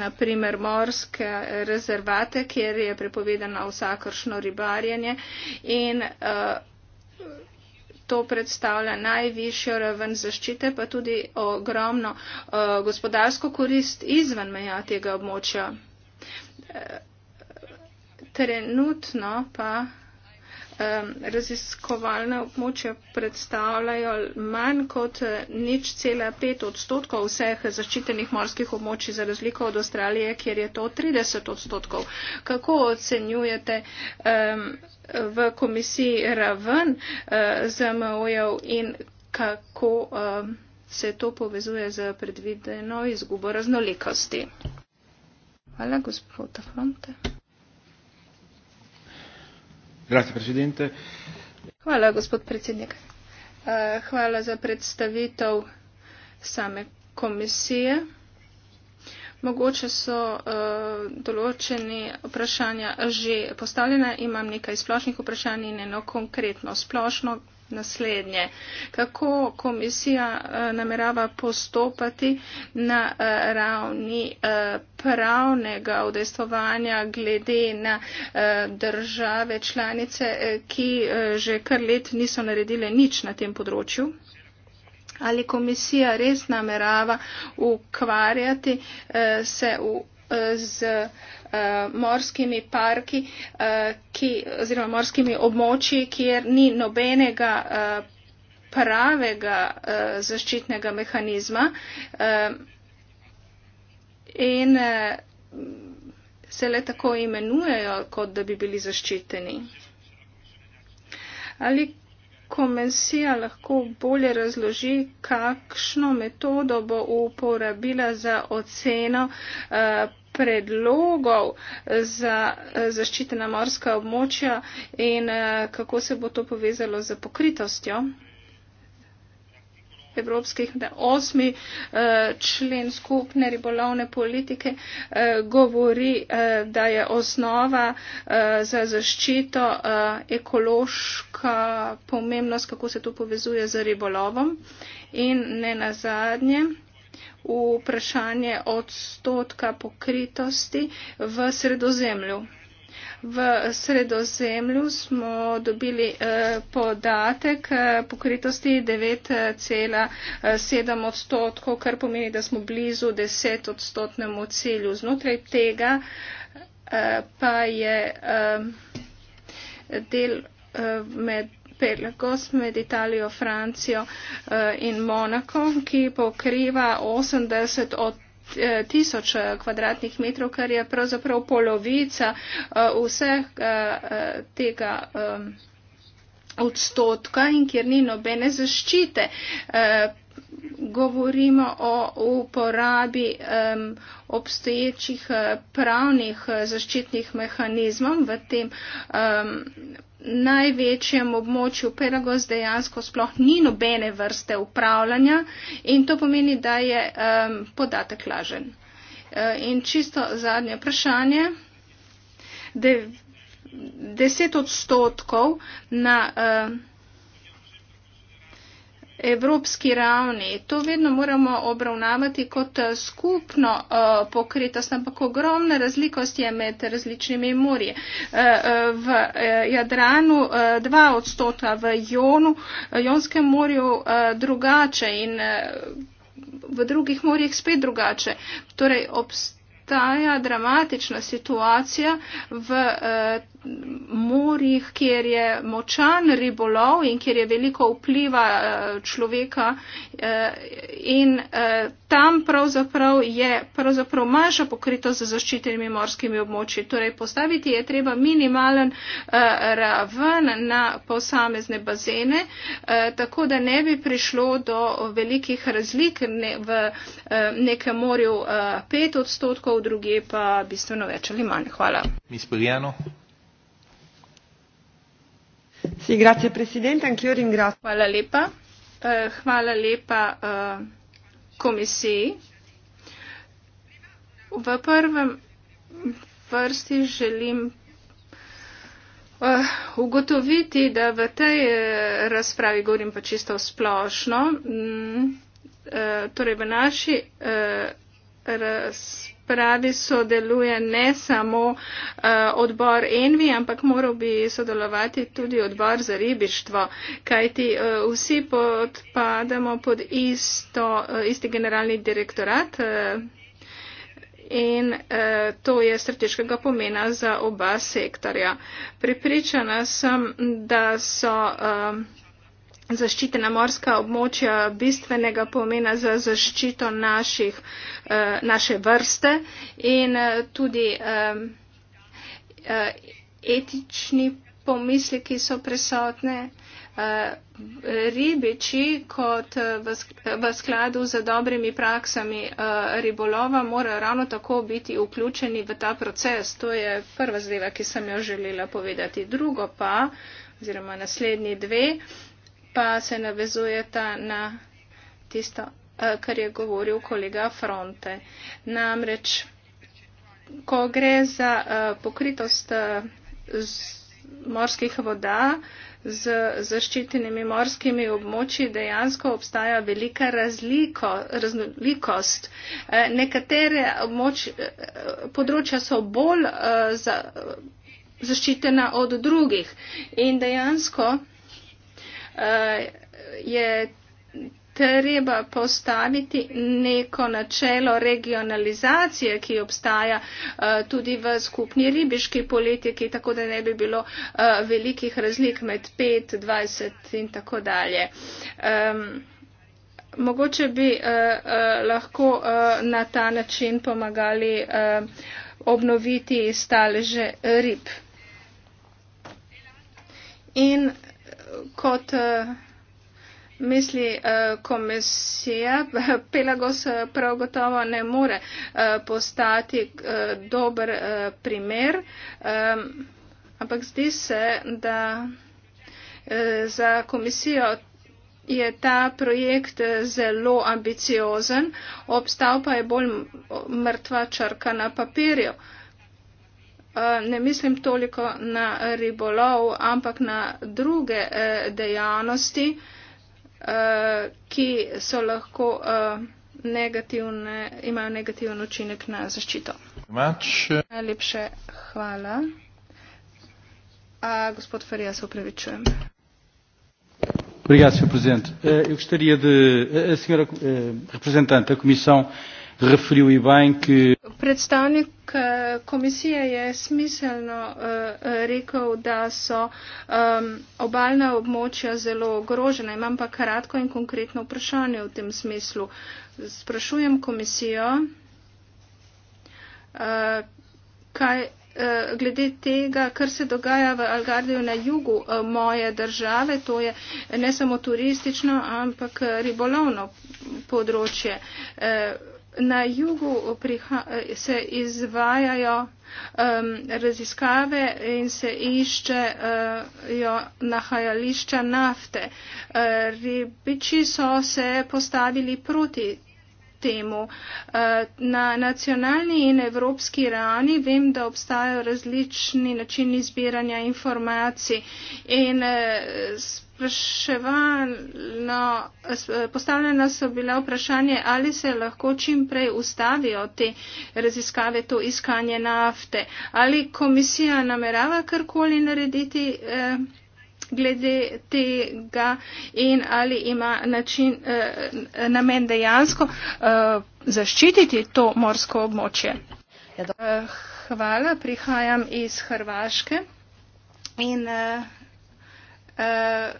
S2: naprimer morske rezervate, kjer je prepovedano vsakršno ribarjenje in to predstavlja najvišjo raven zaščite, pa tudi ogromno eh, gospodarsko korist izven meja tega območja. Eh, trenutno pa eh, raziskovalne območja predstavljajo manj kot nič cela pet odstotkov vseh zaščitenih morskih območij za razliko od Avstralije, kjer je to 30 odstotkov. Kako ocenjujete um, v komisiji raven eh, ZMO-jev in kako eh, se to povezuje z predvideno izgubo raznolikosti. Hvala, gospod Afronte. Hvala, gospod predsednik. Eh, hvala za predstavitev same komisije. Mogoče so uh, eh, določene vprašanja že postavljene, imam nekaj splošnih vprašanj in eno konkretno splošno naslednje. Kako komisija uh, namerava postopati na uh, ravni uh, pravnega udejstvovanja glede na uh, države članice, ki uh, že kar let niso naredile nič na tem področju? ali komisija res namerava ukvarjati eh, se v, eh, z eh, morskimi parki eh, ki, oziroma morskimi območji, kjer ni nobenega. Eh, pravega uh, zaščitnega mehanizma uh, in uh, se le tako imenujejo, kot da bi bili zaščiteni. Ali komisija lahko bolje razloži, kakšno metodo bo uporabila za oceno eh, predlogov za eh, zaščitena morska območja in eh, kako se bo to povezalo z pokritostjo? evropskih, da osmi eh, člen skupne ribolovne politike eh, govori, eh, da je osnova za zaščito ekološka pomembnost, kako se to povezuje z ribolovom in ne nazadnje vprašanje odstotka pokritosti v sredozemlju. V sredozemlju smo dobili eh, podatek eh, pokritosti 9,7 odstotkov, kar pomeni, da smo blizu 10 odstotnemu cilju. Znotraj tega eh, pa je del med. Pelagos med Italijo, Francijo in Monako, ki pokriva 80 odstotkov tisoč eh, kvadratnih metrov, kar je pravzaprav polovica eh, vseh eh, tega odstotka in kjer ni nobene zaščite. Govorimo o uporabi um, obstoječih uh, pravnih uh, zaščitnih mehanizmov v tem um, največjem območju Pelagos dejansko sploh ni nobene vrste upravljanja in to pomeni, da je um, podatek lažen. E, in čisto zadnje vprašanje. De, deset odstotkov na um, evropski ravni. To vedno moramo obravnavati kot eh, skupno uh, pokritost, ampak ogromna razlikost je med različnimi morji. Uh, uh, v uh, Jadranu uh, dva odstota, v Jonu, uh, Jonskem morju uh, drugače in uh, v drugih morjih spet drugače. Torej, obst ta ja, dramatična situacija v eh, morjih, kjer je močan ribolov in kjer je veliko vpliva eh, človeka eh, in eh, tam pravzaprav je pravzaprav manjša pokritost za zaščitenimi morskimi območji. Torej postaviti je treba minimalen eh, raven na posamezne bazene, eh, tako da ne bi prišlo do velikih razlik ne, v eh, nekem morju 5 eh, odstotkov v druge pa bistveno več ali manj. Hvala. Hvala lepa. Eh, hvala lepa eh, komisiji. V prvem vrsti želim eh, ugotoviti, da v tej razpravi govorim pa čisto splošno, mm, torej v naši razpravi pravi sodeluje ne samo uh, odbor Envi, ampak moral bi sodelovati tudi odbor za ribištvo, kajti uh, vsi podpademo pod isto, uh, isti generalni direktorat. Uh, in eh, to je strateškega pomena za oba sektorja. Pripričana sem, da so. Eh, zaščitena morska območja bistvenega pomena za zaščito naših, eh, naše vrste in eh, tudi eh, etični pomisliki so prisotne. Ribiči kot v skladu z dobrimi praksami ribolova morajo ravno tako biti vključeni v ta proces. To je prva zadeva, ki sem jo želela povedati. Drugo pa, oziroma naslednji dve, pa se navezujeta na tisto, eh, kar je govoril kolega Fronte. Namreč, ko gre za eh, pokritost eh, morskih voda z zaščitenimi morskimi območji, dejansko obstaja velika razliko, raznolikost. Nekatere območ, področja so bolj zaščitena od drugih in dejansko Eh, je treba postaviti neko načelo regionalizacije, ki obstaja eh, tudi v skupni ribiški politiki, tako da ne bi bilo eh, velikih razlik med 5, 20 in tako dalje. Mogoče bi lahko na ta način pomagali obnoviti stalže rib. In kot eh, misli eh, komisija, Pelagos eh, prav gotovo ne more postati dober primer, ehm, ampak zdi se, da za komisijo je ta projekt zelo ambiciozen, obstav pa je bolj mrtva črka na papirju. Eh, ne mislim toliko na ribolov, ampak na druge eh, dejavnosti, eh, ki so lahko negativne, imajo negativen učinek na zaščito. Najlepše hvala. A, gospod Ferija, se upravičujem.
S1: Obrigado, Sr. Presidente. Eu gostaria de, a senhora representante da Comissão, referil Ivan, ki.
S2: Predstavnik eh, komisije je smiselno eh, rekel, da so obaljna območja zelo ogrožena. Imam pa kratko in konkretno vprašanje v tem smislu. Sprašujem komisijo, eh, kaj. Glede tega, kar se dogaja v Algardiju na jugu moje države, to je ne samo turistično, ampak ribolovno področje na jugu se izvajajo um, raziskave in se iščejo uh, nahajališča nafte. Uh, ribiči so se postavili proti temu. Uh, na nacionalni in evropski ravni vem, da obstajajo različni načini zbiranja informacij in uh, spraševalno, postavljena so bila vprašanje, ali se lahko čim prej ustavijo te raziskave, to iskanje nafte. Ali komisija namerava karkoli narediti eh, glede tega in ali ima način, eh, namen dejansko eh, zaščititi to morsko območje. Ja, eh, hvala, prihajam iz Hrvaške. In, eh, Eh,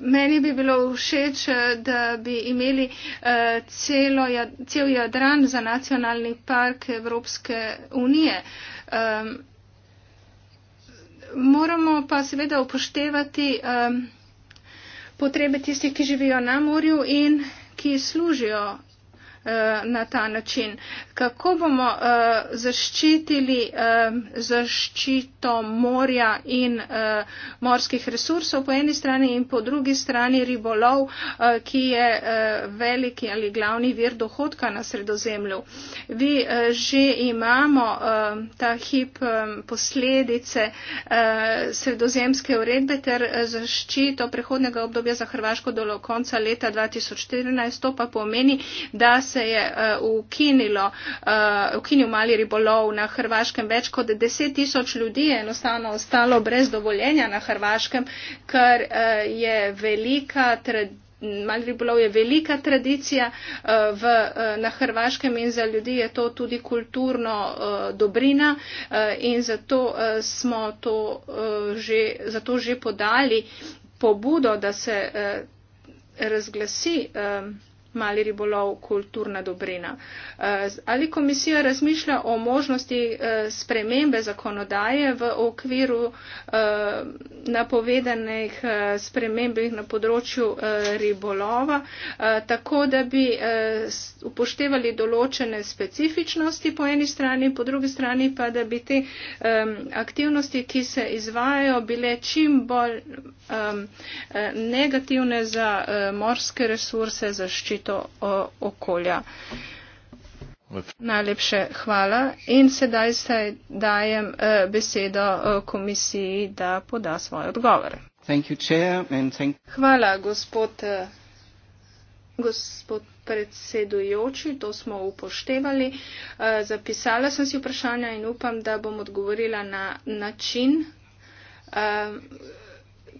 S2: meni bi bilo všeč, eh, da bi imeli eh, celo, ja, cel jadran za nacionalni park Evropske unije. Moramo pa seveda upoštevati potrebe tistih, ki živijo na morju in ki služijo Eh, na ta način. Kako bomo eh, zaščitili eh, zaščito morja in morskih resursov po eni strani in po drugi strani ribolov, ki je veliki ali glavni vir dohodka na sredozemlju. Vi že imamo ta hip posledice sredozemske uredbe ter zaščito prehodnega obdobja za Hrvaško do konca leta 2014. To pa pomeni, da se se je eh, ukinilo, eh, ukinil mali ribolov na Hrvaškem. Več kot deset tisoč ljudi je enostavno ostalo brez dovoljenja na Hrvaškem, kar eh, je velika tradicija. Mali ribolov je velika tradicija v, na Hrvaškem in za ljudi je to tudi kulturno dobrina in zato smo to že, zato že podali pobudo, da se razglasi mali ribolov kulturna dobrina. Eh, ali komisija razmišlja o možnosti eh, spremembe zakonodaje v okviru eh, napovedanih sprememb na področju ribolova, tako da bi upoštevali določene specifičnosti po eni strani, po drugi strani pa, da bi te aktivnosti, ki se izvajajo, bile čim bolj negativne za morske resurse zaščite zaščito okolja. Najlepše hvala in sedaj se dajem eh, besedo eh, komisiji, da poda svoje odgovore. Hvala, gospod, eh, gospod predsedujoči, to smo upoštevali. Zapisala sem si vprašanja in upam, da bom odgovorila na način,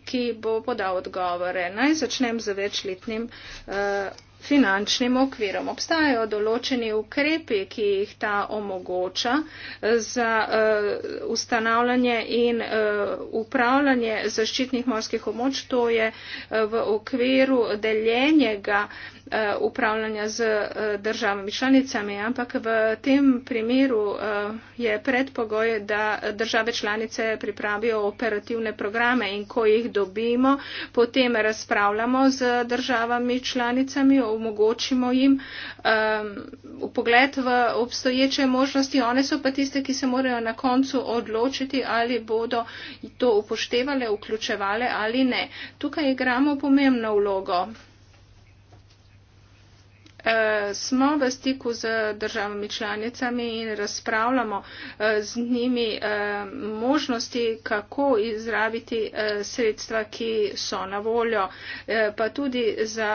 S2: ki bo podal odgovore. Naj začnem z večletnim finančnim okvirom. Obstajajo določeni ukrepi, ki jih ta omogoča za uh, ustanavljanje in uh, upravljanje zaščitnih morskih območ, to je uh, v okviru deljenjega uh, Eh, upravljanja z eh, državami članicami, ampak v tem primeru eh, je predpogoj, da države članice pripravijo operativne programe in ko jih dobimo, potem razpravljamo z državami članicami, omogočimo jim um, pogled v obstoječe možnosti. One so pa tiste, ki se morajo na koncu odločiti, ali bodo to upoštevale, vključevale ali ne. Tukaj igramo pomembno vlogo. Eh, smo v stiku z državami članicami in razpravljamo eh, z njimi eh, možnosti, kako izraviti sredstva, ki so na voljo, pa tudi za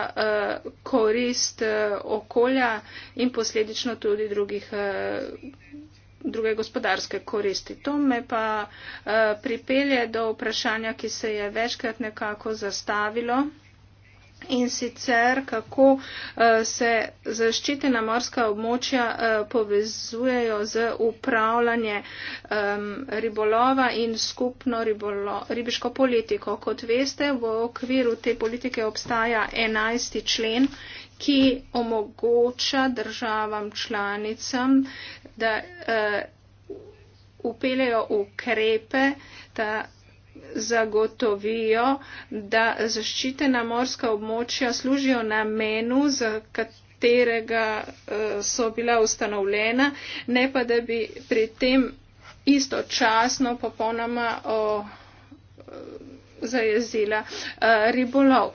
S2: korist okolja in posledično tudi drugih druge gospodarske koristi. To me pa uh, pripelje do vprašanja, ki se je večkrat nekako zastavilo. In sicer, kako eh, se zaščitena morska območja eh, povezujejo z upravljanje ribolova in skupno ribolo, ribiško politiko. Kot veste, v okviru te politike obstaja 11. člen, ki omogoča državam članicam, da eh, upeljajo ukrepe, da zagotovijo, da zaščitena morska območja služijo namenu, za katerega eh, so bila ustanovljena, ne pa da bi pri tem istočasno popolnoma o, eh, zajezila eh, ribolov.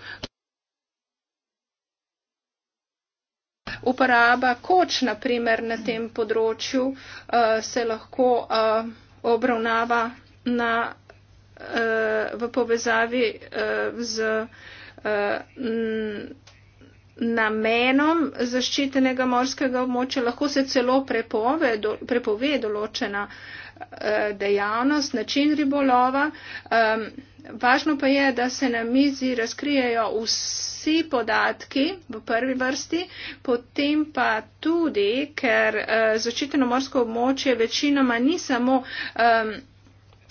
S2: Uporaba koč, na primer, na tem področju se lahko obravnava na v povezavi eh, z eh, namenom zaščitenega morskega območja, lahko se celo prepove, do, prepove določena eh, dejavnost, način ribolova. Važno pa je, da se na mizi razkrijejo vsi podatki v prvi vrsti, potem pa tudi, ker zaščiteno morsko območje večinoma ni samo um,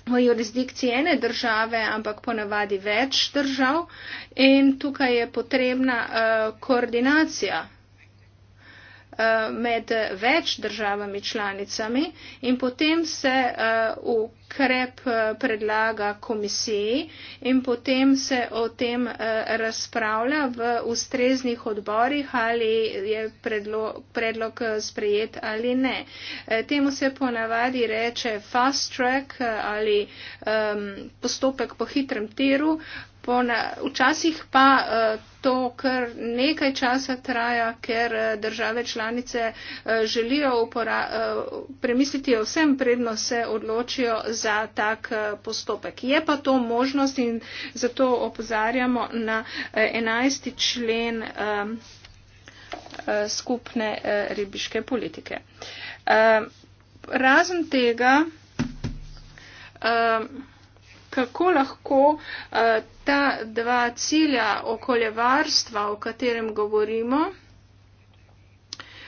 S2: v jurisdikciji ene države, ampak ponavadi več držav in tukaj je potrebna uh, koordinacija Eh, med več državami članicami in potem se eh, ukrep eh, predlaga komisiji in potem se o tem razpravlja v ustreznih odborih, ali je predlog, predlog sprejet ali ne. Temu se ponavadi reče fast track ali ehm, postopek po hitrem tiru, Pona, včasih pa uh, to kar nekaj časa traja, ker uh, države članice uh, želijo upora, uh, premisliti o vsem predno se odločijo za tak uh, postopek. Je pa to možnost in zato opozarjamo na uh, 11. člen um, uh, skupne uh, ribiške politike. Uh, razen tega. Um, kako lahko eh, ta dva cilja okoljevarstva, o katerem govorimo,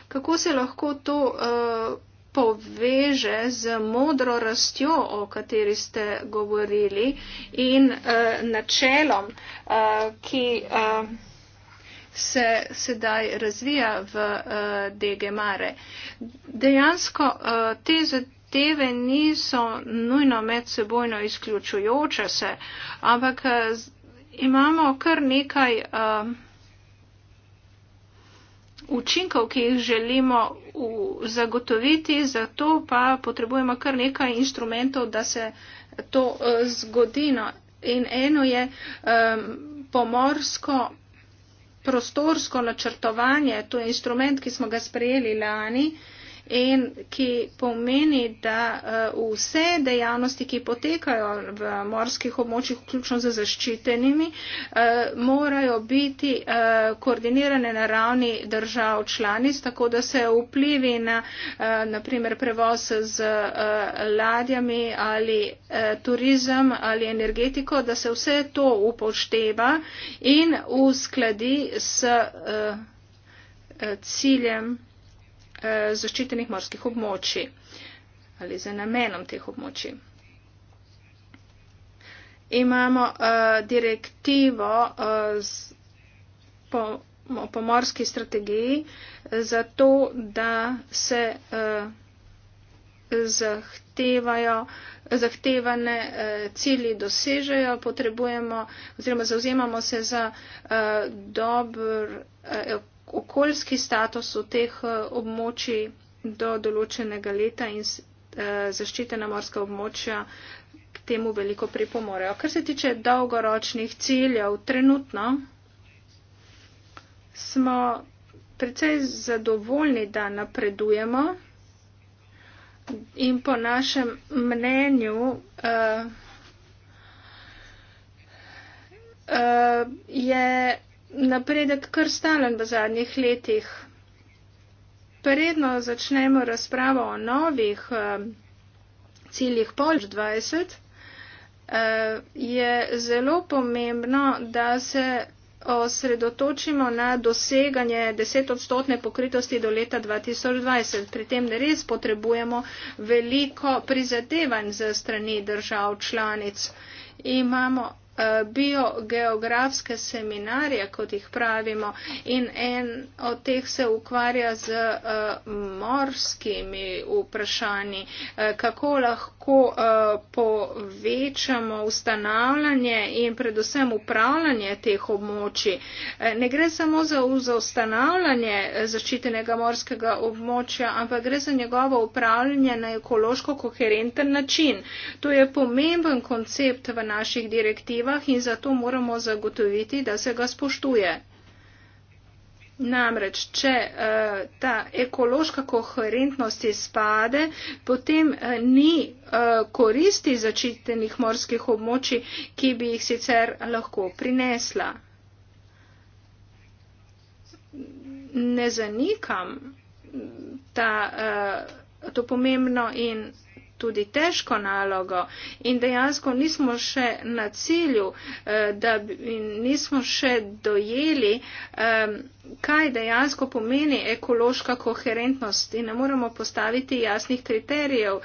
S2: kako se lahko to eh, poveže z modro rastjo, o kateri ste govorili in eh, načelom, ki se sedaj razvija v uh, DG Mare. Dejansko uh, te zahteve niso nujno medsebojno izključujoče se, ampak eh, imamo kar nekaj um, učinkov, ki jih želimo v, zagotoviti, zato pa potrebujemo kar nekaj instrumentov, da se to uh, zgodi. No, in eno je um, pomorsko prostorsko načrtovanje, to je instrument, ki smo ga sprejeli lani. Uh, in ki pomeni, da eh, vse dejavnosti, ki potekajo v morskih območjih, vključno z zaščitenimi, eh, morajo biti eh, koordinirane na ravni držav članic, tako da se vplivi na naprimer prevoz z ladjami ali turizem ali energetiko, da se vse to upošteva in uskladi s ciljem. Eh, zaščitenih morskih območij ali za namenom teh območij. Imamo uh, direktivo uh, z, po, o pomorski strategiji za to, da se uh, zahtevajo, zahtevane uh, cilji dosežejo, potrebujemo oziroma zauzemamo se za uh, dober uh, okoljski status v teh eh, območij do določenega leta in eh, zaščitena morska območja k temu veliko pripomorejo. Kar se tiče dolgoročnih ciljev, trenutno smo precej zadovoljni, da napredujemo in po našem mnenju uh, uh, je napredek kar stalen v zadnjih letih. Predno začnemo razpravo o novih eh, ciljih polž 20, eh, je zelo pomembno, da se osredotočimo na doseganje 10 odstotne pokritosti do leta 2020. Pri tem ne res potrebujemo veliko prizadevanj za strani držav članic. Imamo biogeografske seminarje, kot jih pravimo, in en od teh se ukvarja z eh, morskimi vprašanji, eh, kako lahko lahko uh, povečamo ustanavljanje in predvsem upravljanje teh območij. Eh, ne gre samo za, za ustanavljanje eh, zaščitenega morskega območja, ampak gre za njegovo upravljanje na ekološko koherenten način. To je pomemben koncept v naših direktivah in zato moramo zagotoviti, da se ga spoštuje. Namreč, če uh, ta ekološka koherentnost izpade, potem uh, ni uh, koristi začitenih morskih območij, ki bi jih sicer lahko prinesla. Ne zanikam mm, ta, uh, to pomembno in tudi težko nalogo in dejansko nismo še na cilju, eh, da nismo še dojeli, kaj dejansko pomeni ekološka koherentnost in ne moremo postaviti jasnih kriterijev.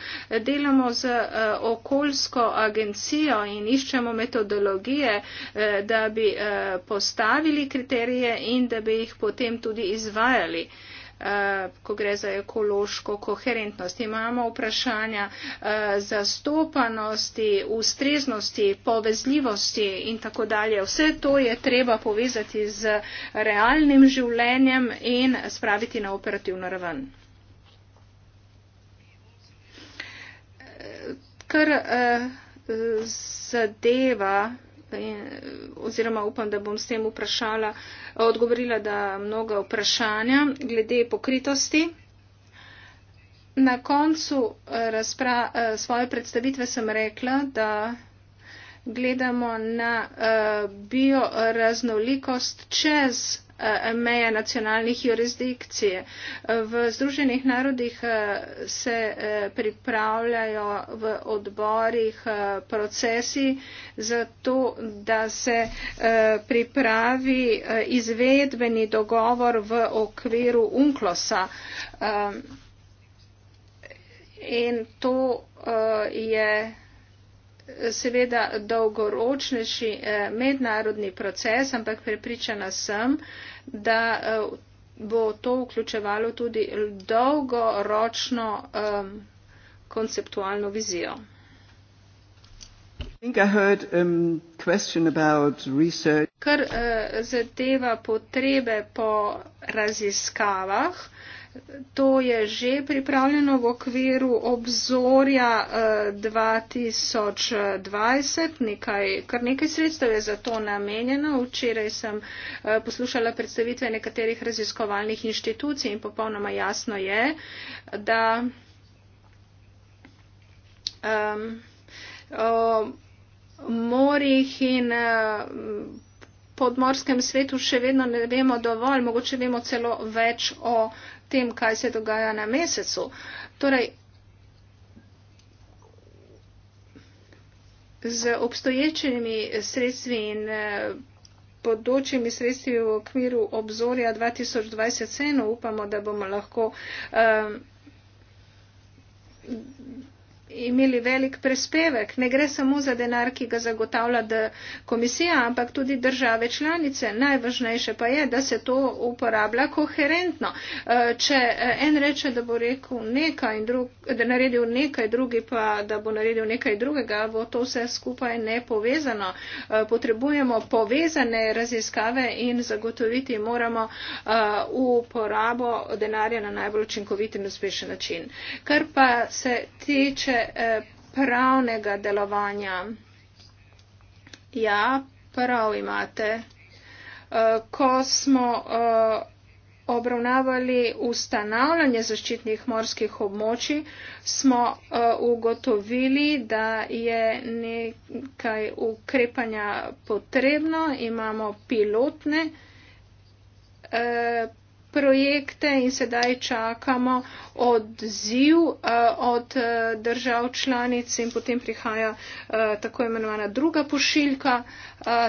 S2: Delamo z eh, okoljsko agencijo in iščemo metodologije, eh, da bi postavili kriterije in da bi jih potem tudi izvajali. Eh, ko gre za ekološko koherentnost. Imamo vprašanja eh, zastopanosti, ustreznosti, povezljivosti in tako dalje. Vse to je treba povezati z realnim življenjem in spraviti na operativno raven. Eh, kar eh, zadeva da je, oziroma upam, da bom s tem vprašala, odgovorila, da mnoga vprašanja glede pokritosti. Na koncu razpra, svoje predstavitve sem rekla, da gledamo na bioraznolikost čez Eh, meje nacionalnih jurisdikcije. V Združenih narodih eh, se eh, pripravljajo v odborih procesi za to, da se pripravi izvedbeni dogovor v okviru UNKLOSA. In to je seveda dolgoročnejši mednarodni proces, ampak prepričana sem, da eh, bo to vključevalo tudi dolgoročno um, konceptualno vizijo. Heard, um, Kar uh, zadeva potrebe po raziskavah, uh, To je že pripravljeno v okviru obzorja 2020, eh, nekaj, kar nekaj sredstev je za to namenjeno. Včeraj sem eh, poslušala predstavitve nekaterih raziskovalnih inštitucij in popolnoma jasno je, da um, o morjih in eh, podmorskem svetu še vedno ne vemo dovolj, mogoče vemo celo več o tem, kaj se dogaja na mesecu. Torej, z obstoječimi sredstvi in podočimi eh, sredstvi v okviru obzorja 2020 ceno upamo, da bomo lahko um, imeli velik prispevek. Ne gre samo za denar, ki ga zagotavlja komisija, ampak tudi države članice. Najvažnejše pa je, da se to uporablja koherentno. E, če e, en reče, da bo rekel nekaj in drug, da naredil nekaj, drugi pa, da bo naredil nekaj drugega, bo to vse skupaj nepovezano. E, potrebujemo povezane raziskave in zagotoviti moramo uporabo denarja na najbolj učinkovit in uspešen način. Kar pa se tiče pravnega delovanja. Ja, prav imate. Eh, ko smo eh, obravnavali ustanavljanje zaščitnih morskih območij, smo eh, ugotovili, da je nekaj ukrepanja potrebno. Imamo pilotne projekte in sedaj čakamo odziv eh, od eh, držav članic in potem prihaja eh, tako imenovana druga pošiljka,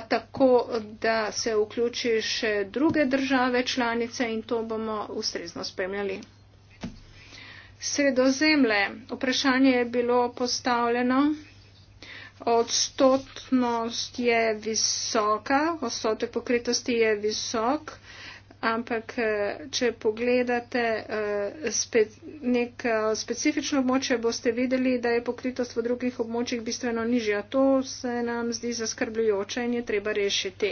S2: tako da se vključi še druge države članice in to bomo ustrezno spremljali. Sredozemlje. Vprašanje je bilo postavljeno. Odstotnost je visoka, odstotek pokritosti je visok ampak eh, če pogledate eh, spe, nek eh, specifično območje, boste videli, da je pokritost v drugih območjih bistveno nižja. To se nam zdi zaskrbljujoče in je treba rešiti.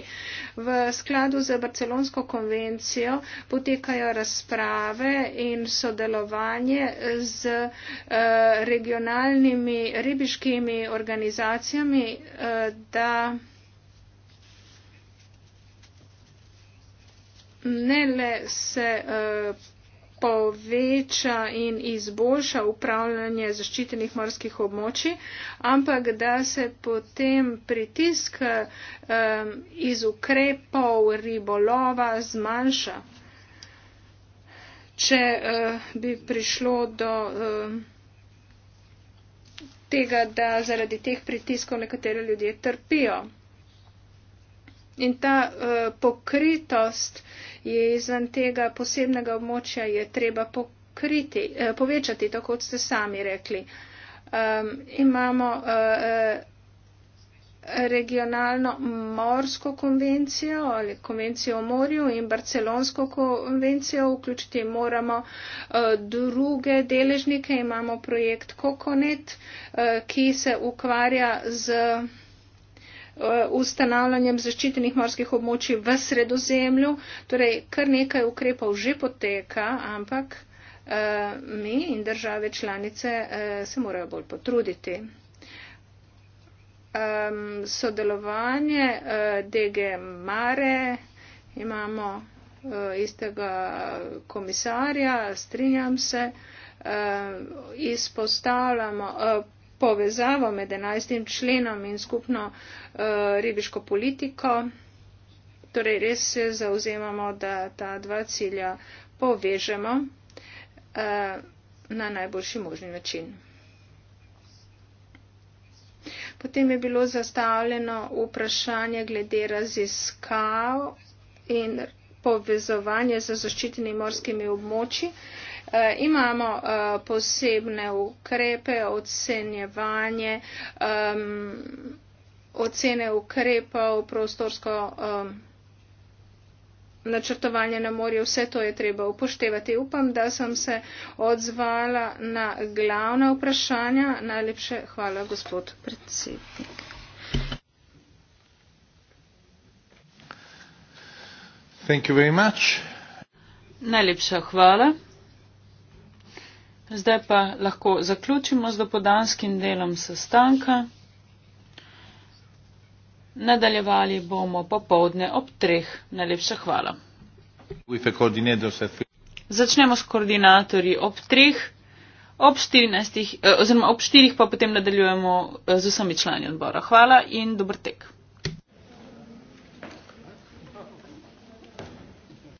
S2: V skladu z Barcelonsko konvencijo potekajo razprave in sodelovanje z regionalnimi ribiškimi organizacijami, da ne le se uh, poveča in izboljša upravljanje zaščitenih morskih območij, ampak da se potem pritisk um, iz ukrepov ribolova zmanjša. Če uh, bi prišlo do uh, tega, da zaradi teh pritiskov nekatere ljudje trpijo. In ta uh, pokritost je izven tega posebnega območja je treba pokriti, eh, povečati, tako kot ste sami rekli. Um, imamo uh, regionalno morsko konvencijo ali konvencijo o morju in barcelonsko konvencijo, vključiti moramo uh, druge deležnike. Imamo projekt Coconet, uh, ki se ukvarja z. Uh, Eh, ustanavljanjem zaščitenih morskih območij v sredozemlju. Torej, kar nekaj ukrepov že poteka, ampak eh, mi in države članice eh, se morajo bolj potruditi. Sodelovanje DG Mare imamo istega komisarja, strinjam se, izpostavljamo, povezavo med 11. členom in skupno eh, ribiško politiko. Torej res se zauzemamo, da ta dva cilja povežemo eh, na najboljši možni način. Potem je bilo zastavljeno vprašanje glede raziskav in povezovanje z zaščitenimi morskimi območji. Uh, Eh, imamo eh, posebne ukrepe, ocenjevanje, ocene ukrepov, prostorsko načrtovanje na morju, vse to je treba upoštevati. Upam, da sem se odzvala na glavna vprašanja. Najlepše hvala, gospod predsednik.
S1: Thank you very much.
S3: Najlepša hvala. Zdaj pa lahko zaključimo z dopodanskim delom sestanka. Nadaljevali bomo popovdne ob treh. Najlepša hvala. Začnemo s koordinatorji ob treh, ob štirinajstih, eh, oziroma ob štirih pa potem nadaljujemo eh, z vsemi člani
S2: odbora. Hvala in dober tek.